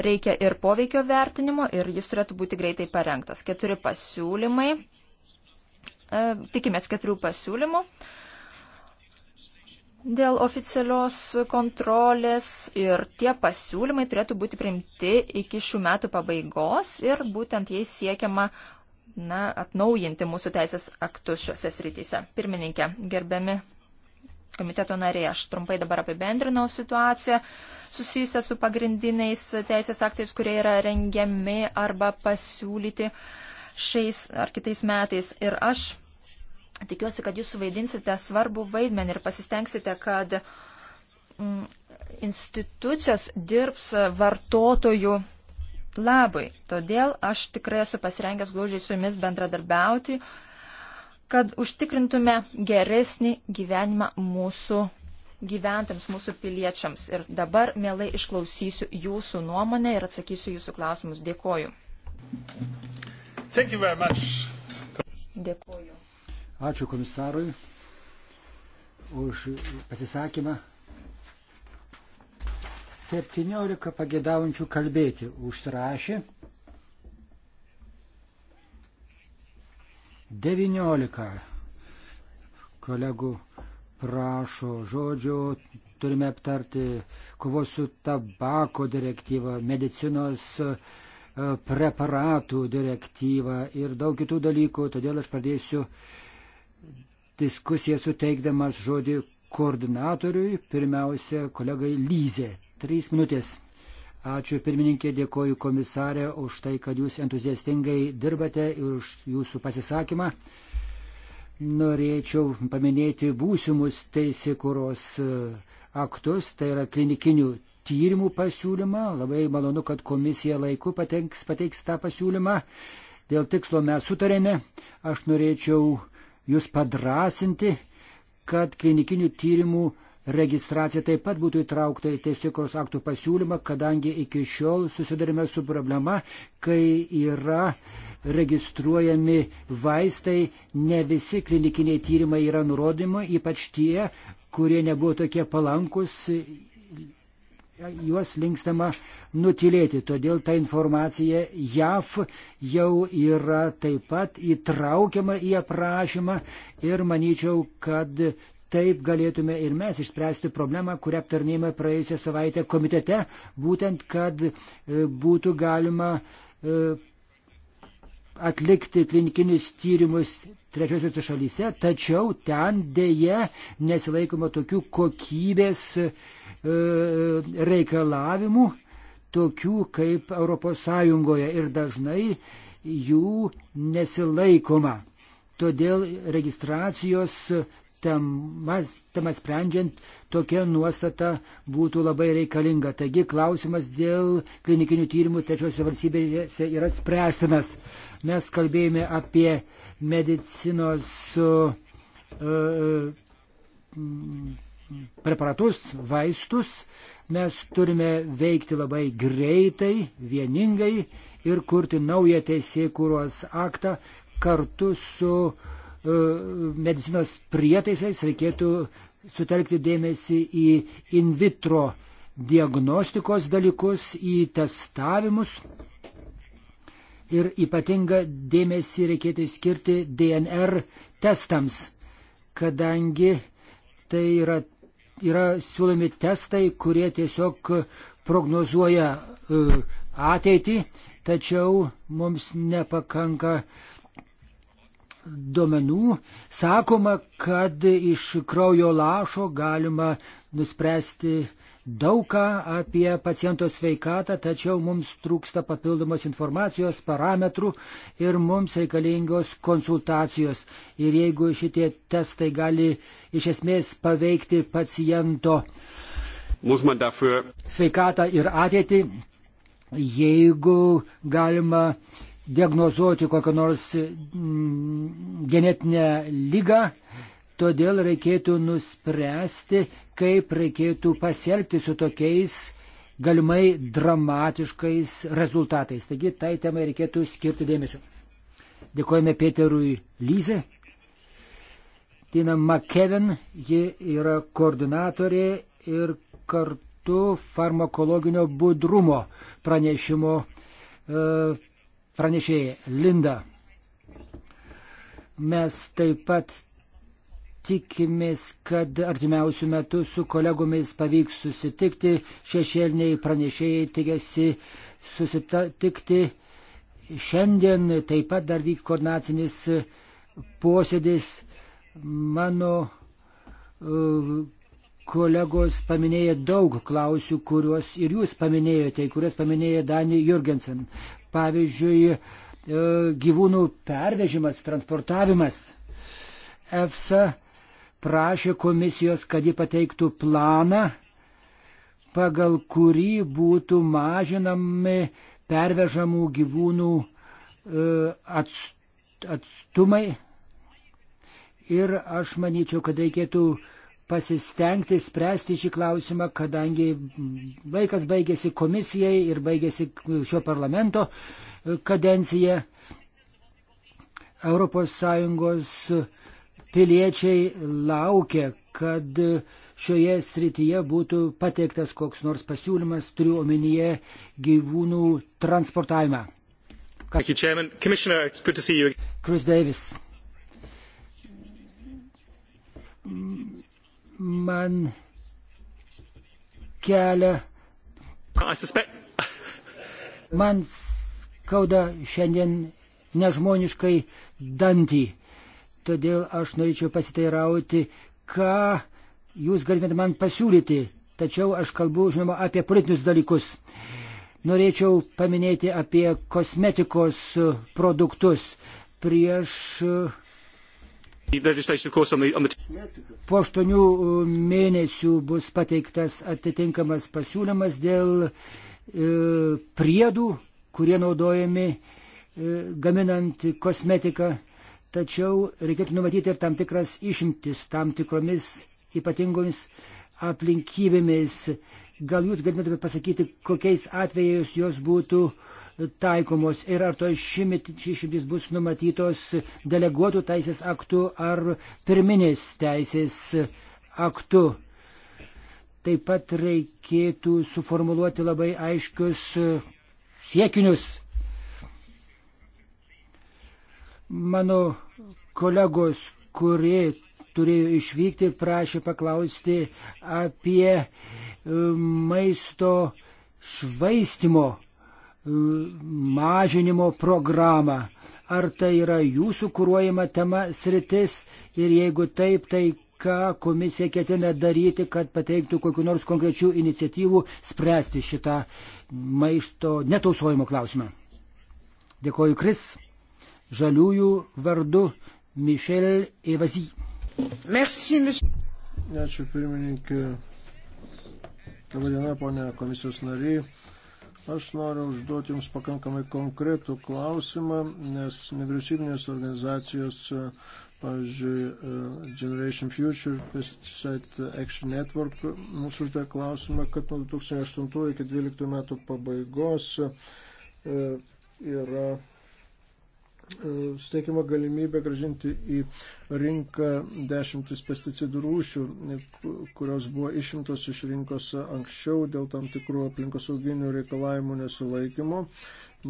Reikia ir poveikio vertinimo ir jis turėtų būti greitai parengtas. Keturi pasiūlymai. E, tikimės keturių pasiūlymų. Dėl oficialios kontrolės ir tie pasiūlymai turėtų būti priimti iki šių metų pabaigos ir būtent jais siekiama na, atnaujinti mūsų teisės aktus šiuose srityse. Pirmininkė, gerbiami komiteto nariai. Aš trumpai dabar apibendrinau situaciją susijusią su pagrindiniais teisės aktais, kurie yra rengiami arba pasiūlyti šiais ar kitais metais. Ir aš tikiuosi, kad jūs suvaidinsite svarbų vaidmenį ir pasistengsite, kad mm, institucijos dirbs vartotojų labai. Todėl aš tikrai esu pasirengęs glaužiai su jumis bendradarbiauti kad užtikrintume geresnį gyvenimą mūsų gyventojams, mūsų piliečiams. Ir dabar mielai išklausysiu jūsų nuomonę ir atsakysiu jūsų klausimus. Dėkoju. Dėkoju. Ačiū komisarui už pasisakymą. 17 pagėdaujančių kalbėti užsirašė. 19 kolegų prašo žodžio, turime aptarti kovos su tabako direktyva, medicinos e, preparatų direktyva ir daug kitų dalykų, todėl aš pradėsiu diskusiją suteikdamas žodį koordinatoriui, pirmiausia, kolegai Lyze. Trys minutės. Ačiū pirmininkė, dėkoju komisarė už tai, kad jūs entuziastingai dirbate ir už jūsų pasisakymą. Norėčiau paminėti būsimus teisėkuros e, aktus, tai yra klinikinių tyrimų pasiūlymą. Labai malonu, kad komisija laiku patenks, pateiks tą pasiūlymą. Dėl tikslo mes sutarėme. Aš norėčiau jūs padrasinti, kad klinikinių tyrimų registracija taip pat būtų įtraukta į teisėkos aktų pasiūlymą, kadangi iki šiol susidarime su problema, kai yra registruojami vaistai, ne visi klinikiniai tyrimai yra nurodymo, ypač tie, kurie nebuvo tokie palankus, juos linkstama nutilėti. Todėl ta informacija JAF jau yra taip pat įtraukiama į aprašymą ir manyčiau, kad Taip galėtume ir mes išspręsti problemą, kurią aptarnėjome praėjusią savaitę komitete, būtent, kad e, būtų galima e, atlikti klinikinius tyrimus trečiosiuose šalyse, tačiau ten dėje nesilaikoma tokių kokybės e, reikalavimų, tokių kaip ES ir dažnai jų nesilaikoma. Todėl registracijos temas, temas sprendžiant, tokia nuostata būtų labai reikalinga. Taigi klausimas dėl klinikinių tyrimų trečiosios valstybėse yra spręstinas. Mes kalbėjome apie medicinos uh, preparatus, vaistus. Mes turime veikti labai greitai, vieningai ir kurti naują teisėkūros aktą kartu su uh, E, medicinos prietaisais reikėtų sutelkti dėmesį į in vitro diagnostikos dalykus, į testavimus. Ir ypatingą dėmesį reikėtų skirti DNR testams, kadangi tai yra, yra siūlomi testai, kurie tiesiog prognozuoja e, ateitį, tačiau mums nepakanka uh, duomenų sakoma, kad iš kraujo lašo galima nuspręsti daugą apie paciento sveikatą, tačiau mums trūksta papildomos informacijos, parametrų ir mums reikalingos konsultacijos. Ir jeigu šitie testai gali iš esmės paveikti paciento dafür... sveikatą ir ateitį, jeigu galima diagnozuoti kokią nors mm, genetinę lygą, todėl reikėtų nuspręsti, kaip reikėtų pasielgti su tokiais galimai dramatiškais rezultatais. Taigi tai temai reikėtų skirti dėmesio. Dėkojame Peterui Lyze. Tina McKevin, ji yra koordinatorė ir kartu farmakologinio budrumo pranešimo e, pranešėjai Linda. Mes taip pat tikimės, kad artimiausių metų su kolegomis pavyks susitikti. Šešėliniai pranešėjai tikėsi susitikti. Šiandien taip pat dar vyk koordinacinis posėdis. Mano Kolegos paminėjo daug klausimų, kuriuos ir jūs paminėjote, kuriuos paminėjo Dani Jurgensen. Pavyzdžiui, e, gyvūnų pervežimas, transportavimas. EFSA prašė komisijos, kad ji pateiktų planą, pagal kurį būtų mažinami pervežamų gyvūnų e, atstumai. Ir aš manyčiau, kad reikėtų pasistengti spręsti šį klausimą, kadangi vaikas baigėsi komisijai ir baigėsi šio parlamento e, kadencija. ES piliečiai laukia, kad šioje srityje būtų pateiktas koks nors pasiūlymas, turiu omenyje gyvūnų transportavimą. Chris Davis man kelia. Man skauda šiandien nežmoniškai dantį. Todėl aš norėčiau pasiteirauti, ką jūs galėtumėte man pasiūlyti. Tačiau aš kalbu, žinoma, apie politinius dalykus. Norėčiau paminėti apie kosmetikos produktus. Prieš Po aštuonių uh, mėnesių bus pateiktas atitinkamas pasiūlymas dėl e, priedų, kurie naudojami e, gaminant kosmetiką, tačiau reikėtų numatyti ir tam tikras išimtis tam tikromis ypatingomis aplinkybėmis. Gal jūs galėtumėte pasakyti, kokiais atvejais jos būtų uh, taikomos ir ar tos šimtis bus numatytos deleguotų teisės aktų ar pirminės teisės aktų. Taip pat reikėtų suformuluoti labai aiškius siekinius. Mano kolegos, kurie turėjo išvykti, prašė paklausti apie maisto švaistimo mažinimo programą. Ar tai yra jūsų kūruojama tema sritis ir jeigu taip, tai ką komisija ketina daryti, kad pateiktų kokiu nors konkrečių iniciatyvų spręsti šitą maisto netausojimo klausimą. Dėkoju Kris, žaliųjų vardu Mišel Evazy. Merci, monsieur. Ačiū pirmininkė. Labadiena, ponė komisijos nariai. Aš noriu užduoti Jums pakankamai konkretų klausimą, nes nevyriausybinės organizacijos, pavyzdžiui, Generation Future, Pesticide Action Network, mūsų uždė klausimą, kad nuo 2008 iki 2012 metų pabaigos e, yra E, suteikima galimybė gražinti į rinką dešimtis pesticidų rūšių, e, kurios buvo išimtos iš rinkos anksčiau dėl tam tikrų aplinkosauginių reikalavimų nesulaikymo,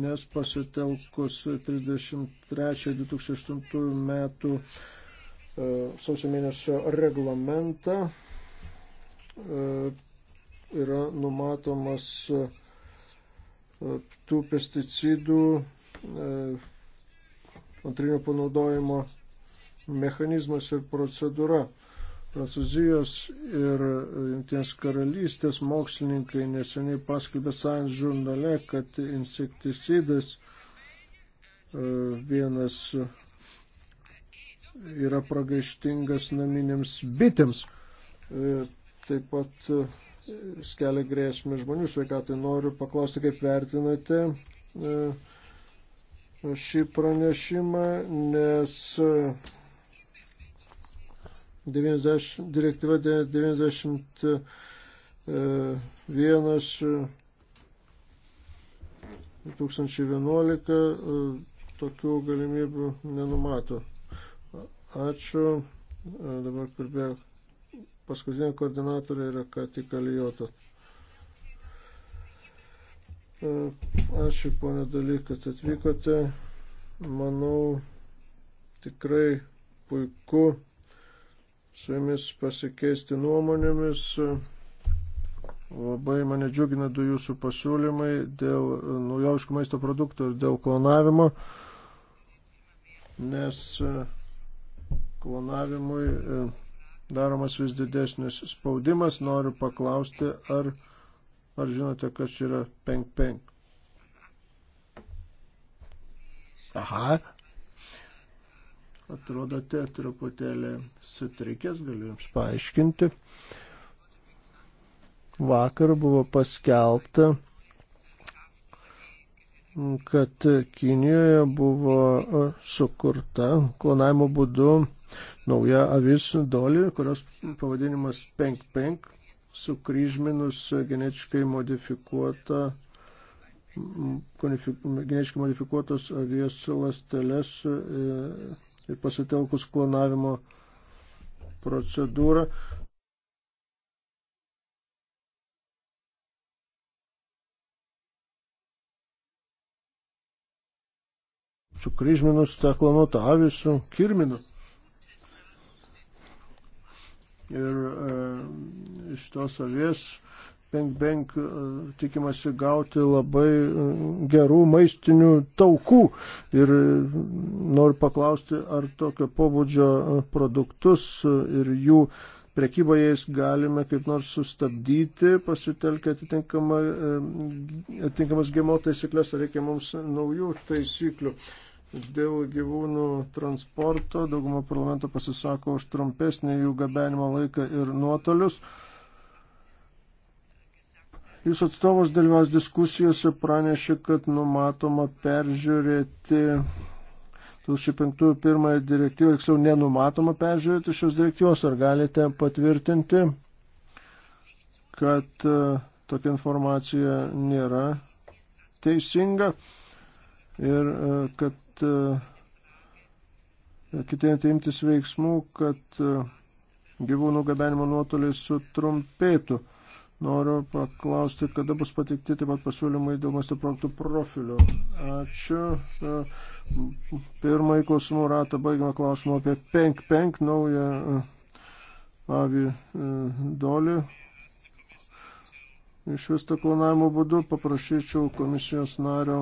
nes pasitelkus 33-2008 metų e, sausio mėnesio reglamentą yra numatomas tų pesticidų antrinio panaudojimo mechanizmas ir procedūra. Prancūzijos ir Junktinės karalystės mokslininkai neseniai paskelbė Science žurnale, kad insekticidas e, vienas yra pragaištingas naminėms bitėms. E, taip pat e, skelia grėsmę žmonių sveikatai. Noriu paklausti, kaip vertinate šį pranešimą, nes 90, e, direktyva 91 2011 e, e, tokių galimybių nenumato. Ačiū. Dabar kalbėjo paskutinė koordinatorė yra Kati Kalijotas. E, ačiū, ponė Daly, kad atvykote. Manau, tikrai puiku su jumis pasikeisti nuomonėmis. Labai mane džiugina du jūsų pasiūlymai dėl naujoviškų maisto produktų ir dėl klonavimo, nes e, klonavimui e, daromas vis didesnis spaudimas. Noriu paklausti, ar Ar žinote, kas yra penk penk? Aha. Atrodote truputėlį sutrikęs, galiu Jums paaiškinti. Vakar buvo paskelbta, kad Kinijoje buvo sukurta klonavimo būdu nauja avis dolį, kurios pavadinimas penk penk sukryžminus genetiškai modifikuotą genetiškai modifikuotos avies lasteles e, ir pasitelkus klonavimo procedūrą. Sukryžminus tą klonotą avį su kirminu. Ir e, iš tos avies penk-penk e, tikimasi gauti labai e, gerų maistinių taukų. Ir e, noriu paklausti, ar tokio pobūdžio produktus ir jų prekybą jais galime kaip nors sustabdyti, pasitelkę atitinkamas gimo taisyklės, ar reikia mums naujų taisyklių. Dėl gyvūnų transporto dauguma parlamento pasisako už trumpesnį jų gabenimo laiką ir nuotolius. Jūsų atstovas dalyvaus diskusijose pranešė, kad numatoma peržiūrėti 2005-2001 direktyvą, tiksliau nenumatoma peržiūrėti šios direktyvos. Ar galite patvirtinti, kad e, tokia informacija nėra teisinga ir e, kad e, kitėjant imtis veiksmų, kad gyvūnų gabenimo nuotoliai sutrumpėtų. Noriu paklausti, kada bus pateikti taip pat pasiūlymai dėl maisto produktų profilio. Ačiū. Pirmąjį klausimų ratą baigime klausimą apie penk penk naują e, avį e, dolį. Iš vis to klonavimo būdu paprašyčiau komisijos nario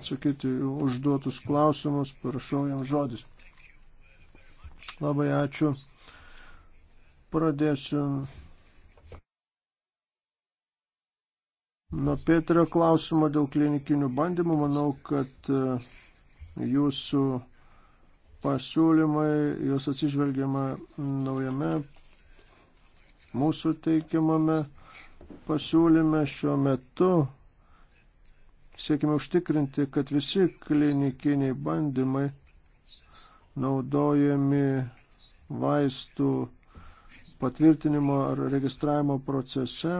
atsakyti užduotus klausimus, parašau jam žodis. Labai ačiū. Pradėsiu Nuo Pėterio klausimo dėl klinikinių bandymų manau, kad e, jūsų pasiūlymai, juos atsižvelgiama naujame mūsų teikiamame pasiūlyme šiuo metu. Siekime užtikrinti, kad visi klinikiniai bandymai naudojami vaistų patvirtinimo ar registravimo procese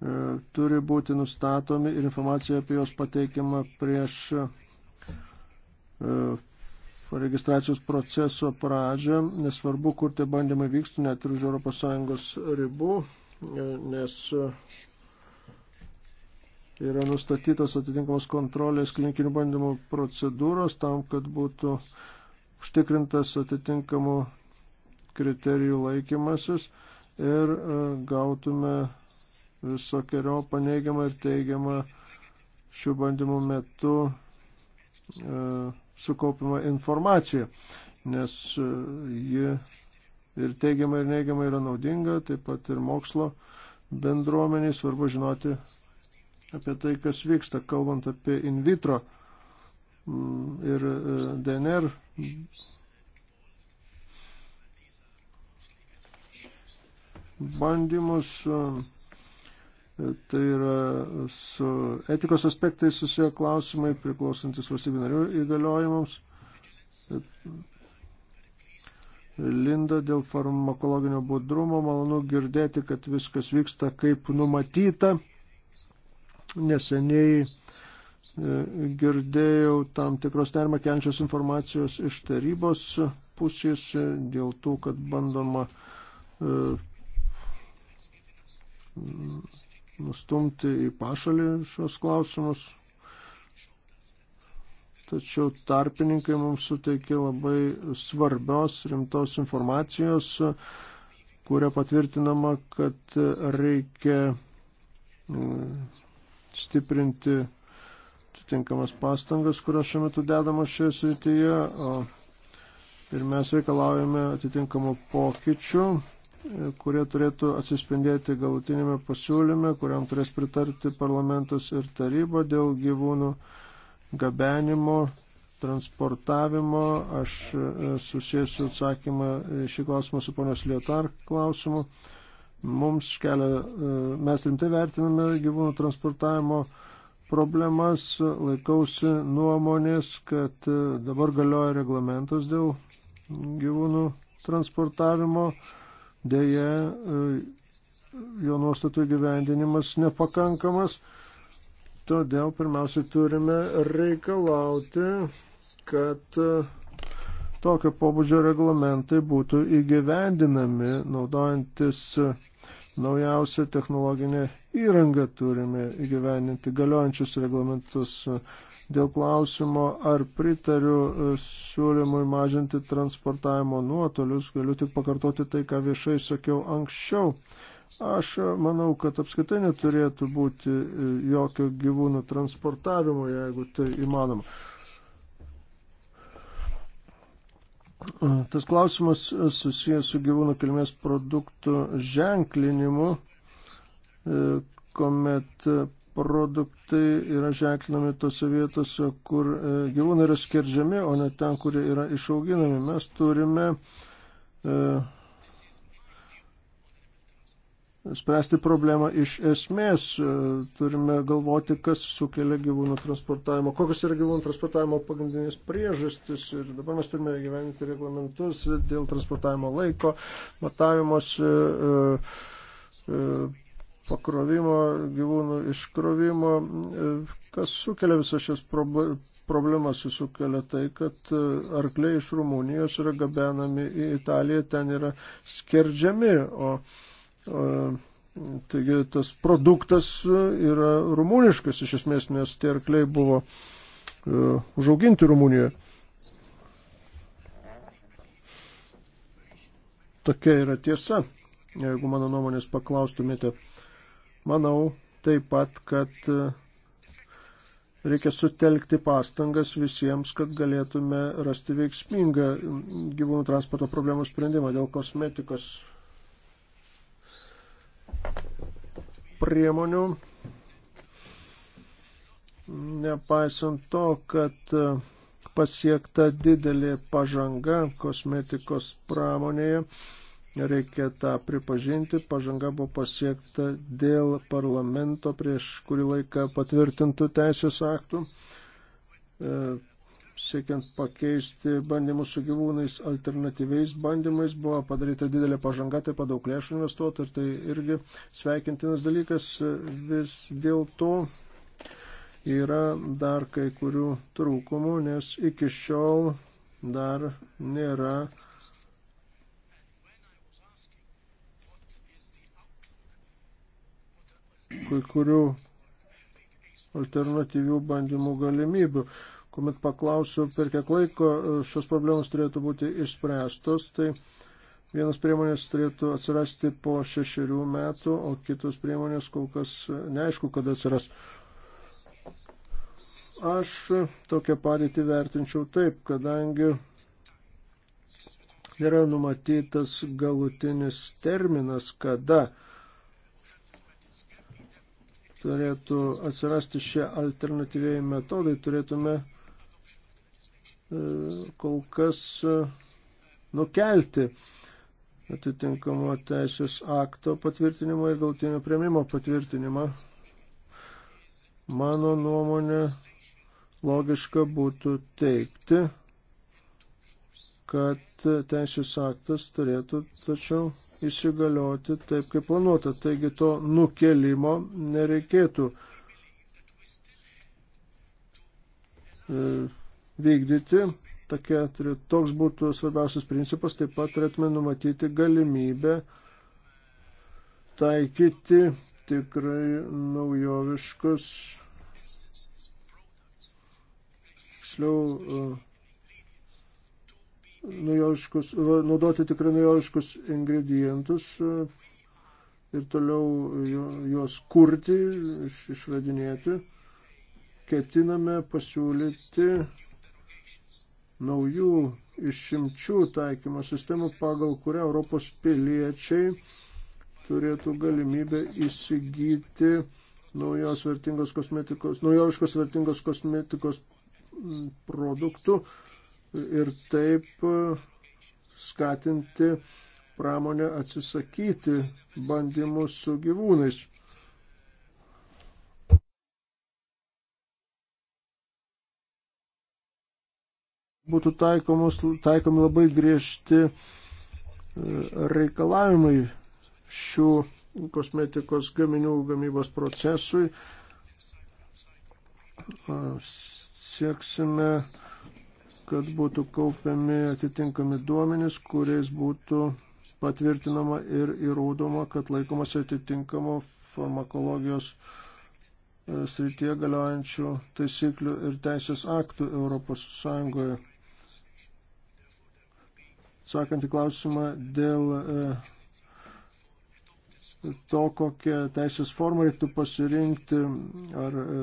E, turi būti nustatomi ir informacija apie juos pateikiama prieš e, registracijos proceso pradžią, nesvarbu, kur tie bandymai vykstų, net ir už ES ribų, e, nes yra nustatytos atitinkamos kontrolės klinikinių bandymų procedūros tam, kad būtų užtikrintas atitinkamų kriterijų laikymasis ir gautume visokiojo paneigiamą ir teigiamą šių bandymų metu e, sukaupimą informaciją, nes e, ji ir teigiamai ir neigiamai yra naudinga, taip pat ir mokslo bendruomeniai svarbu žinoti apie tai, kas vyksta, kalbant apie in vitro mm, ir e, DNR. Bandymus e, tai yra su etikos aspektais susiję klausimai, priklausantis valstybių narių įgaliojimams. Linda, dėl farmakologinio budrumo malonu girdėti, kad viskas vyksta kaip numatyta. Neseniai e, girdėjau tam tikros nerima keliančios informacijos iš tarybos pusės e, dėl tų, kad bandoma e, nustumti į pašalį šios klausimus. Tačiau tarpininkai mums suteikė labai svarbios, rimtos informacijos, kuria patvirtinama, kad reikia e, stiprinti atitinkamas pastangas, kurios šiuo metu dedamos šioje srityje. Ir mes reikalaujame atitinkamų pokyčių kurie turėtų atsispindėti galutinėme pasiūlyme, kuriam turės pritarti parlamentas ir taryba dėl gyvūnų gabenimo, transportavimo. Aš e, susijęsiu atsakymą šį klausimą su ponios Lietar klausimu. Mums kelia, e, mes rimtai vertiname gyvūnų transportavimo problemas, laikausi nuomonės, kad e, dabar galioja reglamentas dėl gyvūnų transportavimo Deja, e, jo nuostatų gyvendinimas nepakankamas, todėl pirmiausia turime reikalauti, kad e, tokio pobūdžio reglamentai būtų įgyvendinami, naudojantis e, naujausią technologinę įrangą turime įgyvendinti galiojančius reglamentus dėl klausimo, ar pritariu e, siūlymui mažinti transportavimo nuotolius, galiu tik pakartoti tai, ką viešai sakiau anksčiau. Aš e, manau, kad apskaitai neturėtų būti e, jokio gyvūnų transportavimo, jeigu tai įmanoma. Tas klausimas susijęs su gyvūnų kilmės produktų ženklinimu, kuomet produktai yra ženklinami tose vietose, kur e, gyvūnai yra skerdžiami, o ne ten, kur yra išauginami. Mes turime e, spręsti problemą iš esmės. E, turime galvoti, kas sukelia gyvūnų transportavimo, kokios yra gyvūnų transportavimo pagrindinės priežastis. Ir dabar mes turime gyventi reglamentus dėl transportavimo laiko, matavimos. E, e, pakrovimo, gyvūnų iškrovimo, e, kas sukelia visas šias problemas, sukelia tai, kad e, arkliai iš Rumunijos yra gabenami į Italiją, ten yra skerdžiami, o, o taigi tas produktas e, yra rumuniškas iš esmės, nes tie arkliai buvo užauginti Rumunijoje. Tokia yra tiesa, jeigu mano nuomonės paklaustumėte. Manau taip pat, kad e, reikia sutelkti pastangas visiems, kad galėtume rasti veiksmingą gyvūnų transporto problemų sprendimą dėl kosmetikos priemonių. Nepaisant to, kad e, pasiekta didelė pažanga kosmetikos pramonėje, reikia tą pripažinti, pažanga buvo pasiekta dėl parlamento prieš kurį laiką patvirtintų teisės aktų, e, siekiant pakeisti bandymus su gyvūnais alternatyviais bandymais, buvo padaryta didelė pažanga, taip pat daug lėšų investuota ir tai irgi sveikintinas dalykas vis dėl to. Yra dar kai kurių trūkumų, nes iki šiol dar nėra uh, kai kurių alternatyvių bandymų galimybių. Kuomet paklausiu, per kiek laiko e, šios problemos turėtų būti išspręstos, tai vienos priemonės turėtų atsirasti po šešerių metų, o kitos priemonės kol kas e, neaišku, kada atsiras. Aš e, tokią padėtį vertinčiau taip, kadangi yra numatytas galutinis terminas, kada uh, turėtų atsirasti šie alternatyviai metodai, turėtume e, kol kas e, nukelti atitinkamo teisės akto patvirtinimo ir galtinio prieimimo patvirtinimą. Mano nuomonė logiška būtų teikti, kad teisės aktas turėtų tačiau įsigalioti taip, kaip planuota. Taigi to nukelimo nereikėtų e, vykdyti. Tokia, toks būtų svarbiausias principas. Taip pat turėtume numatyti galimybę taikyti tikrai naujoviškus, tiksliau, e, nujauškus, naudoti tikrai nujauškus ingredientus e, ir toliau juos kurti, išradinėti, ketiname pasiūlyti naujų išimčių taikymo sistemų, pagal kurią Europos piliečiai turėtų galimybę įsigyti naujos vertingos kosmetikos, naujoviškos vertingos kosmetikos produktų, ir taip e, skatinti pramonę atsisakyti bandymų su gyvūnais. Būtų taikomus, taikomi labai griežti e, reikalavimai šių kosmetikos gaminių gamybos procesui. Sieksime uh, kad būtų kaupiami atitinkami duomenys, kuriais būtų patvirtinama ir įrodoma, kad laikomas atitinkamo farmakologijos e, srityje galiojančių taisyklių ir teisės aktų Europos Sąjungoje. Sakant į klausimą dėl e, to, kokią teisės formą reiktų pasirinkti, ar e,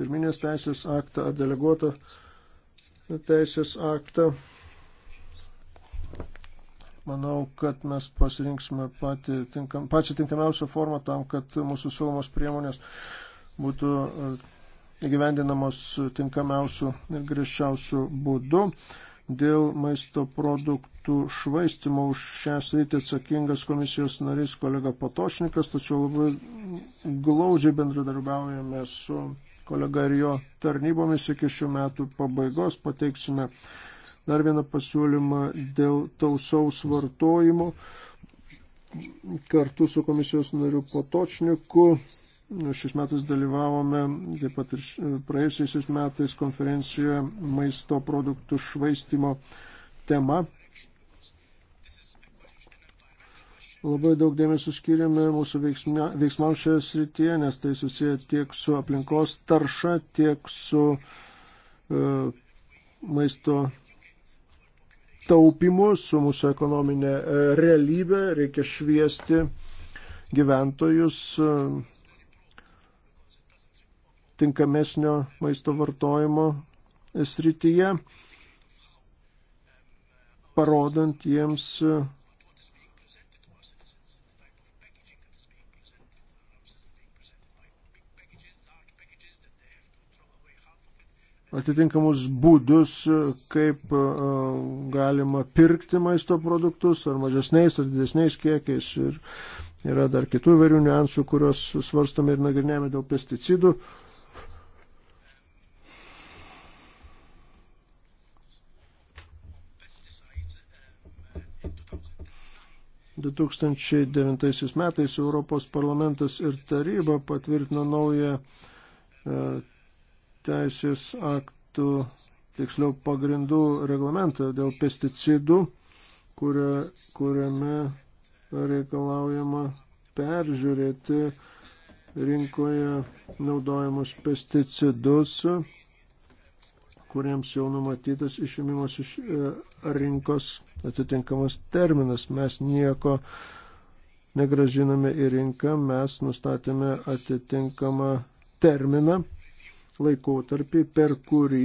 pirminės teisės aktą, ar deleguotą teisės aktą. Manau, kad mes pasirinksime patį, tinkam, pačią tinkamiausią formą tam, kad mūsų siūlomos priemonės būtų e, įgyvendinamos tinkamiausių ir griežčiausių būdų. Dėl maisto produktų švaistimo už šią sritį atsakingas komisijos narys kolega Patošnikas, tačiau labai glaudžiai bendradarbiaujame su kolega ir jo tarnybomis iki šių metų pabaigos pateiksime dar vieną pasiūlymą dėl tausaus vartojimo kartu su komisijos nariu Potočniku. Šis metais dalyvavome, taip pat ir praėjusiais metais konferencijoje maisto produktų švaistimo tema. Labai daug dėmesio skiriame mūsų veiksmams šioje srityje, nes tai susiję tiek su aplinkos tarša, tiek su uh, maisto taupimu, su mūsų ekonominė e, realybė. Reikia šviesti gyventojus uh, tinkamesnio maisto vartojimo srityje, parodant jiems uh, atitinkamus būdus, kaip e, galima pirkti maisto produktus ar mažesniais ar didesniais kiekiais. Ir yra dar kitų įvairių niuansų, kuriuos svarstame ir nagrinėjame dėl pesticidų. Du 2009 metais Europos parlamentas ir taryba patvirtino naują e, teisės aktų, tiksliau pagrindų reglamentą dėl pesticidų, kuria, kuriame reikalaujama peržiūrėti rinkoje naudojamus pesticidus, kuriems jau numatytas išimimas iš e, rinkos atitinkamas terminas. Mes nieko negražiname į rinką, mes nustatėme atitinkamą terminą laikotarpį, per kurį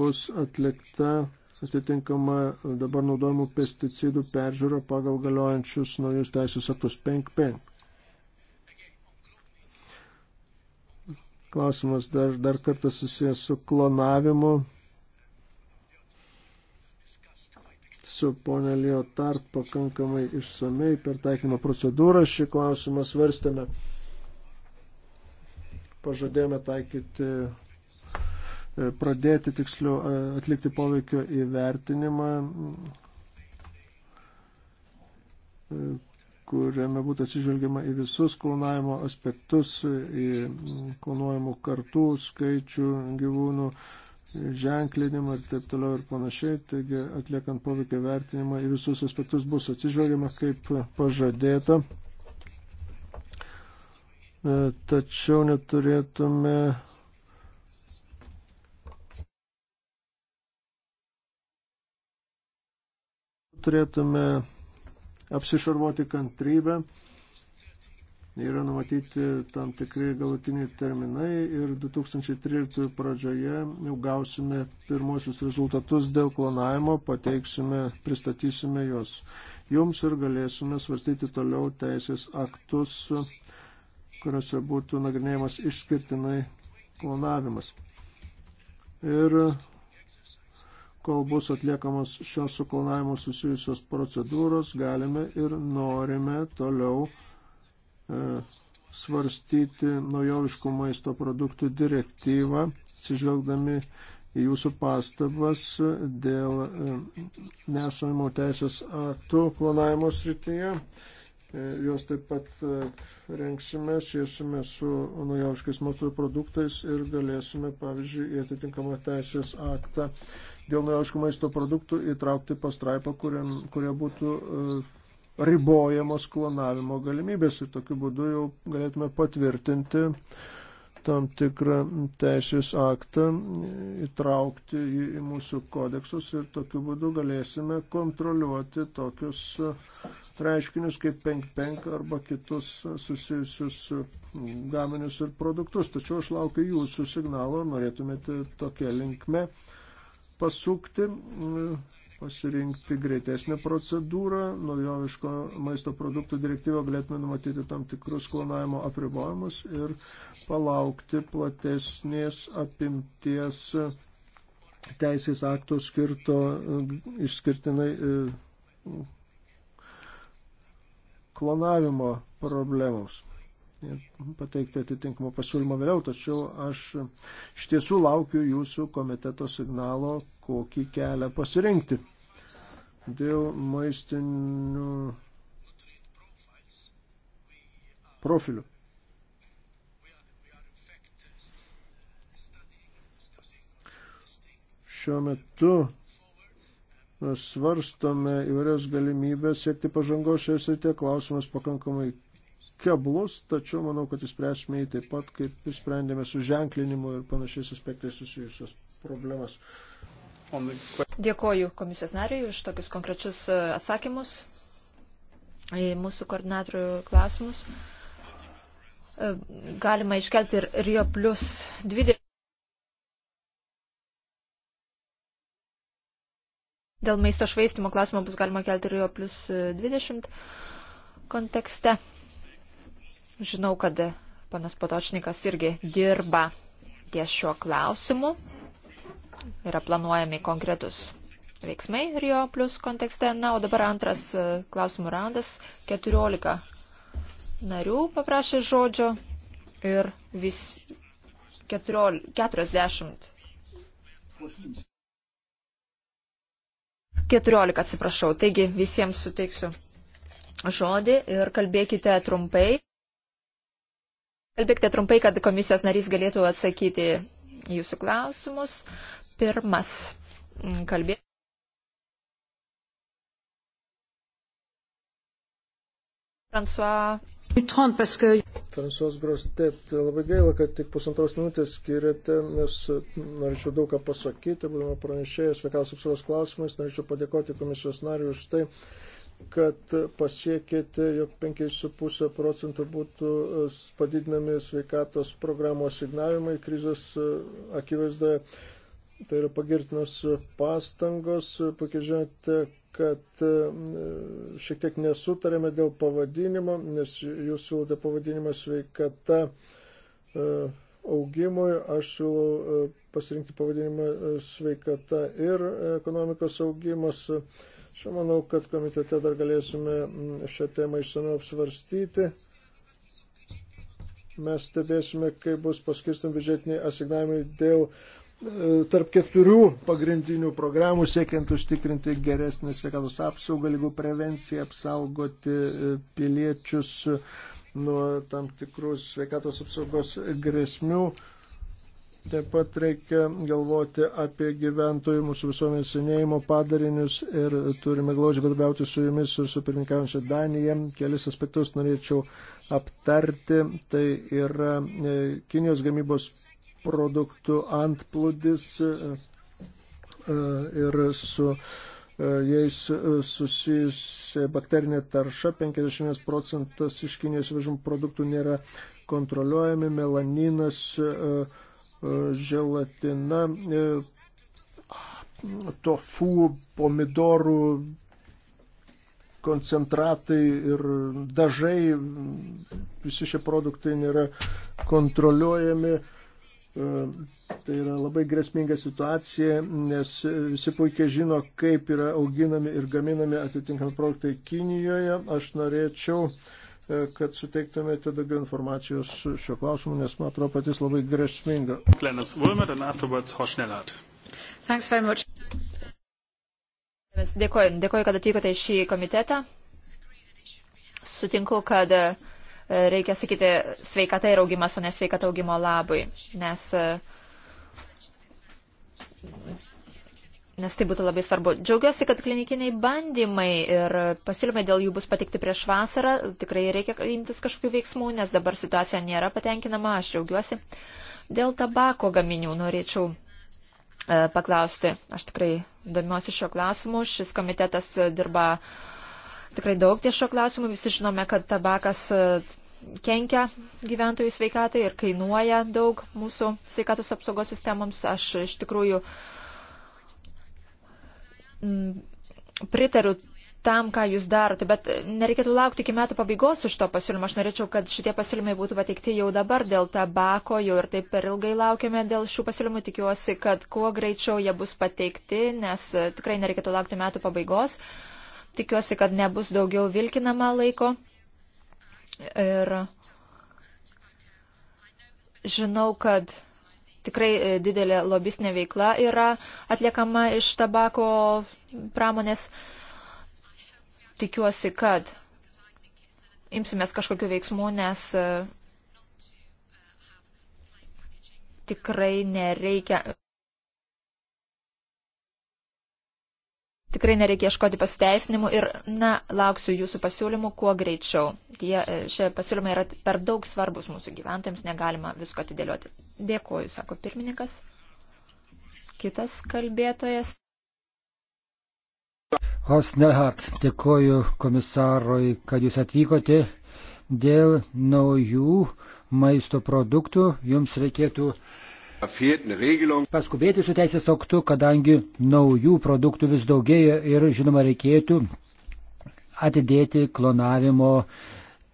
bus atlikta atitinkama dabar naudojamų pesticidų peržiūra pagal galiojančius naujus teisės aktus 5.5. Klausimas dar, dar kartą susijęs su klonavimu. su ponė Liotart pakankamai išsamei per taikymo procedūrą šį klausimą svarstėme pažadėjome taikyti, e, pradėti tiksliau e, atlikti poveikio įvertinimą, e, kuriame būtų atsižvelgiama į visus klonavimo aspektus, į klonuojamų kartų skaičių gyvūnų ženklinimą ir taip toliau ir panašiai. Taigi atliekant poveikio vertinimą į visus aspektus bus atsižvelgiama kaip pažadėta. E, tačiau neturėtume turėtume apsišarvuoti kantrybę. Yra numatyti tam tikri galutiniai terminai ir 2013 pradžioje jau gausime pirmosius rezultatus dėl klonavimo, pateiksime, pristatysime juos jums ir galėsime svarstyti toliau teisės aktus kuriuose būtų nagrinėjimas išskirtinai klonavimas. Ir kol bus atliekamos šios su klonavimu susijusios procedūros, galime ir norime toliau e, svarstyti naujoviškų maisto produktų direktyvą, atsižvelgdami į jūsų pastabas dėl e, nesamimo teisės aktų klonavimo srityje. E, E, juos taip pat e, rengsime, siesime su naujauškais mokslo produktais ir galėsime, pavyzdžiui, į atitinkamą teisės aktą dėl naujauškų maisto produktų įtraukti pastraipą, kuriam, kurie būtų e, ribojamos klonavimo galimybės ir tokiu būdu jau galėtume patvirtinti tam tikrą teisės aktą, įtraukti į, į mūsų kodeksus ir tokiu būdu galėsime kontroliuoti tokius uh, reiškinius kaip penk-penk arba kitus susijusius gaminius ir produktus. Tačiau aš laukiu jūsų signalo, norėtumėte tokia linkme pasukti, pasirinkti greitesnę procedūrą, naujoviško maisto produktų direktyvo galėtume numatyti tam tikrus klonavimo apribojimus ir palaukti platesnės apimties teisės aktų skirto išskirtinai klonavimo problemams. Pateikti atitinkamą pasiūlymą vėliau, tačiau aš iš tiesų laukiu jūsų komiteto signalo, kokį kelią pasirinkti. Dėl maistinių profilių. Šiuo metu svarstome įvairias galimybės siekti pažangos šioje srityje. Klausimas pakankamai keblus, tačiau manau, kad įspręsime jį taip pat, kaip įsprendėme su ženklinimu ir panašiais aspektais susijusios problemas. Dėkoju komisijos nariui už tokius konkrečius e, atsakymus į mūsų koordinatorių klausimus. E, galima iškelti ir Rio plus 20. Dėl maisto švaistimo klausimą bus galima kelti ir jo plus 20 e, kontekste. Žinau, kad panas Potočnikas irgi dirba ties šiuo klausimu. Yra planuojami konkretus veiksmai Rio plus kontekste. Na, o dabar antras e, klausimų randas. 14 narių paprašė žodžio ir vis 14, 40. 14, atsiprašau. Taigi visiems suteiksiu žodį ir kalbėkite trumpai. Kalbėkite trumpai, kad komisijos narys galėtų atsakyti jūsų klausimus. Pirmas kalbė. François Fransuos Grostet, tai labai gaila, kad tik pusantros minutės skiriate, nes norėčiau daug ką pasakyti, būdama pranešėjęs sveikatos apsaugos klausimais, norėčiau padėkoti komisijos nariui už tai, kad pasiekėte, jog 5,5 procentų būtų e, padidinami sveikatos programų asignavimai krizės e, akivaizdoje. Tai yra pagirtinos pastangos, puikiai žinote, kad e, šiek tiek nesutarėme dėl pavadinimo, nes jūs siūlote pavadinimą sveikata e, augimui, aš siūlau e, pasirinkti pavadinimą sveikata ir ekonomikos augimas. Aš manau, kad komitete dar galėsime šią temą išsamiau apsvarstyti. Mes stebėsime, kaip bus paskirstami biudžetiniai asignavimai dėl uh, tarp keturių pagrindinių programų siekiant užtikrinti geresnį sveikatos apsaugą, lygų prevenciją, apsaugoti e, piliečius nuo tam tikrų sveikatos apsaugos grėsmių. Taip pat reikia galvoti apie gyventojų mūsų visuomenės senėjimo padarinius ir turime glaudžiai bendrauti su jumis ir su pirmininkaujančia Danija. Kelis aspektus norėčiau aptarti. Tai yra e, Kinijos gamybos produktų antplūdis e, e, ir su e, jais susijusi bakterinė tarša, 50 procentas iš Kinijos vežimų produktų nėra kontroliuojami, melaninas, želatina, tofu, pomidorų koncentratai ir dažai, visi šie produktai nėra kontroliuojami E, tai yra labai grėsminga situacija, nes visi puikiai žino, kaip yra auginami ir gaminami atitinkami produktai Kinijoje. Aš norėčiau, e, kad suteiktumėte daugiau informacijos šiuo klausimu, nes man atrodo patys labai grėsminga. Glenis Wilmer and afterwards Hošnelard. Thanks very much. Dėkoju, dėkoju, kad atvykote į šį komitetą. Sutinku, kad uh, reikia sakyti sveikata ir augimas, o ne sveikata augimo labui, nes, nes tai būtų labai svarbu. Džiaugiuosi, kad klinikiniai bandymai ir pasiūlymai dėl jų bus patikti prieš vasarą. Tikrai reikia imtis kažkokių veiksmų, nes dabar situacija nėra patenkinama, aš džiaugiuosi. Dėl tabako gaminių norėčiau e, paklausti. Aš tikrai domiuosi šio klausimu. Šis komitetas dirba uh, tikrai daug ties šio klausimu. Visi žinome, kad tabakas e, kenkia gyventojų sveikatai ir kainuoja daug mūsų sveikatos apsaugos sistemams. Aš iš tikrųjų mm, pritariu tam, ką jūs darote, bet nereikėtų laukti iki metų pabaigos iš to pasiūlymo. Aš norėčiau, kad šitie pasiūlymai būtų pateikti jau dabar dėl tabako, jau ir taip per ilgai laukiame dėl šių pasiūlymų. Tikiuosi, kad kuo greičiau jie bus pateikti, nes tikrai nereikėtų laukti metų pabaigos. Uh, Tikiuosi, kad nebus daugiau vilkinama laiko. Ir žinau, kad tikrai e, didelė lobistinė veikla yra atliekama iš tabako pramonės. Tikiuosi, kad imsimės kažkokiu veiksmu, nes e, tikrai nereikia Tikrai nereikia ieškoti pasiteisinimų ir, na, lauksiu jūsų pasiūlymų kuo greičiau. Tie, e, šie pasiūlymai yra per daug svarbus mūsų gyventojams, negalima visko atidėlioti. Dėkuoju, sako pirmininkas. Kitas kalbėtojas. Hosnelhat, dėkoju komisarui, kad jūs atvykote. Dėl naujų maisto produktų jums reikėtų Paskubėti su teisės aktu, kadangi naujų produktų vis daugėja ir, žinoma, reikėtų atidėti klonavimo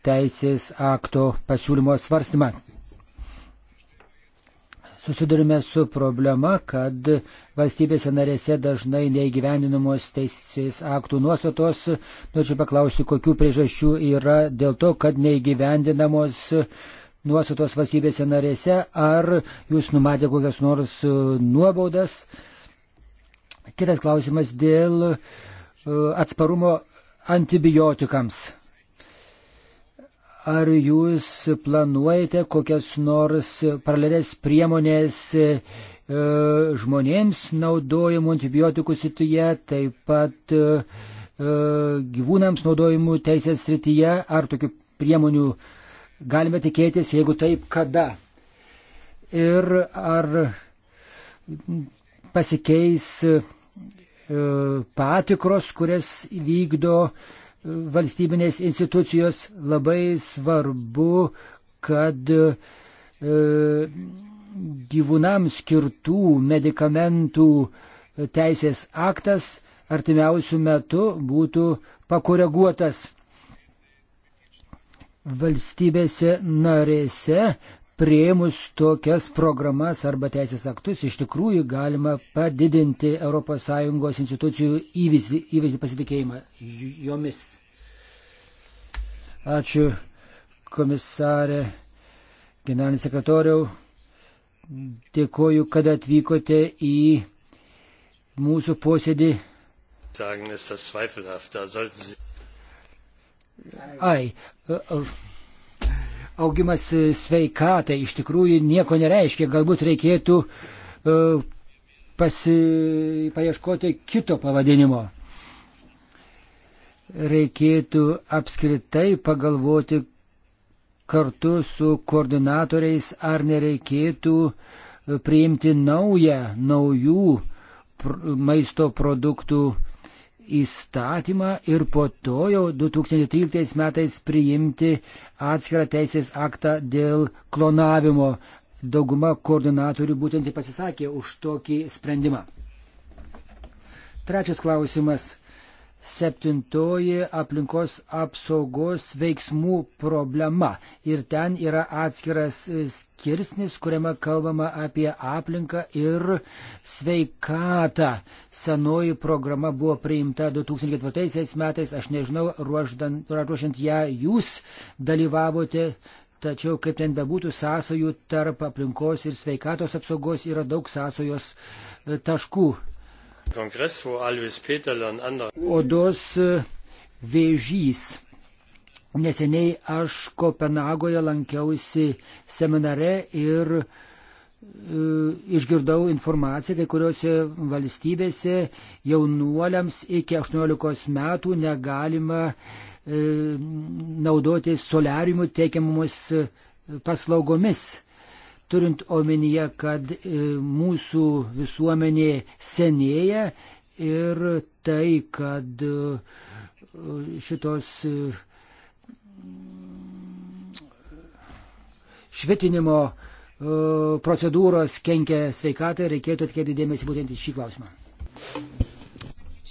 teisės akto pasiūlymo svarstymą. Susidurime su problema, kad valstybėse narėse dažnai neįgyveninamos teisės aktų nuostatos. Norėčiau paklausti, kokių priežasčių yra dėl to, kad neįgyvendinamos uh, nuostatos valstybėse narėse, ar jūs numatė kokias nors e, nuobaudas. Kitas klausimas dėl e, atsparumo antibiotikams. Ar jūs planuojate kokias nors paralelės priemonės e, žmonėms naudojimų antibiotikų sityje, taip pat gyvūnams naudojimų teisės srityje, ar tokių priemonių uh, galime tikėtis, jeigu taip, kada? Ir ar pasikeis e, patikros, kurias vykdo e, valstybinės institucijos, labai svarbu, kad e, gyvūnams skirtų medikamentų teisės aktas artimiausių metų būtų pakoreguotas valstybėse narėse prieimus tokias programas arba teisės aktus iš tikrųjų galima padidinti ES institucijų įvaizdį, įvaizdį pasitikėjimą jomis. Ačiū komisarė, generalinis sekretoriau. Dėkoju, kad atvykote į mūsų posėdį. Sagen, ist das zweifelhaft. Da sollten Sie Ai, augimas sveikatai iš tikrųjų nieko nereiškia, galbūt reikėtų pasi, paieškoti kito pavadinimo. Reikėtų apskritai pagalvoti kartu su koordinatoriais, ar nereikėtų priimti naują, naujų maisto produktų uh, įstatymą ir po to jau 2013 metais priimti atskirą teisės aktą dėl klonavimo. Dauguma koordinatorių būtent pasisakė už tokį sprendimą. Trečias klausimas septintoji aplinkos apsaugos veiksmų problema. Ir ten yra atskiras skirsnis, kuriame kalbama apie aplinką ir sveikatą. Senoji programa buvo priimta 2004 metais, aš nežinau, ruošdant, ruošiant ją jūs dalyvavote. Tačiau, kaip ten bebūtų, sąsajų tarp aplinkos ir sveikatos apsaugos yra daug sąsajos e, taškų. Odos e, vėžys. Neseniai aš Kopenhagoje lankiausi seminare ir e, išgirdau informaciją, kai kuriuose valstybėse jaunuoliams iki 18 metų negalima e, naudotis solariumų teikiamomis e, paslaugomis turint omenyje, kad e, mūsų visuomenė senėja ir tai, kad e, šitos e, švitinimo procedūros kenkia sveikatai, reikėtų atkreipti dėmesį būtent į šį klausimą.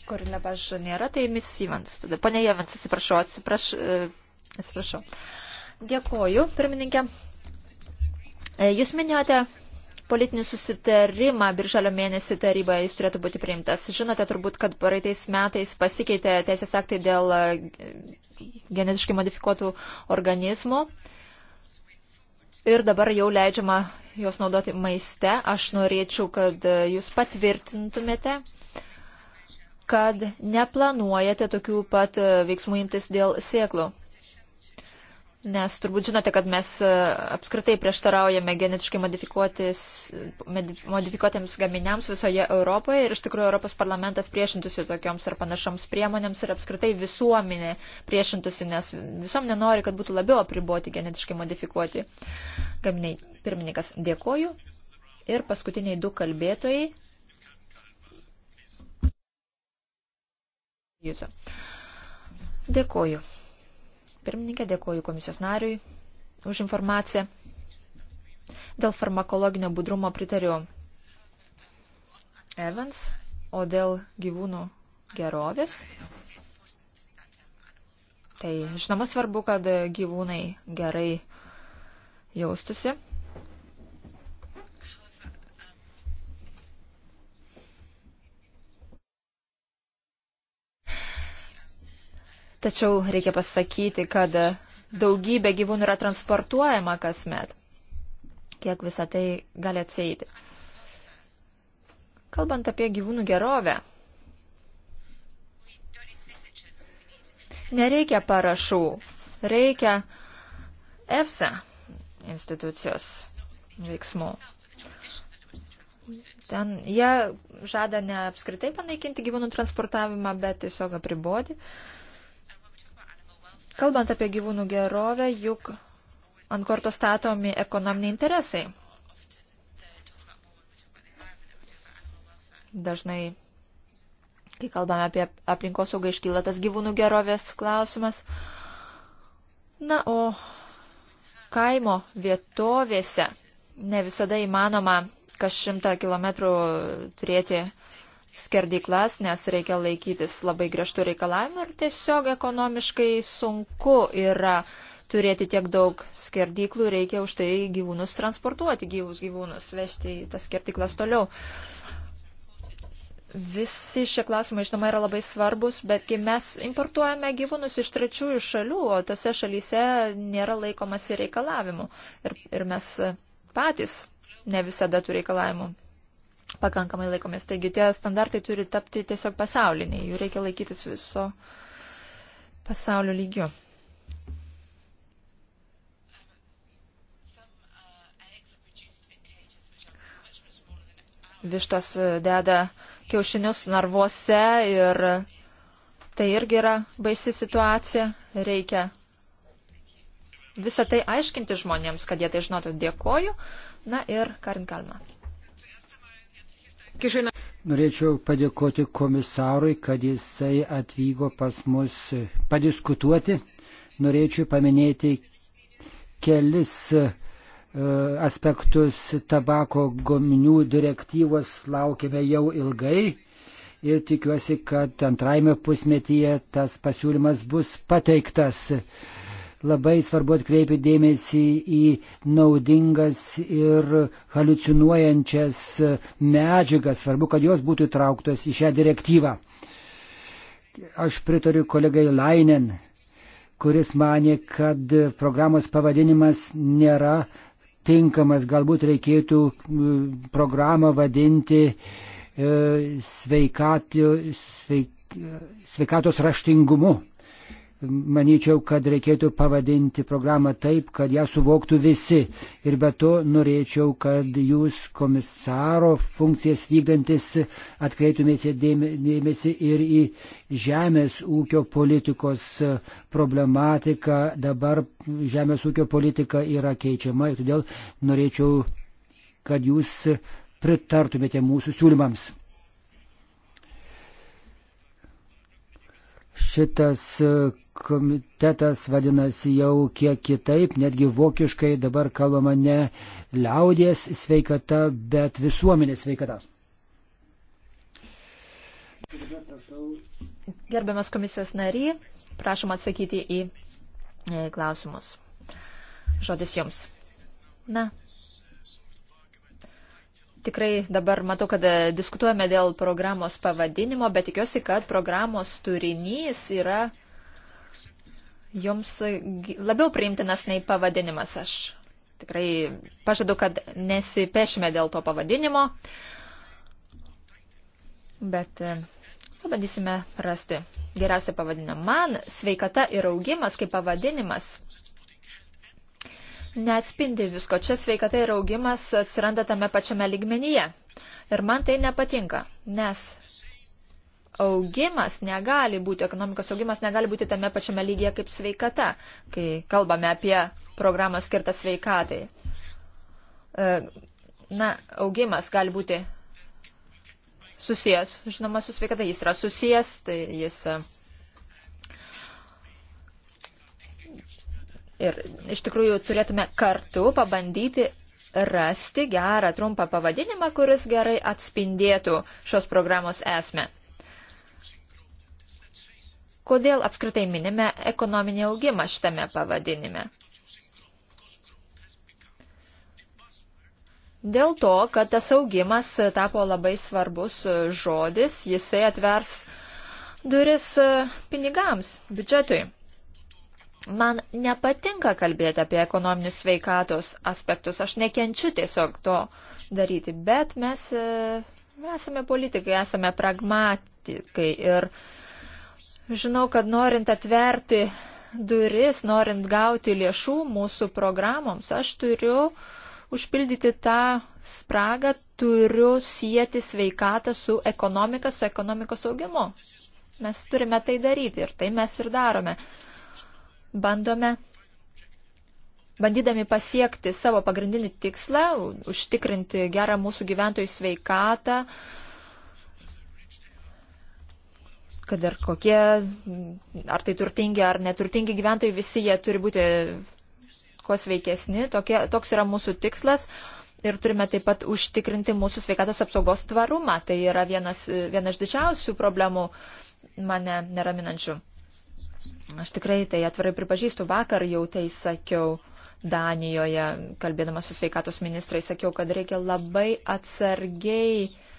Kur nepaž nėra, tai Miss Stevens. Tada, pane Jevens, atsiprašau, atsiprašau. atsiprašau. Dėkoju, pirmininkė. E, jūs minėjote politinį susitarimą birželio mėnesį taryboje jis turėtų būti priimtas. Žinote turbūt, kad praeitais metais pasikeitė teisės aktai dėl e, genetiškai modifikuotų organizmų ir dabar jau leidžiama juos naudoti maiste. Aš norėčiau, kad e, jūs patvirtintumėte, kad neplanuojate tokių pat veiksmų imtis dėl sieklų. Nes turbūt žinote, kad mes e, apskritai prieštaraujame genetiškai modifikuotiems gaminiams visoje Europoje ir iš tikrųjų Europos parlamentas priešintųsi tokioms ar panašioms priemonėms ir apskritai visuomenė priešintųsi, nes visuomenė nori, kad būtų labiau apriboti genetiškai modifikuoti gaminiai. Pirmininkas, dėkoju. Ir paskutiniai du kalbėtojai. Jūsų. Dėkoju pirmininkė, dėkoju komisijos nariui už informaciją. Dėl farmakologinio budrumo pritariu Evans, o dėl gyvūnų gerovės. Tai žinoma svarbu, kad gyvūnai gerai jaustusi. Tačiau reikia pasakyti, kad daugybė gyvūnų yra transportuojama kasmet. Kiek visą tai gali atseiti. Kalbant apie gyvūnų gerovę. Nereikia parašų, reikia EFSA institucijos veiksmų. Ten jie žada ne apskritai panaikinti gyvūnų transportavimą, bet tiesiog apriboti. Uh, Kalbant apie gyvūnų gerovę, juk ant korto statomi ekonominiai interesai. Dažnai, kai kalbame apie aplinkosaugą, iškyla tas gyvūnų gerovės klausimas. Na, o kaimo vietovėse ne visada įmanoma kas šimtą kilometrų turėti skerdiklas, nes reikia laikytis labai griežtų reikalavimų ir tiesiog ekonomiškai sunku yra turėti tiek daug skerdiklų, reikia už tai gyvūnus transportuoti, gyvus gyvūnus, vežti į tas skerdiklas toliau. Visi šie klausimai, žinoma, yra labai svarbus, bet kai mes importuojame gyvūnus iš trečiųjų šalių, o tose šalyse nėra laikomasi reikalavimų ir, ir mes patys ne visada tų reikalavimų pakankamai laikomės. Taigi tie standartai turi tapti tiesiog pasauliniai, jų reikia laikytis viso pasaulio lygiu. Vištos e, deda kiaušinius narvuose ir tai irgi yra baisi situacija. Reikia visą tai aiškinti žmonėms, kad jie tai žinotų. Dėkoju. Na ir Karin Kalma. Norėčiau padėkoti komisarui, kad jisai atvyko pas mus padiskutuoti. Norėčiau paminėti kelis e, aspektus tabako gaminių direktyvos laukime jau ilgai ir tikiuosi, kad antrajame pusmetyje tas pasiūlymas bus pateiktas. Labai svarbu atkreipti dėmesį į naudingas ir halucinuojančias medžiagas. Svarbu, kad jos būtų įtrauktos į šią direktyvą. Aš pritariu kolegai Lainen, kuris mane, kad programos pavadinimas nėra tinkamas. Galbūt reikėtų programą vadinti e, sveikatį, sveik, e, sveikatos raštingumu. Manyčiau, kad reikėtų pavadinti programą taip, kad ją suvoktų visi. Ir be to norėčiau, kad jūs komisaro funkcijas vykdantis atkreiptumėte dėmesį ir į žemės ūkio politikos e, problematiką. Dabar žemės ūkio politika yra keičiama ir todėl norėčiau, kad jūs pritartumėte mūsų siūlymams. šitas e, komitetas vadinasi jau kiek kitaip, netgi vokiškai dabar kalbama ne liaudies sveikata, bet visuomenės sveikata. Gerbiamas komisijos nary, prašom atsakyti į e, klausimus. Žodis jums. Na. Tikrai dabar matau, kad e, diskutuojame dėl programos pavadinimo, bet tikiuosi, kad programos turinys yra jums e, labiau priimtinas nei pavadinimas. Aš tikrai pažadu, kad nesipešime dėl to pavadinimo, bet e, pabandysime rasti geriausią pavadinimą. Man sveikata ir augimas kaip pavadinimas neatspindi visko. Čia sveikata ir augimas atsiranda tame pačiame ligmenyje. Ir man tai nepatinka, nes augimas negali būti, ekonomikos augimas negali būti tame pačiame lygyje kaip sveikata, kai kalbame apie programą skirtą sveikatai. E, na, augimas gali būti susijęs, žinoma, su sveikata, jis yra susijęs, tai jis. E, ir iš tikrųjų turėtume kartu pabandyti rasti gerą trumpą pavadinimą, kuris gerai atspindėtų šios programos esmę. Kodėl apskritai minime ekonominį augimą šitame pavadinime? Dėl to, kad tas augimas tapo labai svarbus žodis, jisai atvers duris pinigams, biudžetui. Man nepatinka kalbėti apie ekonominius sveikatos aspektus, aš nekenčiu tiesiog to daryti, bet mes e, esame politikai, esame pragmatikai ir uh, Žinau, kad norint atverti duris, norint gauti lėšų mūsų programoms, aš turiu užpildyti tą spragą, turiu sieti sveikatą su ekonomika, su ekonomikos augimu. Mes turime tai daryti ir tai mes ir darome. Bandome, bandydami pasiekti savo pagrindinį tikslą, užtikrinti gerą mūsų gyventojų sveikatą, uh, kad ir kokie, ar tai turtingi ar neturtingi gyventojai, visi jie turi būti kuo sveikesni. Tokie, toks yra mūsų tikslas. Ir turime taip pat užtikrinti mūsų sveikatos apsaugos tvarumą. Tai yra vienas, vienas didžiausių problemų mane neraminančių. Aš tikrai tai atvirai pripažįstu. Vakar jau tai sakiau Danijoje, kalbėdama su sveikatos ministrai, sakiau, kad reikia labai atsargiai uh,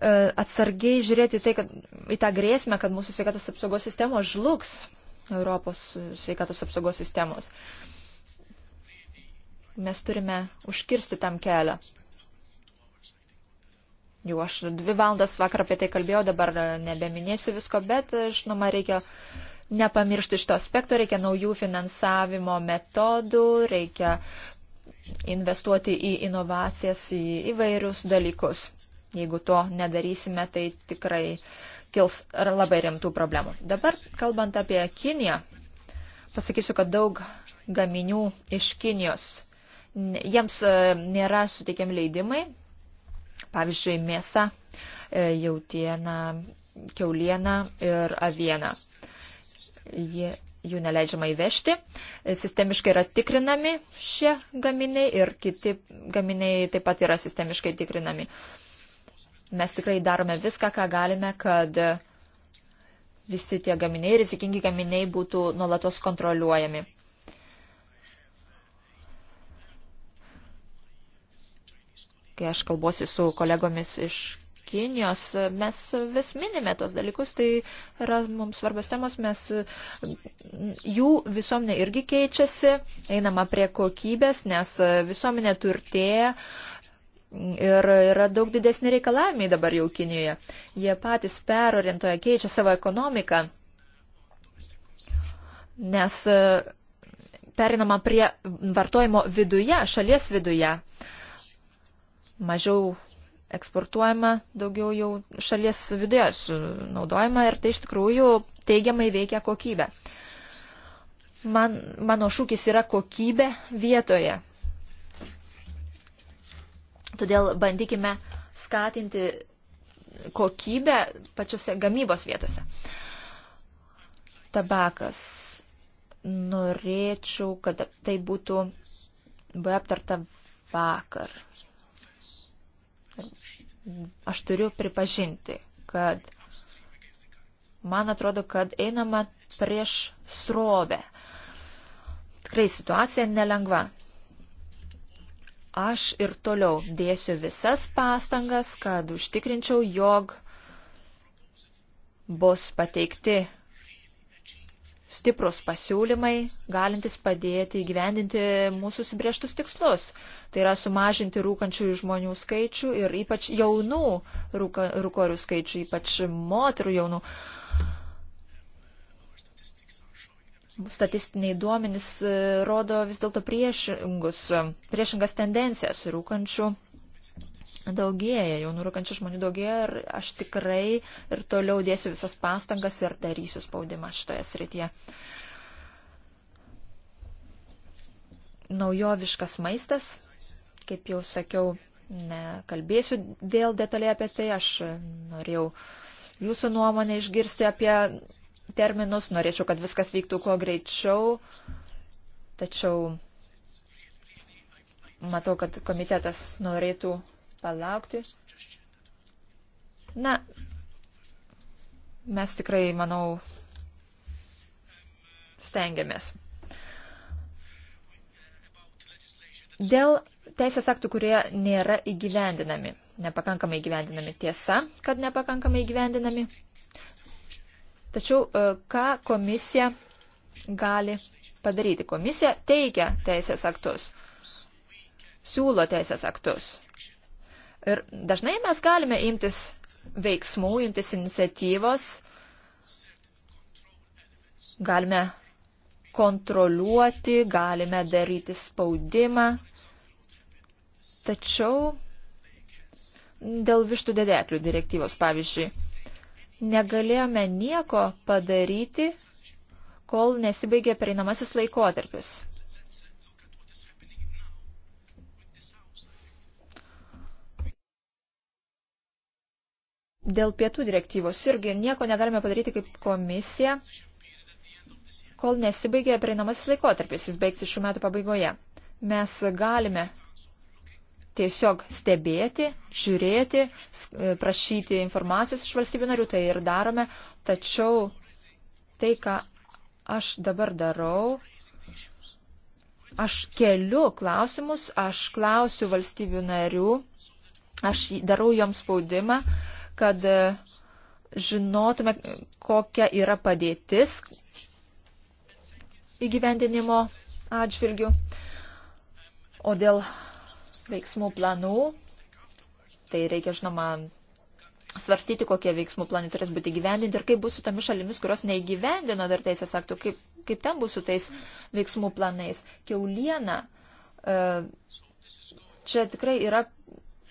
E, atsargiai žiūrėti tai, kad, į tą grėsmę, kad mūsų sveikatos apsaugos sistemos žlugs Europos sveikatos apsaugos sistemos. Mes turime užkirsti tam kelią. Jau aš dvi valandas vakar apie tai kalbėjau, dabar nebeminėsiu visko, bet, žinoma, reikia nepamiršti šito aspekto, reikia naujų finansavimo metodų, reikia investuoti į inovacijas, į įvairius dalykus. Jeigu to nedarysime, tai tikrai kils labai rimtų problemų. Dabar, kalbant apie Kiniją, pasakysiu, kad daug gaminių iš Kinijos, jiems e, nėra suteikiami leidimai, pavyzdžiui, mėsa, e, jautiena, keuliena ir aviena. Jie jų neleidžiama įvežti. E, sistemiškai yra tikrinami šie gaminiai ir kiti gaminiai taip pat yra sistemiškai tikrinami. Uh, Mes tikrai darome viską, ką galime, kad visi tie gaminiai, rizikingi gaminiai būtų nuolatos kontroliuojami. Kai aš kalbuosi su kolegomis iš Kinijos, mes vis minime tos dalykus, tai yra mums svarbios temos, mes jų visuomenė irgi keičiasi, einama prie kokybės, nes visuomenė turtėja, Ir yra daug didesni reikalavimai dabar jau Kinijoje. Jie patys perorientuoja, keičia savo ekonomiką, nes e, perinama prie vartojimo viduje, šalies viduje. Mažiau eksportuojama, daugiau jau šalies viduje naudojama ir tai iš tikrųjų teigiamai veikia kokybę. Man, mano šūkis yra kokybė vietoje. Todėl bandykime skatinti kokybę pačiose gamybos vietose. Tabakas. Norėčiau, kad tai būtų buvo aptarta vakar. Aš turiu pripažinti, kad man atrodo, kad einama prieš srovę. Tikrai situacija nelengva. Aš ir toliau dėsiu visas pastangas, kad užtikrinčiau, jog bus pateikti stiprus pasiūlymai, galintis padėti įgyvendinti mūsų sibrieštus tikslus. Tai yra sumažinti rūkančių žmonių skaičių ir ypač jaunų rūka, rūkorių skaičių, ypač moterų jaunų statistiniai duomenys e, rodo vis dėlto priešingas tendencijas rūkančių. Daugėja, jaunų rūkančių žmonių daugėja ir aš tikrai ir toliau dėsiu visas pastangas ir darysiu spaudimą šitoje srityje. Naujoviškas maistas, kaip jau sakiau, nekalbėsiu vėl detaliai apie tai, aš norėjau jūsų nuomonę išgirsti apie terminus, norėčiau, kad viskas vyktų kuo greičiau, tačiau matau, kad komitetas norėtų palaukti. Na, mes tikrai, manau, stengiamės. Dėl teisės aktų, kurie nėra įgyvendinami, nepakankamai įgyvendinami tiesa, kad nepakankamai įgyvendinami, Tačiau e, ką komisija gali padaryti? Komisija teikia teisės aktus, siūlo teisės aktus. Ir dažnai mes galime imtis veiksmų, imtis iniciatyvos, galime kontroliuoti, galime daryti spaudimą. Tačiau dėl vištų dedeklių direktyvos, pavyzdžiui, negalėjome nieko padaryti, kol nesibaigė pereinamasis laikotarpis. Dėl pietų direktyvos irgi nieko negalime padaryti kaip komisija, kol nesibaigė pereinamasis laikotarpis, jis baigsis šių metų pabaigoje. Mes galime tiesiog stebėti, žiūrėti, e, prašyti informacijos iš valstybių narių, tai ir darome, tačiau tai, ką aš dabar darau, aš keliu klausimus, aš klausiu valstybių narių, aš darau joms spaudimą, kad e, žinotume, kokia yra padėtis įgyvendinimo atžvilgių. O dėl veiksmų planų. Tai reikia, žinoma, svarstyti, kokie veiksmų planai turės būti gyvendinti ir kaip bus su tomis šalimis, kurios neįgyvendino dar teisės aktų, kaip, kaip ten bus su tais veiksmų planais. Keuliena, e, čia tikrai yra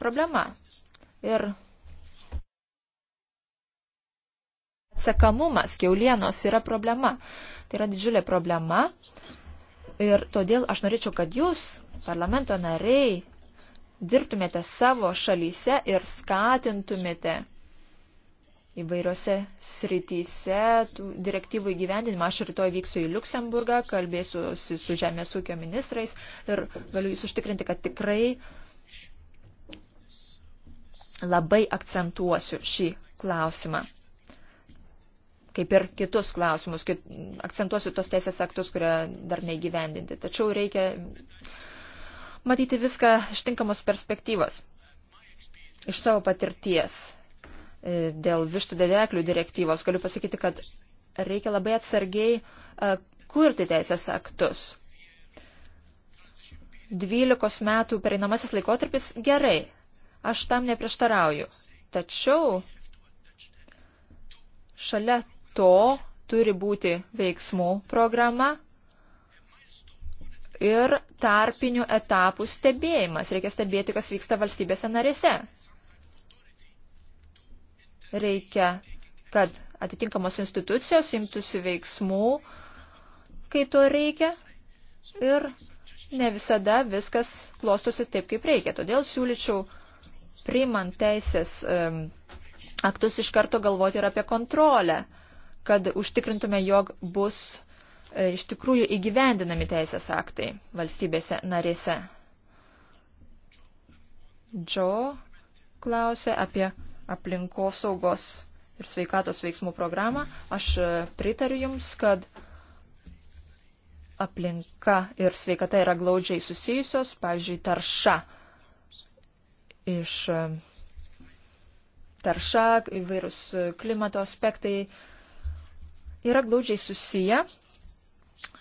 problema. Ir atsekamumas keulienos yra problema. Tai yra didžiulė problema. Ir todėl aš norėčiau, kad jūs, parlamento nariai, dirbtumėte savo šalyse ir skatintumėte įvairiose srityse tų direktyvų įgyvendinimą. Aš rytoj vyksiu į Luksemburgą, kalbėsiu su, su žemės ūkio ministrais ir galiu jūs užtikrinti, kad tikrai labai akcentuosiu šį klausimą. Kaip ir kitus klausimus, kit, akcentuosiu tos teisės aktus, kurie dar neįgyvendinti. Tačiau reikia uh, matyti viską iš tinkamos perspektyvos, iš savo patirties. E, dėl vištų dėdeklių direktyvos galiu pasakyti, kad reikia labai atsargiai e, kurti teisės aktus. 12 metų pereinamasis laikotarpis gerai, aš tam neprieštarauju. Tačiau šalia to turi būti veiksmų programa, ir tarpinių etapų stebėjimas. Reikia stebėti, kas vyksta valstybėse narėse. Reikia, kad atitinkamos institucijos imtųsi veiksmų, kai to reikia. Ir ne visada viskas klostosi taip, kaip reikia. Todėl siūlyčiau, priimant teisės um, aktus, iš karto galvoti ir apie kontrolę, kad užtikrintume, jog bus E, iš tikrųjų įgyvendinami teisės aktai valstybėse narėse. Džo klausė apie aplinkosaugos ir sveikatos veiksmų programą. Aš e, pritariu Jums, kad aplinka ir sveikata yra glaudžiai susijusios, pavyzdžiui, tarša iš e, tarša, įvairūs klimato aspektai yra glaudžiai susiję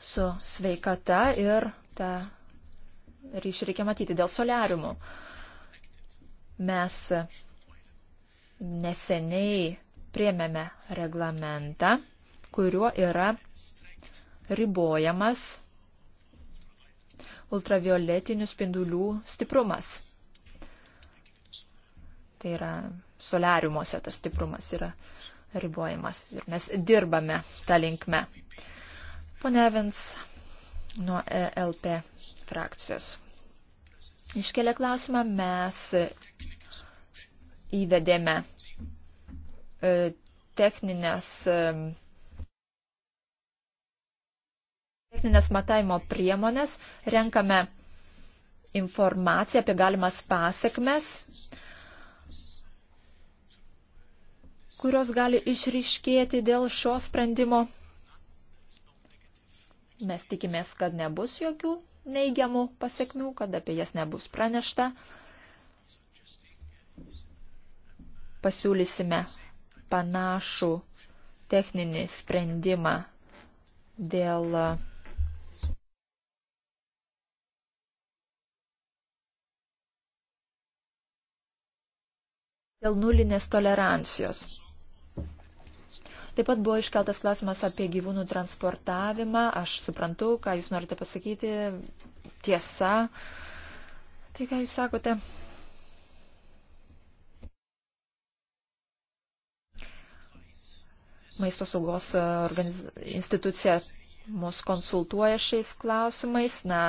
su sveikata ir tą ryšį reikia matyti dėl soliariumų. Mes neseniai priemėme reglamentą, kuriuo yra ribojamas ultravioletinių spindulių stiprumas. Tai yra soliariumuose tas stiprumas yra ribojamas ir mes dirbame tą linkmę. Pone Evans nuo e LP frakcijos. Iškelia klausimą, mes įvedėme e, techninės, e, techninės matavimo priemonės, renkame informaciją apie galimas pasiekmes, kurios gali išryškėti dėl šio sprendimo Mes tikimės, kad nebus jokių neigiamų pasiekmių, kad apie jas nebus pranešta. Pasiūlysime panašų techninį sprendimą dėl dėl nulinės tolerancijos. Taip pat buvo iškeltas klausimas apie gyvūnų transportavimą. Aš suprantu, ką jūs norite pasakyti. Tiesa. Tai ką jūs sakote. Maisto saugos e, organiz... institucija mus konsultuoja šiais klausimais. Na,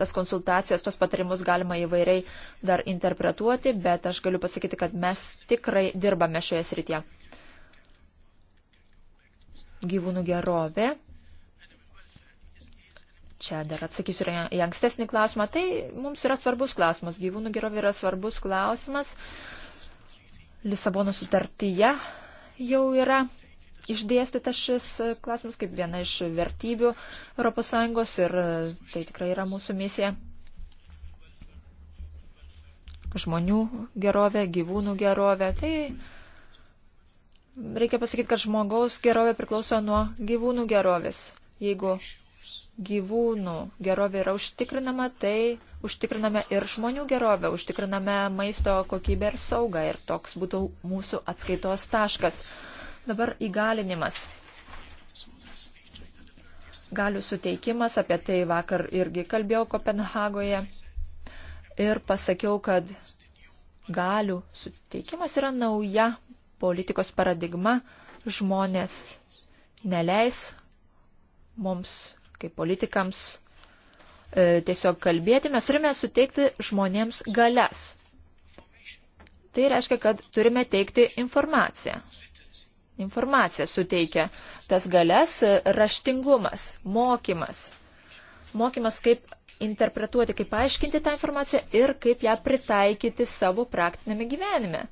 tas konsultacijas, tos patarimus galima įvairiai dar interpretuoti, bet aš galiu pasakyti, kad mes tikrai dirbame šioje srityje gyvūnų gerovė. Čia dar atsakysiu į ankstesnį klausimą. Tai mums yra svarbus klausimas. Gyvūnų gerovė yra svarbus klausimas. Lisabono sutartyje jau yra išdėstytas šis klausimas kaip viena iš vertybių ES ir tai tikrai yra mūsų misija. Žmonių gerovė, gyvūnų gerovė, tai reikia pasakyti, kad žmogaus gerovė priklauso nuo gyvūnų gerovės. Jeigu gyvūnų gerovė yra užtikrinama, tai užtikriname ir žmonių gerovę, užtikriname maisto kokybę ir saugą ir toks būtų mūsų atskaitos taškas. Dabar įgalinimas. Galių suteikimas, apie tai vakar irgi kalbėjau Kopenhagoje ir pasakiau, kad galių suteikimas yra nauja politikos paradigma žmonės neleis mums, kaip politikams, e, tiesiog kalbėti, mes turime suteikti žmonėms galias. Tai reiškia, kad turime teikti informaciją. Informacija suteikia tas galias e, raštingumas, mokymas. Mokymas, kaip interpretuoti, kaip aiškinti tą informaciją ir kaip ją pritaikyti savo praktinėme gyvenime.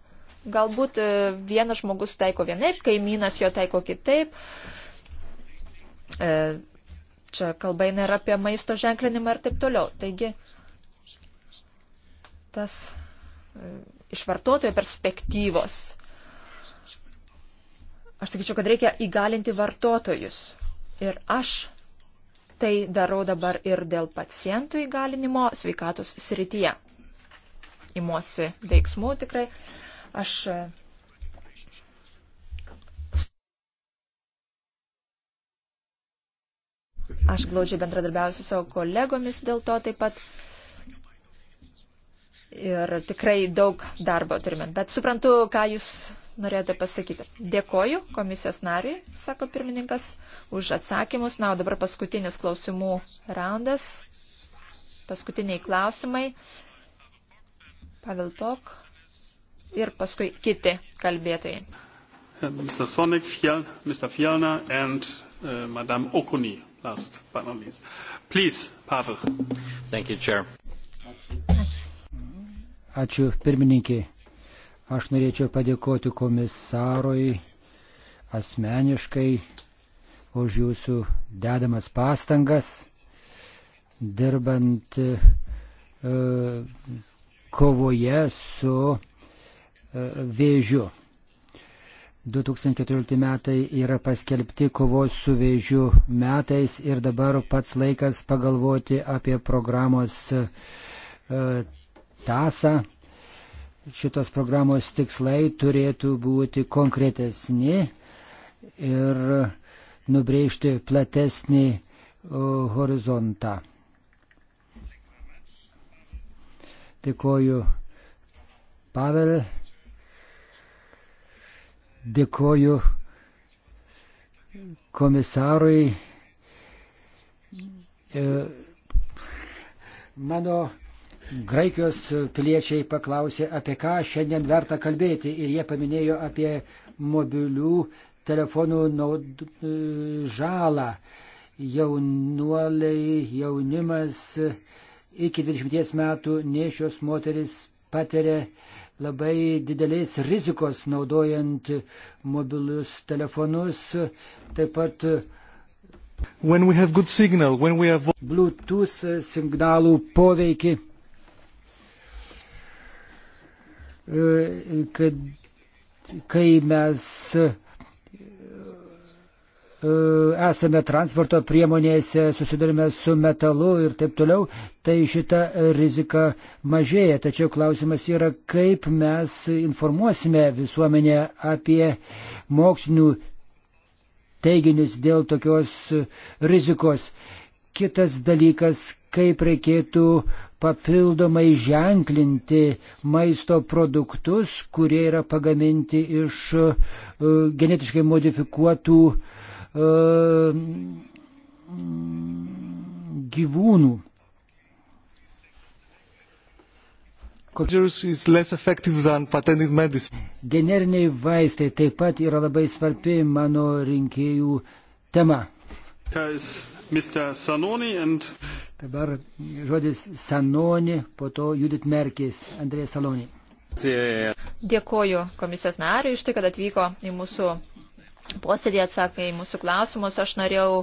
Galbūt e, vienas žmogus taiko vienaip, kaimynas jo taiko kitaip. E, čia kalba eina ir apie maisto ženklinimą ir taip toliau. Taigi, tas e, iš vartotojo perspektyvos. Aš sakyčiau, kad reikia įgalinti vartotojus. Ir aš tai darau dabar ir dėl pacientų įgalinimo sveikatos srityje. Imuosi veiksmų tikrai. Uh, Aš e, Aš glaudžiai bendradarbiausiu savo kolegomis dėl to taip pat. Ir tikrai daug darbo turime. Bet suprantu, ką jūs norėjote pasakyti. Dėkoju komisijos nariai, sako pirmininkas, už atsakymus. Na, o dabar paskutinis klausimų raundas. Paskutiniai klausimai. Pavel Pok ir paskui kiti kalbėtojai. Mr. Sonic, Fjell, Mr. Fjellner and uh, Madame Okuni, last but not least. Please, Pavel. Thank you, Chair. Ačiū, pirmininkė. Aš norėčiau padėkoti komisarui asmeniškai už jūsų dedamas pastangas, dirbant e, kovoje su vėžiu. 2014 metai yra paskelbti kovos su vėžiu metais ir dabar pats laikas pagalvoti apie programos e, tasą. Šitos programos tikslai turėtų būti konkretesni ir nubrėžti platesnį e, horizontą. Dėkoju Pavel. Dėkoju komisarui. E, mano graikijos piliečiai paklausė, apie ką šiandien verta kalbėti ir jie paminėjo apie mobilių telefonų naud... E, žalą. Jaunuoliai, jaunimas iki 20 metų nešios moteris patiria labai didelės rizikos naudojant mobilius telefonus, taip pat signal, have... Bluetooth signalų poveikį, e, kad kai mes E, esame transporto priemonėse, susidurime su metalu ir taip toliau, tai šita rizika mažėja. Tačiau klausimas yra, kaip mes informuosime visuomenę apie mokslinių teiginius dėl tokios rizikos. Kitas dalykas, kaip reikėtų papildomai ženklinti maisto produktus, kurie yra pagaminti iš e, genetiškai modifikuotų uh, E, gyvūnų. Generiniai vaistai taip pat yra labai svarbi mano rinkėjų tema. And... Dabar žodis Sanoni, po to Judith Merkis, Andrėjas Saloni. Dėkoju komisijos nariui iš tai, kad atvyko į mūsų posėdį atsakė į mūsų klausimus. Aš norėjau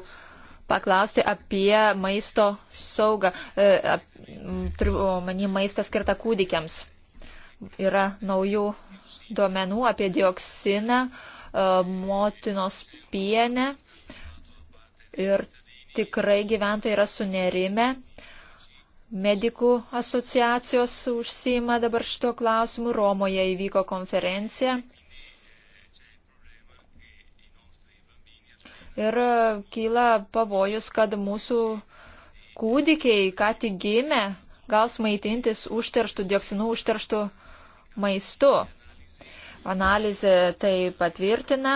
paklausti apie maisto saugą. E, turiu omeny maistą skirtą kūdikiams. Yra naujų duomenų apie dioksiną e, motinos pienę ir tikrai gyventojai yra sunerime. Medikų asociacijos užsima dabar šito klausimu. Romoje įvyko konferencija ir e, kyla pavojus, kad mūsų kūdikiai, ką tik gimė, gaus maitintis užterštų, dioksinų užterštų maistu. Analizė tai patvirtina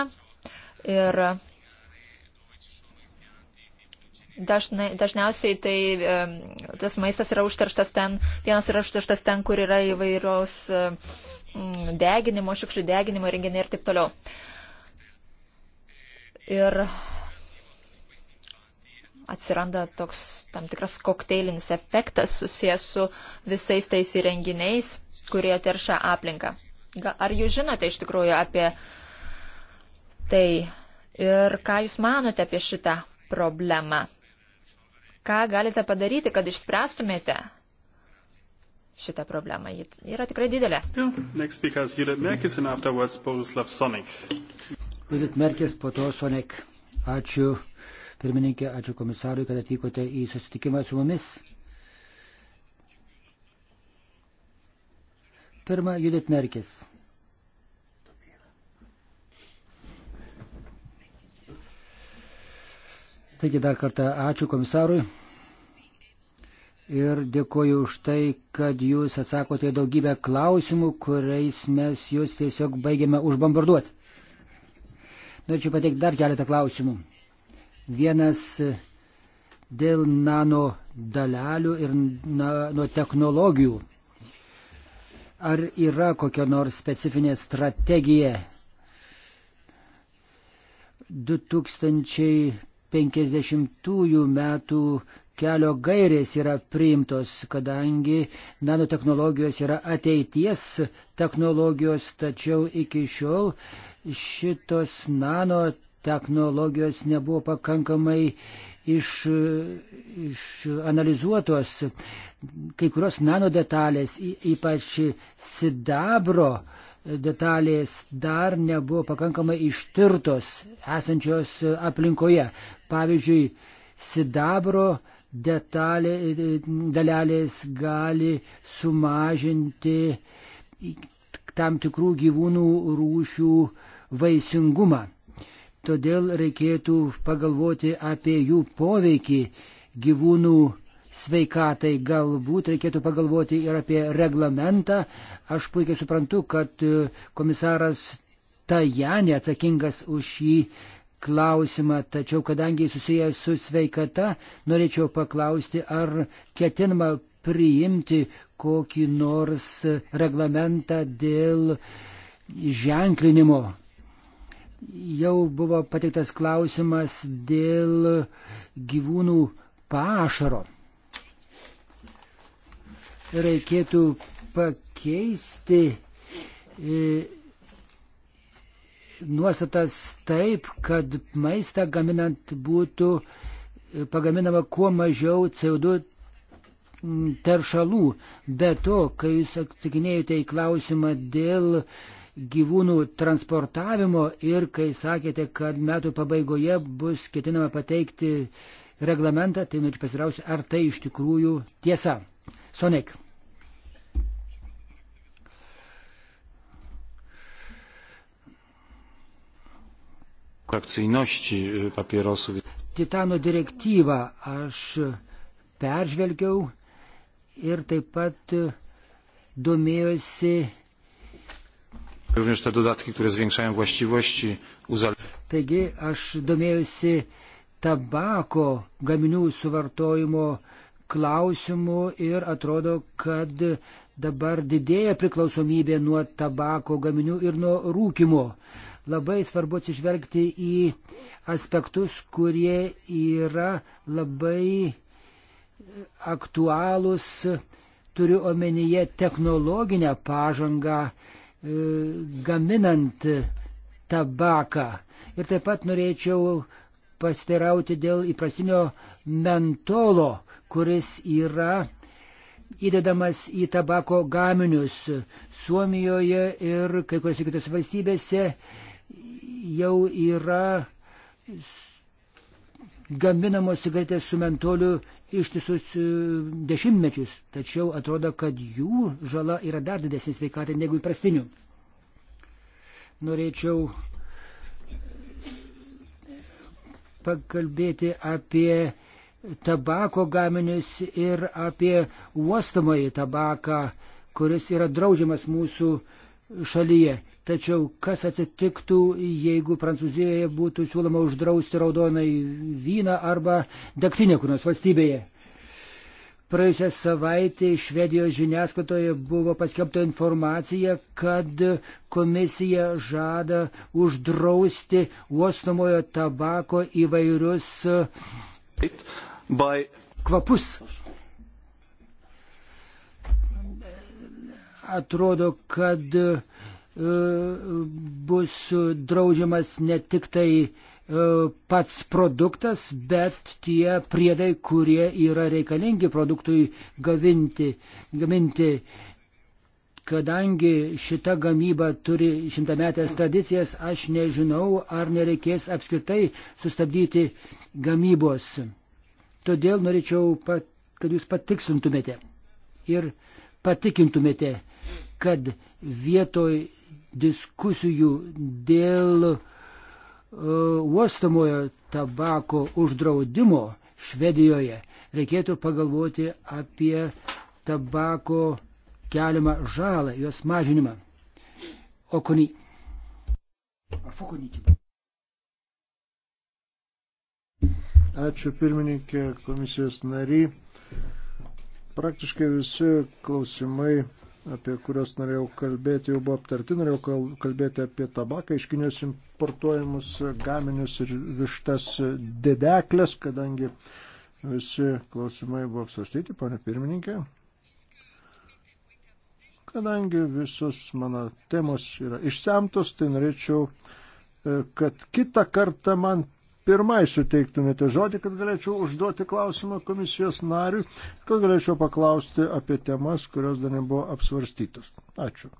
ir dažnai, dažniausiai tai e, tas maistas yra užterštas ten, pienas yra užterštas ten, kur yra įvairios e, deginimo, šiukšlių deginimo renginiai ir taip toliau ir atsiranda toks tam tikras kokteilinis efektas susijęs su visais tais įrenginiais, kurie teršia aplinką. Ar jūs žinote iš tikrųjų apie tai ir ką jūs manote apie šitą problemą? Ką galite padaryti, kad išspręstumėte šitą problemą? Ji yra tikrai didelė. Yeah. Judith Merkis, po to Sonek. Ačiū pirmininkė, ačiū komisarui, kad atvykote į susitikimą su mumis. Pirma, Judith Merkis. Taigi dar kartą ačiū komisarui ir dėkoju už tai, kad jūs atsakote daugybę klausimų, kuriais mes jūs tiesiog baigėme užbombarduoti. Norėčiau pateikti dar keletą klausimų. Vienas e, dėl nano dalelių ir nano technologijų. Ar yra kokia nors specifinė strategija 2050 metų kelio gairės yra priimtos, kadangi nanotehnologijos yra ateities technologijos, tačiau iki šiol uh, šitos nano technologijos nebuvo pakankamai iš, išanalizuotos. Kai kurios nano detalės, ypač sidabro detalės, dar nebuvo pakankamai ištirtos esančios aplinkoje. Pavyzdžiui, sidabro detalė, dalelės gali sumažinti tam tikrų gyvūnų rūšių uh, vaisingumą. Todėl reikėtų pagalvoti apie jų poveikį gyvūnų sveikatai. Galbūt reikėtų pagalvoti ir apie reglamentą. Aš puikiai suprantu, kad e, komisaras Tajanė atsakingas už šį klausimą, tačiau kadangi susijęs su sveikata, norėčiau paklausti, ar ketinama priimti kokį nors reglamentą dėl ženklinimo jau buvo pateiktas klausimas dėl gyvūnų pašaro. Reikėtų pakeisti e, nuostatas taip, kad maistą gaminant būtų e, pagaminama kuo mažiau CO2 teršalų. Be to, kai jūs atsakinėjote į klausimą dėl uh, gyvūnų transportavimo ir kai sakėte, kad metų pabaigoje bus ketinama pateikti reglamentą, tai norėčiau pasirausiu, ar tai iš tikrųjų tiesa. Sonek. Akcijnoščiai papirosų. Titano direktyvą aš peržvelgiau ir taip pat domėjosi Również te dodatki, które zwiększają właściwości Taigi aš domėjusi tabako gaminių suvartojimo klausimų ir atrodo, kad dabar didėja priklausomybė nuo tabako gaminių ir nuo rūkimo. Labai svarbu atsižvelgti į aspektus, kurie yra labai aktualūs, turiu omenyje technologinę pažangą, E, gaminant tabaką. Ir taip pat norėčiau pasteirauti dėl įprastinio mentolo, kuris yra įdedamas į tabako gaminius Suomijoje ir kai kuriuose kitose valstybėse jau yra gaminamos cigaretės su mentoliu ištisus e, dešimtmečius, tačiau atrodo, kad jų žala yra dar didesnė sveikatai negu įprastinių. Norėčiau pakalbėti apie tabako gaminius ir apie uostamąjį tabaką, kuris yra draudžiamas mūsų šalyje. Tačiau kas atsitiktų, jeigu Prancūzijoje būtų siūloma uždrausti raudonai vyną arba degtinę kur nors valstybėje? Praėjusią savaitę Švedijos žiniasklaidoje buvo paskelbta informacija, kad komisija žada uždrausti uostomojo tabako įvairius By... kvapus. atrodo, kad e, bus draudžiamas ne tik tai e, pats produktas, bet tie priedai, kurie yra reikalingi produktui gavinti, gaminti. Kadangi šita gamyba turi šimtametės tradicijas, aš nežinau, ar nereikės apskritai sustabdyti gamybos. Todėl norėčiau, pat, kad jūs patikslintumėte ir patikintumėte kad vietoj diskusijų dėl uh, e, uostamojo tabako uždraudimo Švedijoje reikėtų pagalvoti apie tabako keliamą žalą, jos mažinimą. Okony. Ačiū pirmininkė komisijos nariai. Praktiškai visi klausimai apie kuriuos norėjau kalbėti, jau buvo aptarti, norėjau kalbėti apie tabaką iš Kinijos importuojamus gaminius ir vištas dedeklės, kadangi visi klausimai buvo apsvarstyti, pane pirmininkė. Kadangi visos mano temos yra išsemtos, tai norėčiau, e, kad kitą kartą man pirmai suteiktumėte žodį, kad galėčiau užduoti klausimą komisijos nariui, kad galėčiau paklausti apie temas, kurios dar nebuvo apsvarstytos. Ačiū.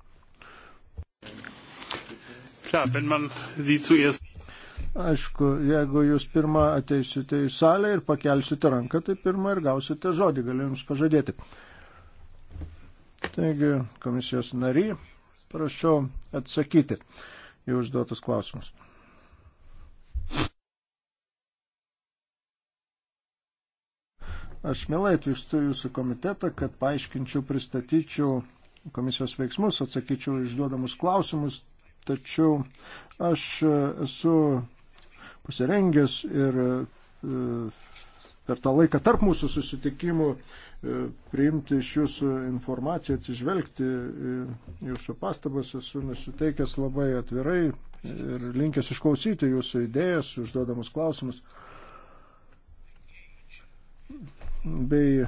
Aišku, jeigu jūs pirmą ateisite į salę ir pakelsite ranką, tai pirmą ir gausite žodį, galiu jums pažadėti. Taigi, komisijos nary, prašau atsakyti į užduotus klausimus. Aš mielai atvykstu jūsų komitetą, kad paaiškinčiau, pristatyčiau komisijos veiksmus, atsakyčiau išduodamus klausimus, tačiau aš e, esu pasirengęs ir e, per tą laiką tarp mūsų susitikimų e, priimti iš jūsų informaciją, atsižvelgti jūsų pastabas, esu nusiteikęs labai atvirai ir linkęs išklausyti jūsų idėjas, užduodamus klausimus bei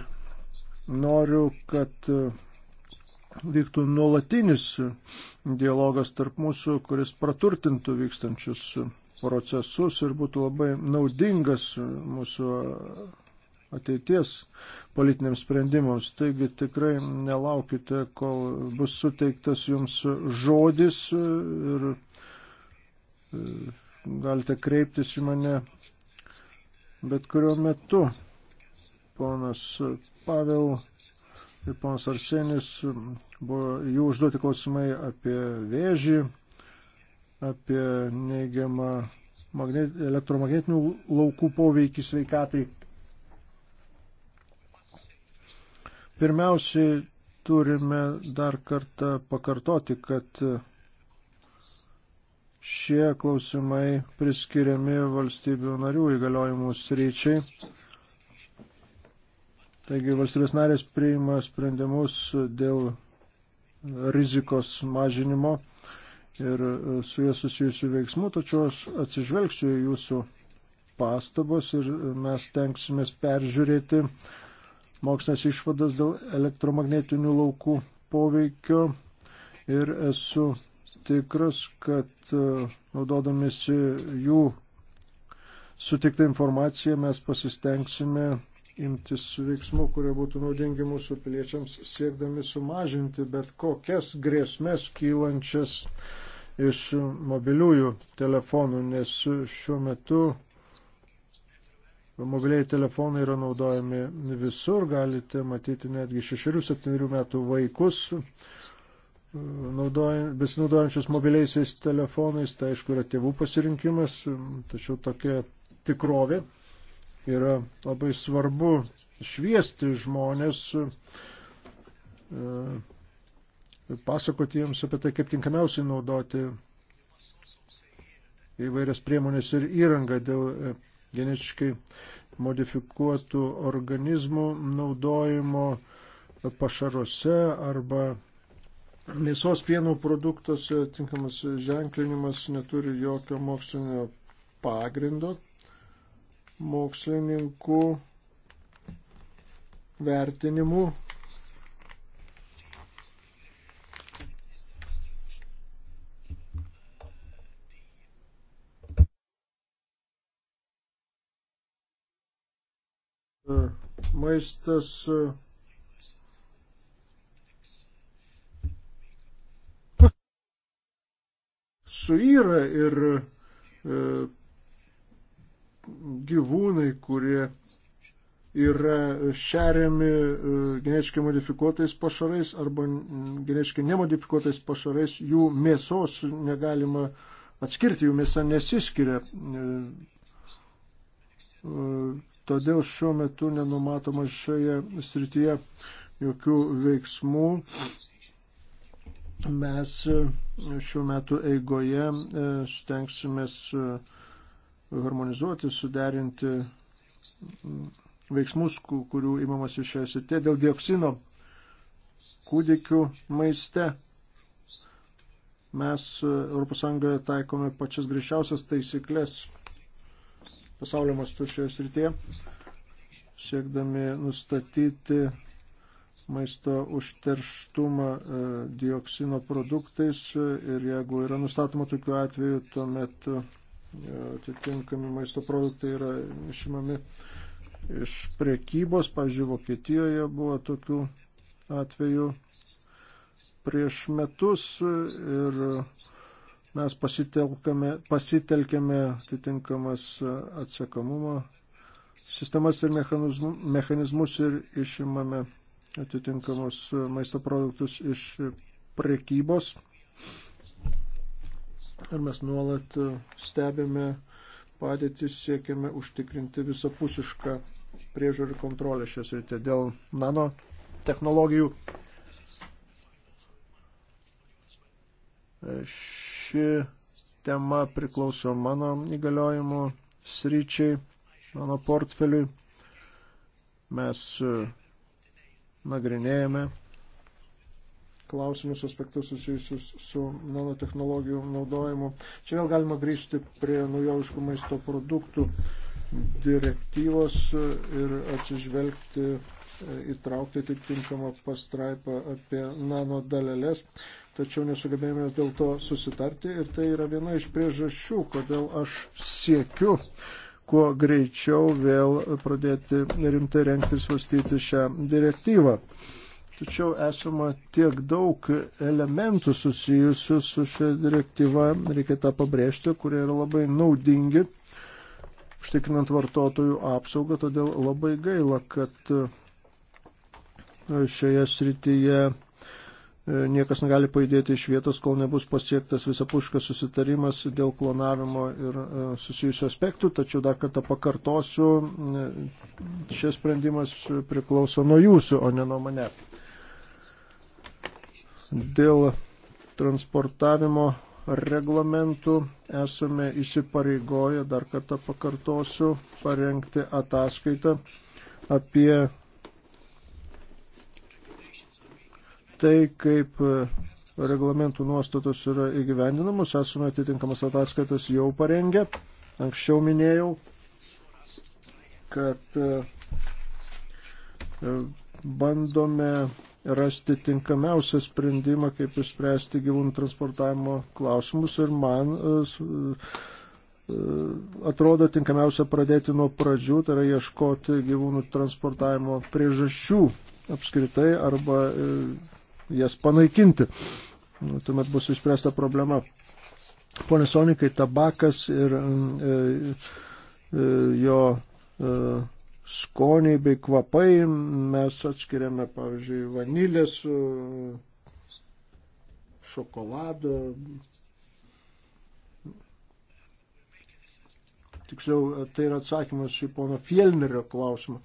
noriu, kad e, vyktų nuolatinis e, dialogas tarp mūsų, kuris praturtintų vykstančius e, procesus ir būtų labai naudingas mūsų ateities politiniams sprendimams. Taigi tikrai nelaukite, kol bus suteiktas jums žodis ir galite kreiptis į mane bet kuriuo metu ponas Pavel ir ponas Arsenis, buvo jų užduoti klausimai apie vėžį, apie neigiamą magnet, elektromagnetinių laukų poveikį sveikatai. Pirmiausiai turime dar kartą pakartoti, kad šie klausimai priskiriami valstybių narių įgaliojimų sryčiai Taigi valstybės narės priima sprendimus dėl rizikos mažinimo ir e, su jie susijusių veiksmų, tačiau aš atsižvelgsiu į jūsų pastabos ir e, mes tenksimės peržiūrėti mokslinės išvadas dėl elektromagnetinių laukų poveikio ir esu tikras, kad e, naudodamėsi jų sutiktą informaciją mes pasistengsime imtis veiksmų, kurie būtų naudingi mūsų piliečiams, siekdami sumažinti bet kokias grėsmės kylančias iš mobiliųjų telefonų, nes šiuo metu mobiliai telefonai yra naudojami visur, galite matyti netgi 6-7 metų vaikus, e, naudojant, besinaudojančius mobiliaisiais telefonais, tai aišku yra tėvų pasirinkimas, tačiau tokia tikrovė yra labai svarbu šviesti žmonės, e, pasakoti jiems apie tai, kaip tinkamiausiai naudoti įvairias priemonės ir įrangą dėl e, genetiškai modifikuotų organizmų naudojimo pašaruose arba mėsos pieno produktuose tinkamas ženklinimas neturi jokio mokslinio pagrindo mokslininkų vertinimų. Maistas suyra ir e, gyvūnai, kurie yra šeriami e, genetiškai modifikuotais pašarais arba genetiškai nemodifikuotais pašarais, jų mėsos negalima atskirti, jų mėsa nesiskiria. E, e, todėl šiuo metu nenumatoma šioje srityje jokių veiksmų. Mes šiuo metu eigoje stengsimės harmonizuoti, suderinti veiksmus, kurių įmamasi šioje srityje dėl dioksino kūdikių maiste. Mes ES taikome pačias grįžčiausias taisyklės pasaulio mastu šioje srityje, siekdami nustatyti maisto užterštumą e, dioksino produktais e, ir jeigu yra nustatoma tokiu atveju, tuomet atitinkami maisto produktai yra išimami iš priekybos. Pavyzdžiui, Vokietijoje buvo tokių atvejų prieš metus ir mes pasitelkėme atitinkamas atsakomumo sistemas ir mechanizmus ir išimame atitinkamus maisto produktus iš prekybos. Ar mes nuolat e, stebime padėtį, siekiame užtikrinti visapusišką priežiūrį kontrolę šios rytė dėl nano technologijų. E, ši tema priklauso mano įgaliojimo sryčiai, mano portfeliui. Mes e, nagrinėjame klausimus, aspektus susijusius su nanotehnologijų naudojimu. Čia vėl galima grįžti prie naujoviškų maisto produktų direktyvos ir atsižvelgti, įtraukti atitinkamą pastraipą apie nanodalelės. Tačiau nesugebėjome dėl to susitarti ir tai yra viena iš priežasčių, kodėl aš siekiu kuo greičiau vėl pradėti rimtai renkti ir svarstyti šią direktyvą tačiau esama tiek daug elementų susijusių su šia direktyva, reikia tą pabrėžti, kurie yra labai naudingi, užtikrinant vartotojų apsaugą, todėl labai gaila, kad e, šioje srityje e, niekas negali pajudėti iš vietos, kol nebus pasiektas visapuškas susitarimas dėl klonavimo ir e, susijusių aspektų. Tačiau dar kartą pakartosiu, šis sprendimas priklauso nuo jūsų, o ne nuo manęs. Dėl transportavimo reglamentų esame įsipareigoję, dar kartą pakartosiu, parengti ataskaitą apie tai, kaip reglamentų nuostatos yra įgyvendinamos. Esame atitinkamas ataskaitas jau parengę. Anksčiau minėjau, kad e, bandome rasti tinkamiausią sprendimą, kaip išspręsti gyvūnų transportavimo klausimus ir man e, e, atrodo tinkamiausia pradėti nuo pradžių, tai yra ieškoti gyvūnų transportavimo priežasčių apskritai arba e, jas panaikinti. Nu, tuomet bus išspręsta problema. Pone Sonikai, tabakas ir mm, jo skoniai bei kvapai. Mes atskiriame, pavyzdžiui, vanilę su šokolado. Tiksliau, tai yra atsakymas į pono Fielnerio klausimą.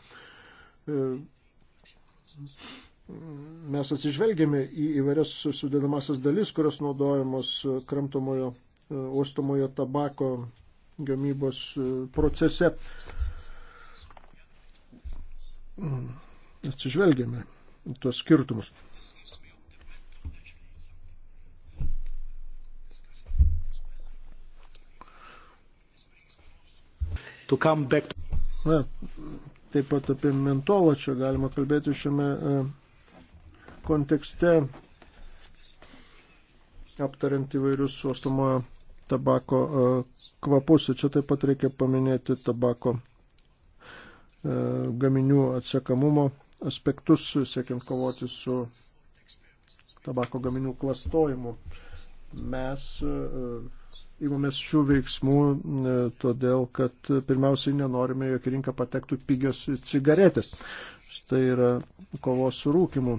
Mes atsižvelgėme į įvairias sudėdamasias dalis, kurios naudojamos kramtomojo, ostomojo tabako gamybos procese atsižvelgiame tuos skirtumus. Na, taip pat apie mentolą čia galima kalbėti šiame e, kontekste, aptariant įvairius suostamojo tabako e, kvapus. Čia taip pat reikia paminėti tabako E, gaminių atsekamumo aspektus, siekiant kovoti su tabako gaminių klastojimu. Mes įmamės e, šių veiksmų, e, todėl kad pirmiausiai nenorime, jog į rinką patektų pigios cigaretės. Tai yra kovos su rūkimu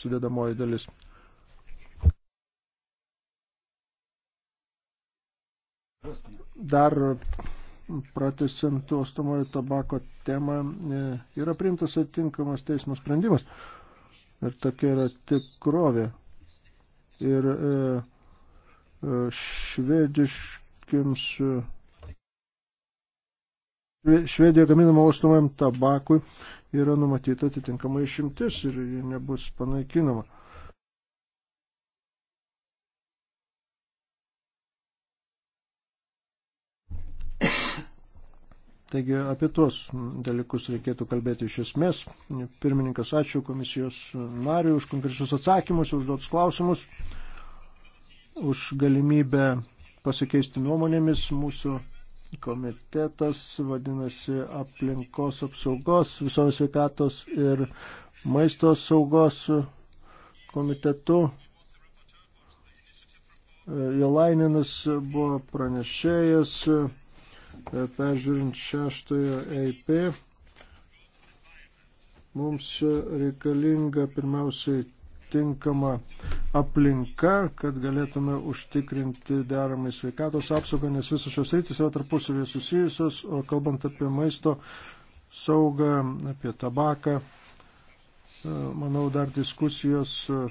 sudėdamoji dalis. Dar pratesiant uostamojo tabako temą, e, yra priimtas atitinkamas teismo sprendimas. Ir tokia yra tikrovė. Ir e, e švediškiams. Švedijoje gaminama uostamajam tabakui yra numatyta atitinkama išimtis ir ji nebus panaikinama. Taigi apie tuos dalykus reikėtų kalbėti iš esmės. Pirmininkas, ačiū komisijos nariui už konkrečius atsakymus, užduotus klausimus, už galimybę pasikeisti nuomonėmis mūsų komitetas, vadinasi aplinkos apsaugos, visos sveikatos ir maisto saugos komitetu. Jolaininas buvo pranešėjas. E, peržiūrint šeštojo EIP, mums reikalinga pirmiausiai tinkama aplinka, kad galėtume užtikrinti deramai sveikatos apsaugą, nes visos šios rytis yra tarpusavėje susijusios, o kalbant apie maisto saugą, apie tabaką, e, manau, dar diskusijos e,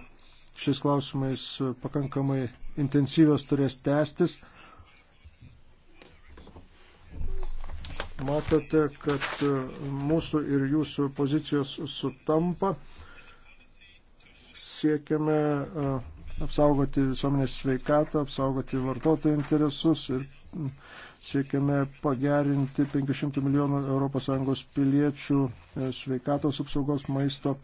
šiais klausimais pakankamai intensyvios turės tęstis. matote, kad e, mūsų ir jūsų pozicijos sutampa. Siekiame e, apsaugoti visuomenės sveikatą, apsaugoti vartotojų interesus ir siekiame pagerinti 500 milijonų ES piliečių e, sveikatos apsaugos maisto